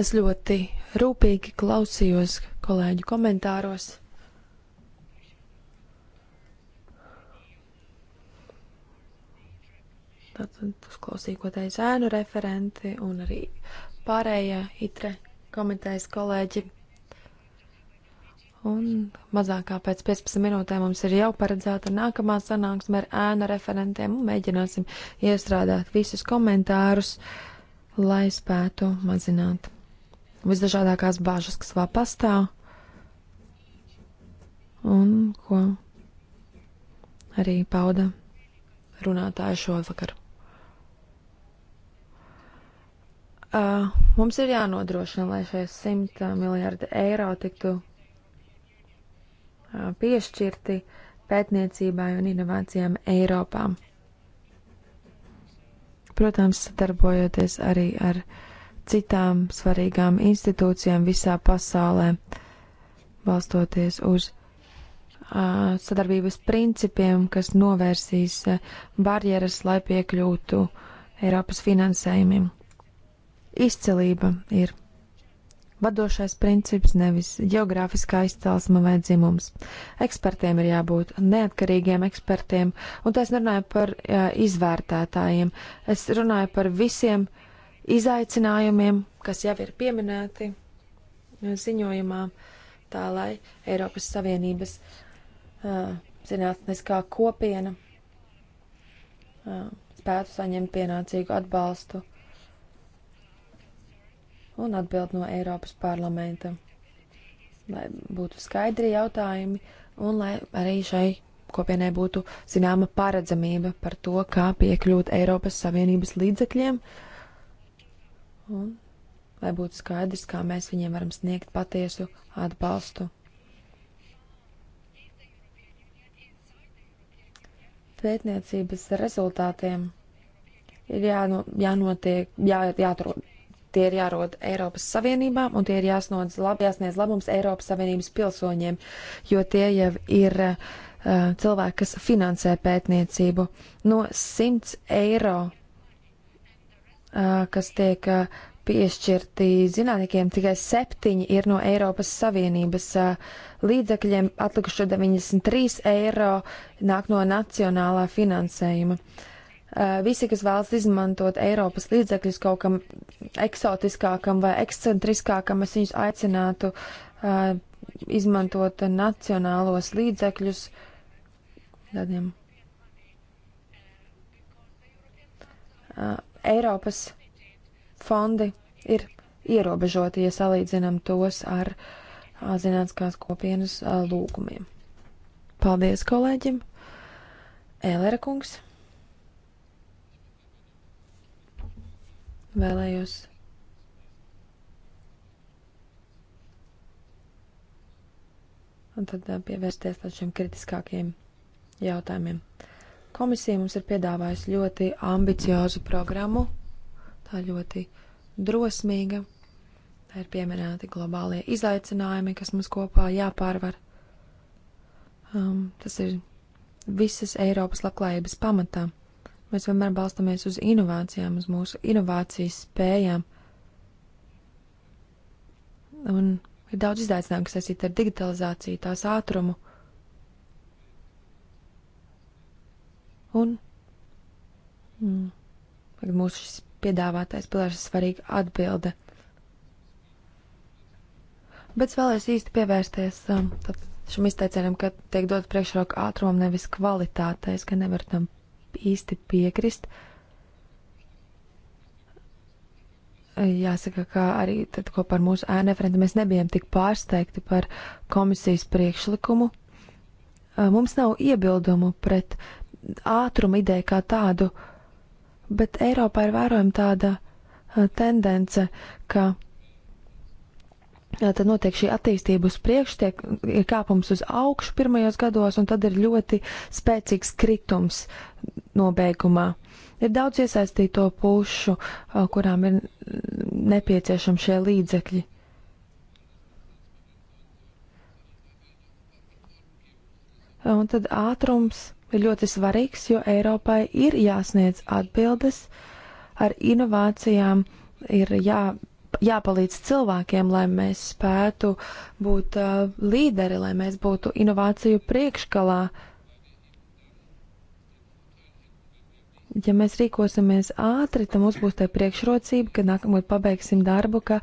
Es ļoti rūpīgi klausījos kolēģu komentāros Tātad uzklausīgotais ēnu referenti un arī pārējie itre komitejas kolēģi. Un mazāk kā pēc 15 minūtēm mums ir jau paredzēta nākamā sanāksme ar ēnu referentiem un mēģināsim iestrādāt visus komentārus, lai spētu mazināt visdažādākās bāžas, kas vēl pastāv un ko arī pauda runātāju šovakar. Uh, mums ir jānodrošina, lai šie 100 uh, miljardi eiro tiktu uh, piešķirti pētniecībai un inovācijām Eiropā. Protams, sadarbojoties arī ar citām svarīgām institūcijām visā pasaulē, balstoties uz uh, sadarbības principiem, kas novērsīs uh, barjeras, lai piekļūtu Eiropas finansējumiem. Izcelība ir vadošais princips, nevis geogrāfiskā izcelsme vai dzimums. Ekspertiem ir jābūt neatkarīgiem ekspertiem, un es nerunāju par jā, izvērtētājiem. Es runāju par visiem izaicinājumiem, kas jau ir pieminēti ziņojumā, tā lai Eiropas Savienības uh, zinātniskā kopiena uh, spētu saņemt pienācīgu atbalstu un atbild no Eiropas parlamenta. Lai būtu skaidri jautājumi un lai arī šai kopienai būtu zināma paredzamība par to, kā piekļūt Eiropas Savienības līdzekļiem. Un lai būtu skaidrs, kā mēs viņiem varam sniegt patiesu atbalstu. Pētniecības rezultātiem ir jāno, jānotiek, jā, jāatrod Tie ir jārod Eiropas Savienībām un tie ir jāsniedz, lab, jāsniedz labums Eiropas Savienības pilsoņiem, jo tie jau ir uh, cilvēki, kas finansē pētniecību. No 100 eiro, uh, kas tiek uh, piešķirti zinātniekiem, tikai 7 ir no Eiropas Savienības uh, līdzekļiem, atlikušo 93 eiro nāk no nacionālā finansējuma. Uh, Eh, visi, kas vēlas izmantot Eiropas līdzekļus kaut kam eksotiskākam vai ekscentriskākam, es viņus aicinātu uh, izmantot nacionālos līdzekļus tādiem uh, Eiropas fondi ir ierobežoti, ja salīdzinam tos ar uh, zinātniskās kopienas lūgumiem. Paldies kolēģim! Ēlera kungs! vēlējos un tad pievērsties tādiem šiem kritiskākiem jautājumiem. Komisija mums ir piedāvājusi ļoti ambiciozu programmu, tā ļoti drosmīga. Tā ir pieminēti globālie izaicinājumi, kas mums kopā jāpārvar. Um, tas ir visas Eiropas labklājības pamatā. Mēs vienmēr balstamies uz inovācijām, uz mūsu inovācijas spējām. Un ir daudz izaicinājumu, kas saistīti ar digitalizāciju, tās ātrumu. Un mm, mūsu šis piedāvātais pilārs ir svarīga atbilde. Bet es vēlēs īsti pievērsties um, šim izteicienam, ka tiek dot priekšroka ātrumam, nevis kvalitātei. Es gan nevaru tam īsti piekrist. Jāsaka, ka arī tad kopā ar mūsu ēnu referentu mēs nebijām tik pārsteigti par komisijas priekšlikumu. Mums nav iebildumu pret ātrumu ideju kā tādu, bet Eiropā ir vērojama tāda tendence, ka uh, Tad notiek šī attīstība uz priekšu, tiek ir kāpums uz augšu pirmajos gados, un tad ir ļoti spēcīgs kritums nobeigumā. Ir daudz iesaistīto pušu, kurām ir nepieciešami šie līdzekļi. Un tad ātrums ir ļoti svarīgs, jo Eiropai ir jāsniedz atbildes ar inovācijām, ir jā jāpalīdz cilvēkiem, lai mēs spētu būt uh, līderi, lai mēs būtu inovāciju priekškalā. Ja mēs rīkosimies ātri, tad mums būs tā priekšrocība, ka nākamgad pabeigsim darbu, ka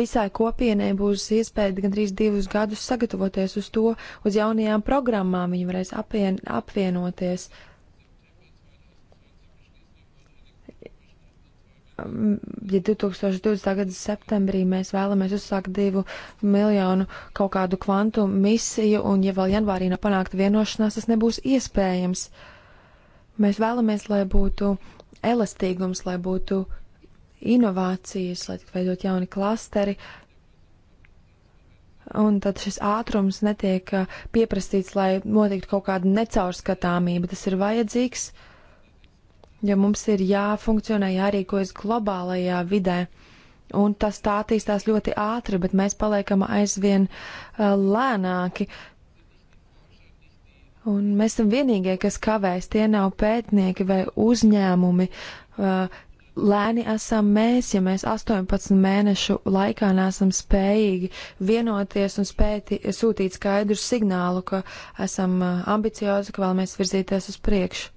visai kopienai būs iespēja gandrīz divus gadus sagatavoties uz to, uz jaunajām programmām, viņi varēs apvien, apvienoties. Uh, Um, ja 2020. gada septembrī mēs vēlamies uzsākt divu miljonu kaut kādu kvantu misiju, un ja vēl janvārī nav panākta vienošanās, tas nebūs iespējams. Mēs vēlamies, lai būtu elastīgums, lai būtu inovācijas, lai tiktu veidot jauni klasteri. Un tad šis ātrums netiek uh, pieprasīts, lai notiktu kaut kāda necaurskatāmība. Tas ir vajadzīgs. Uh, ja mums ir jāfunkcionē, jārīkojas globālajā vidē. Un tas tā attīstās ļoti ātri, bet mēs paliekam aizvien uh, lēnāki. Un mēs esam vienīgie, kas kavēs, tie nav pētnieki vai uzņēmumi. Uh, lēni esam mēs, ja mēs 18 mēnešu laikā nesam spējīgi vienoties un spēti, sūtīt skaidru signālu, ka esam ambiciozi, ka vēlamies virzīties uz priekšu.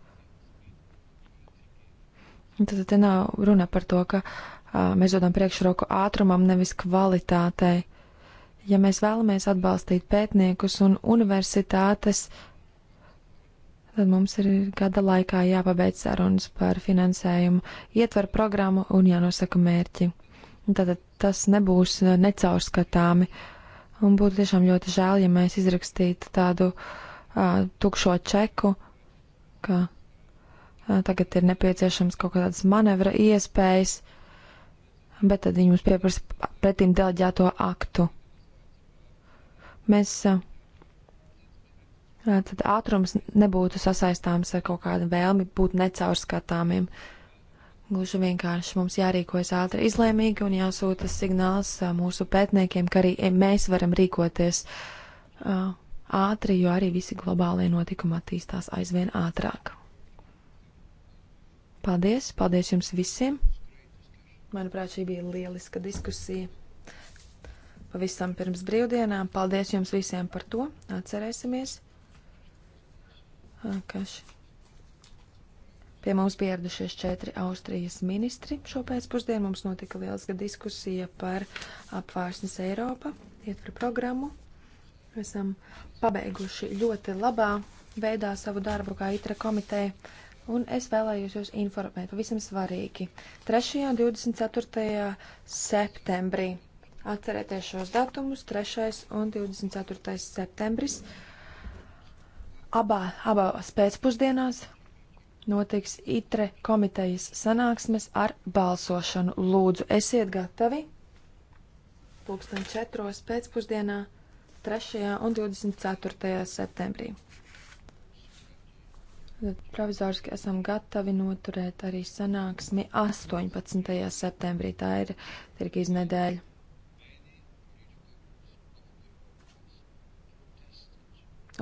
Tad te nav runa par to, ka uh, mēs dodam priekšroku ātrumam, nevis kvalitātei. Ja mēs vēlamies atbalstīt pētniekus un universitātes, tad mums ir gada laikā jāpabeidz sarunas par finansējumu, ietver programmu un jānosaka mērķi. Tātad tas nebūs necaurskatāmi. Un būtu tiešām ļoti žēl, ja mēs izrakstītu tādu uh, tukšo čeku, ka Tagad ir nepieciešams kaut kādas manevra iespējas, bet tad viņi mums pieprasa pretim deleģēto aktu. Mēs tad ātrums nebūtu sasaistāms ar kaut kādu vēlmi būt necaurskatāmiem. Gluži vienkārši mums jārīkojas ātri, izlēmīgi un jāsūta signāls mūsu pētniekiem, ka arī mēs varam rīkoties ātri, jo arī visi globālie notikumi attīstās aizvien ātrāk. Paldies, paldies jums visiem. Manuprāt, šī bija lieliska diskusija. Pavisam pirms brīvdienām. Paldies jums visiem par to. Atcerēsimies, ka pie mums pieradušies četri Austrijas ministri. Šo pēcpusdienu mums notika lieliska diskusija par apvārsnes Eiropa, ietver programmu. Esam pabeiguši ļoti labā veidā savu darbu kā itra komiteja. Un es vēlējos jūs informēt, pavisam svarīgi. 3. un 24. septembrī. Atcerieties šos datumus, 3. un 24. septembris. Abā, abās pēcpusdienās notiks ITRE komitejas sanāksmes ar balsošanu. Lūdzu, esiet gatavi. Pūksteni 4. pēcpusdienā, 3. un 24. septembrī. Provizoriski esam gatavi noturēt arī sanāksmi 18. septembrī. Tā ir tirgīz nedēļa.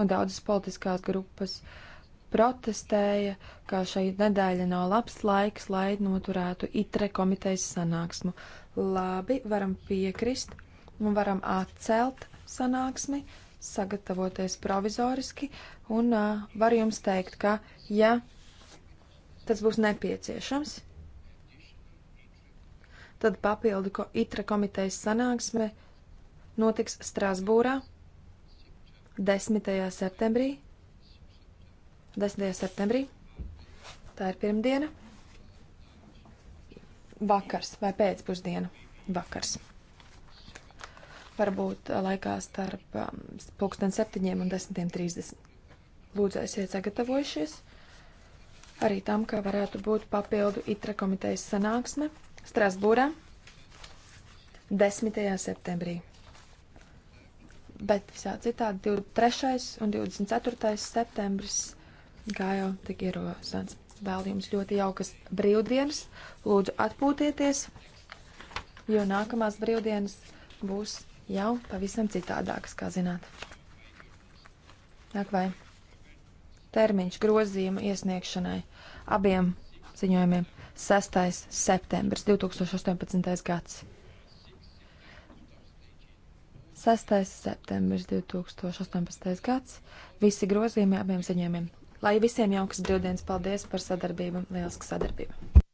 Un daudzas politiskās grupas protestēja, ka šī nedēļa nav labs laiks, lai noturētu itre komitejas sanāksmu. Labi, varam piekrist un varam atcelt sanāksmi sagatavoties provizoriski, un uh, var jums teikt, ka, ja tas būs nepieciešams, tad papildu ko itra komitejas sanāksme notiks Strasbūrā 10. septembrī. 10. septembrī. Tā ir pirmdiena. Vakars vai pēcpusdiena. Vakars varbūt eh, laikā starp um, pulksten septiņiem un desmitiem trīsdesmit. Lūdzu, esiet sagatavojušies arī tam, ka varētu būt papildu itra komitejas sanāksme Strasbūrā 10. septembrī. Bet visā citādi 23. un 24. septembris, kā jau tik ierosināts, vēl jums ļoti jaukas brīvdienas. Lūdzu, atpūtieties, jo nākamās brīvdienas būs jau pavisam citādākas, kā zināt. Nāk vai termiņš grozījuma iesniegšanai abiem ziņojumiem 6. septembris 2018. gads. 6. septembris 2018. gads. Visi grozījumi abiem ziņojumiem. Lai visiem jauks brīvdienas, paldies par sadarbību, lieliska sadarbība!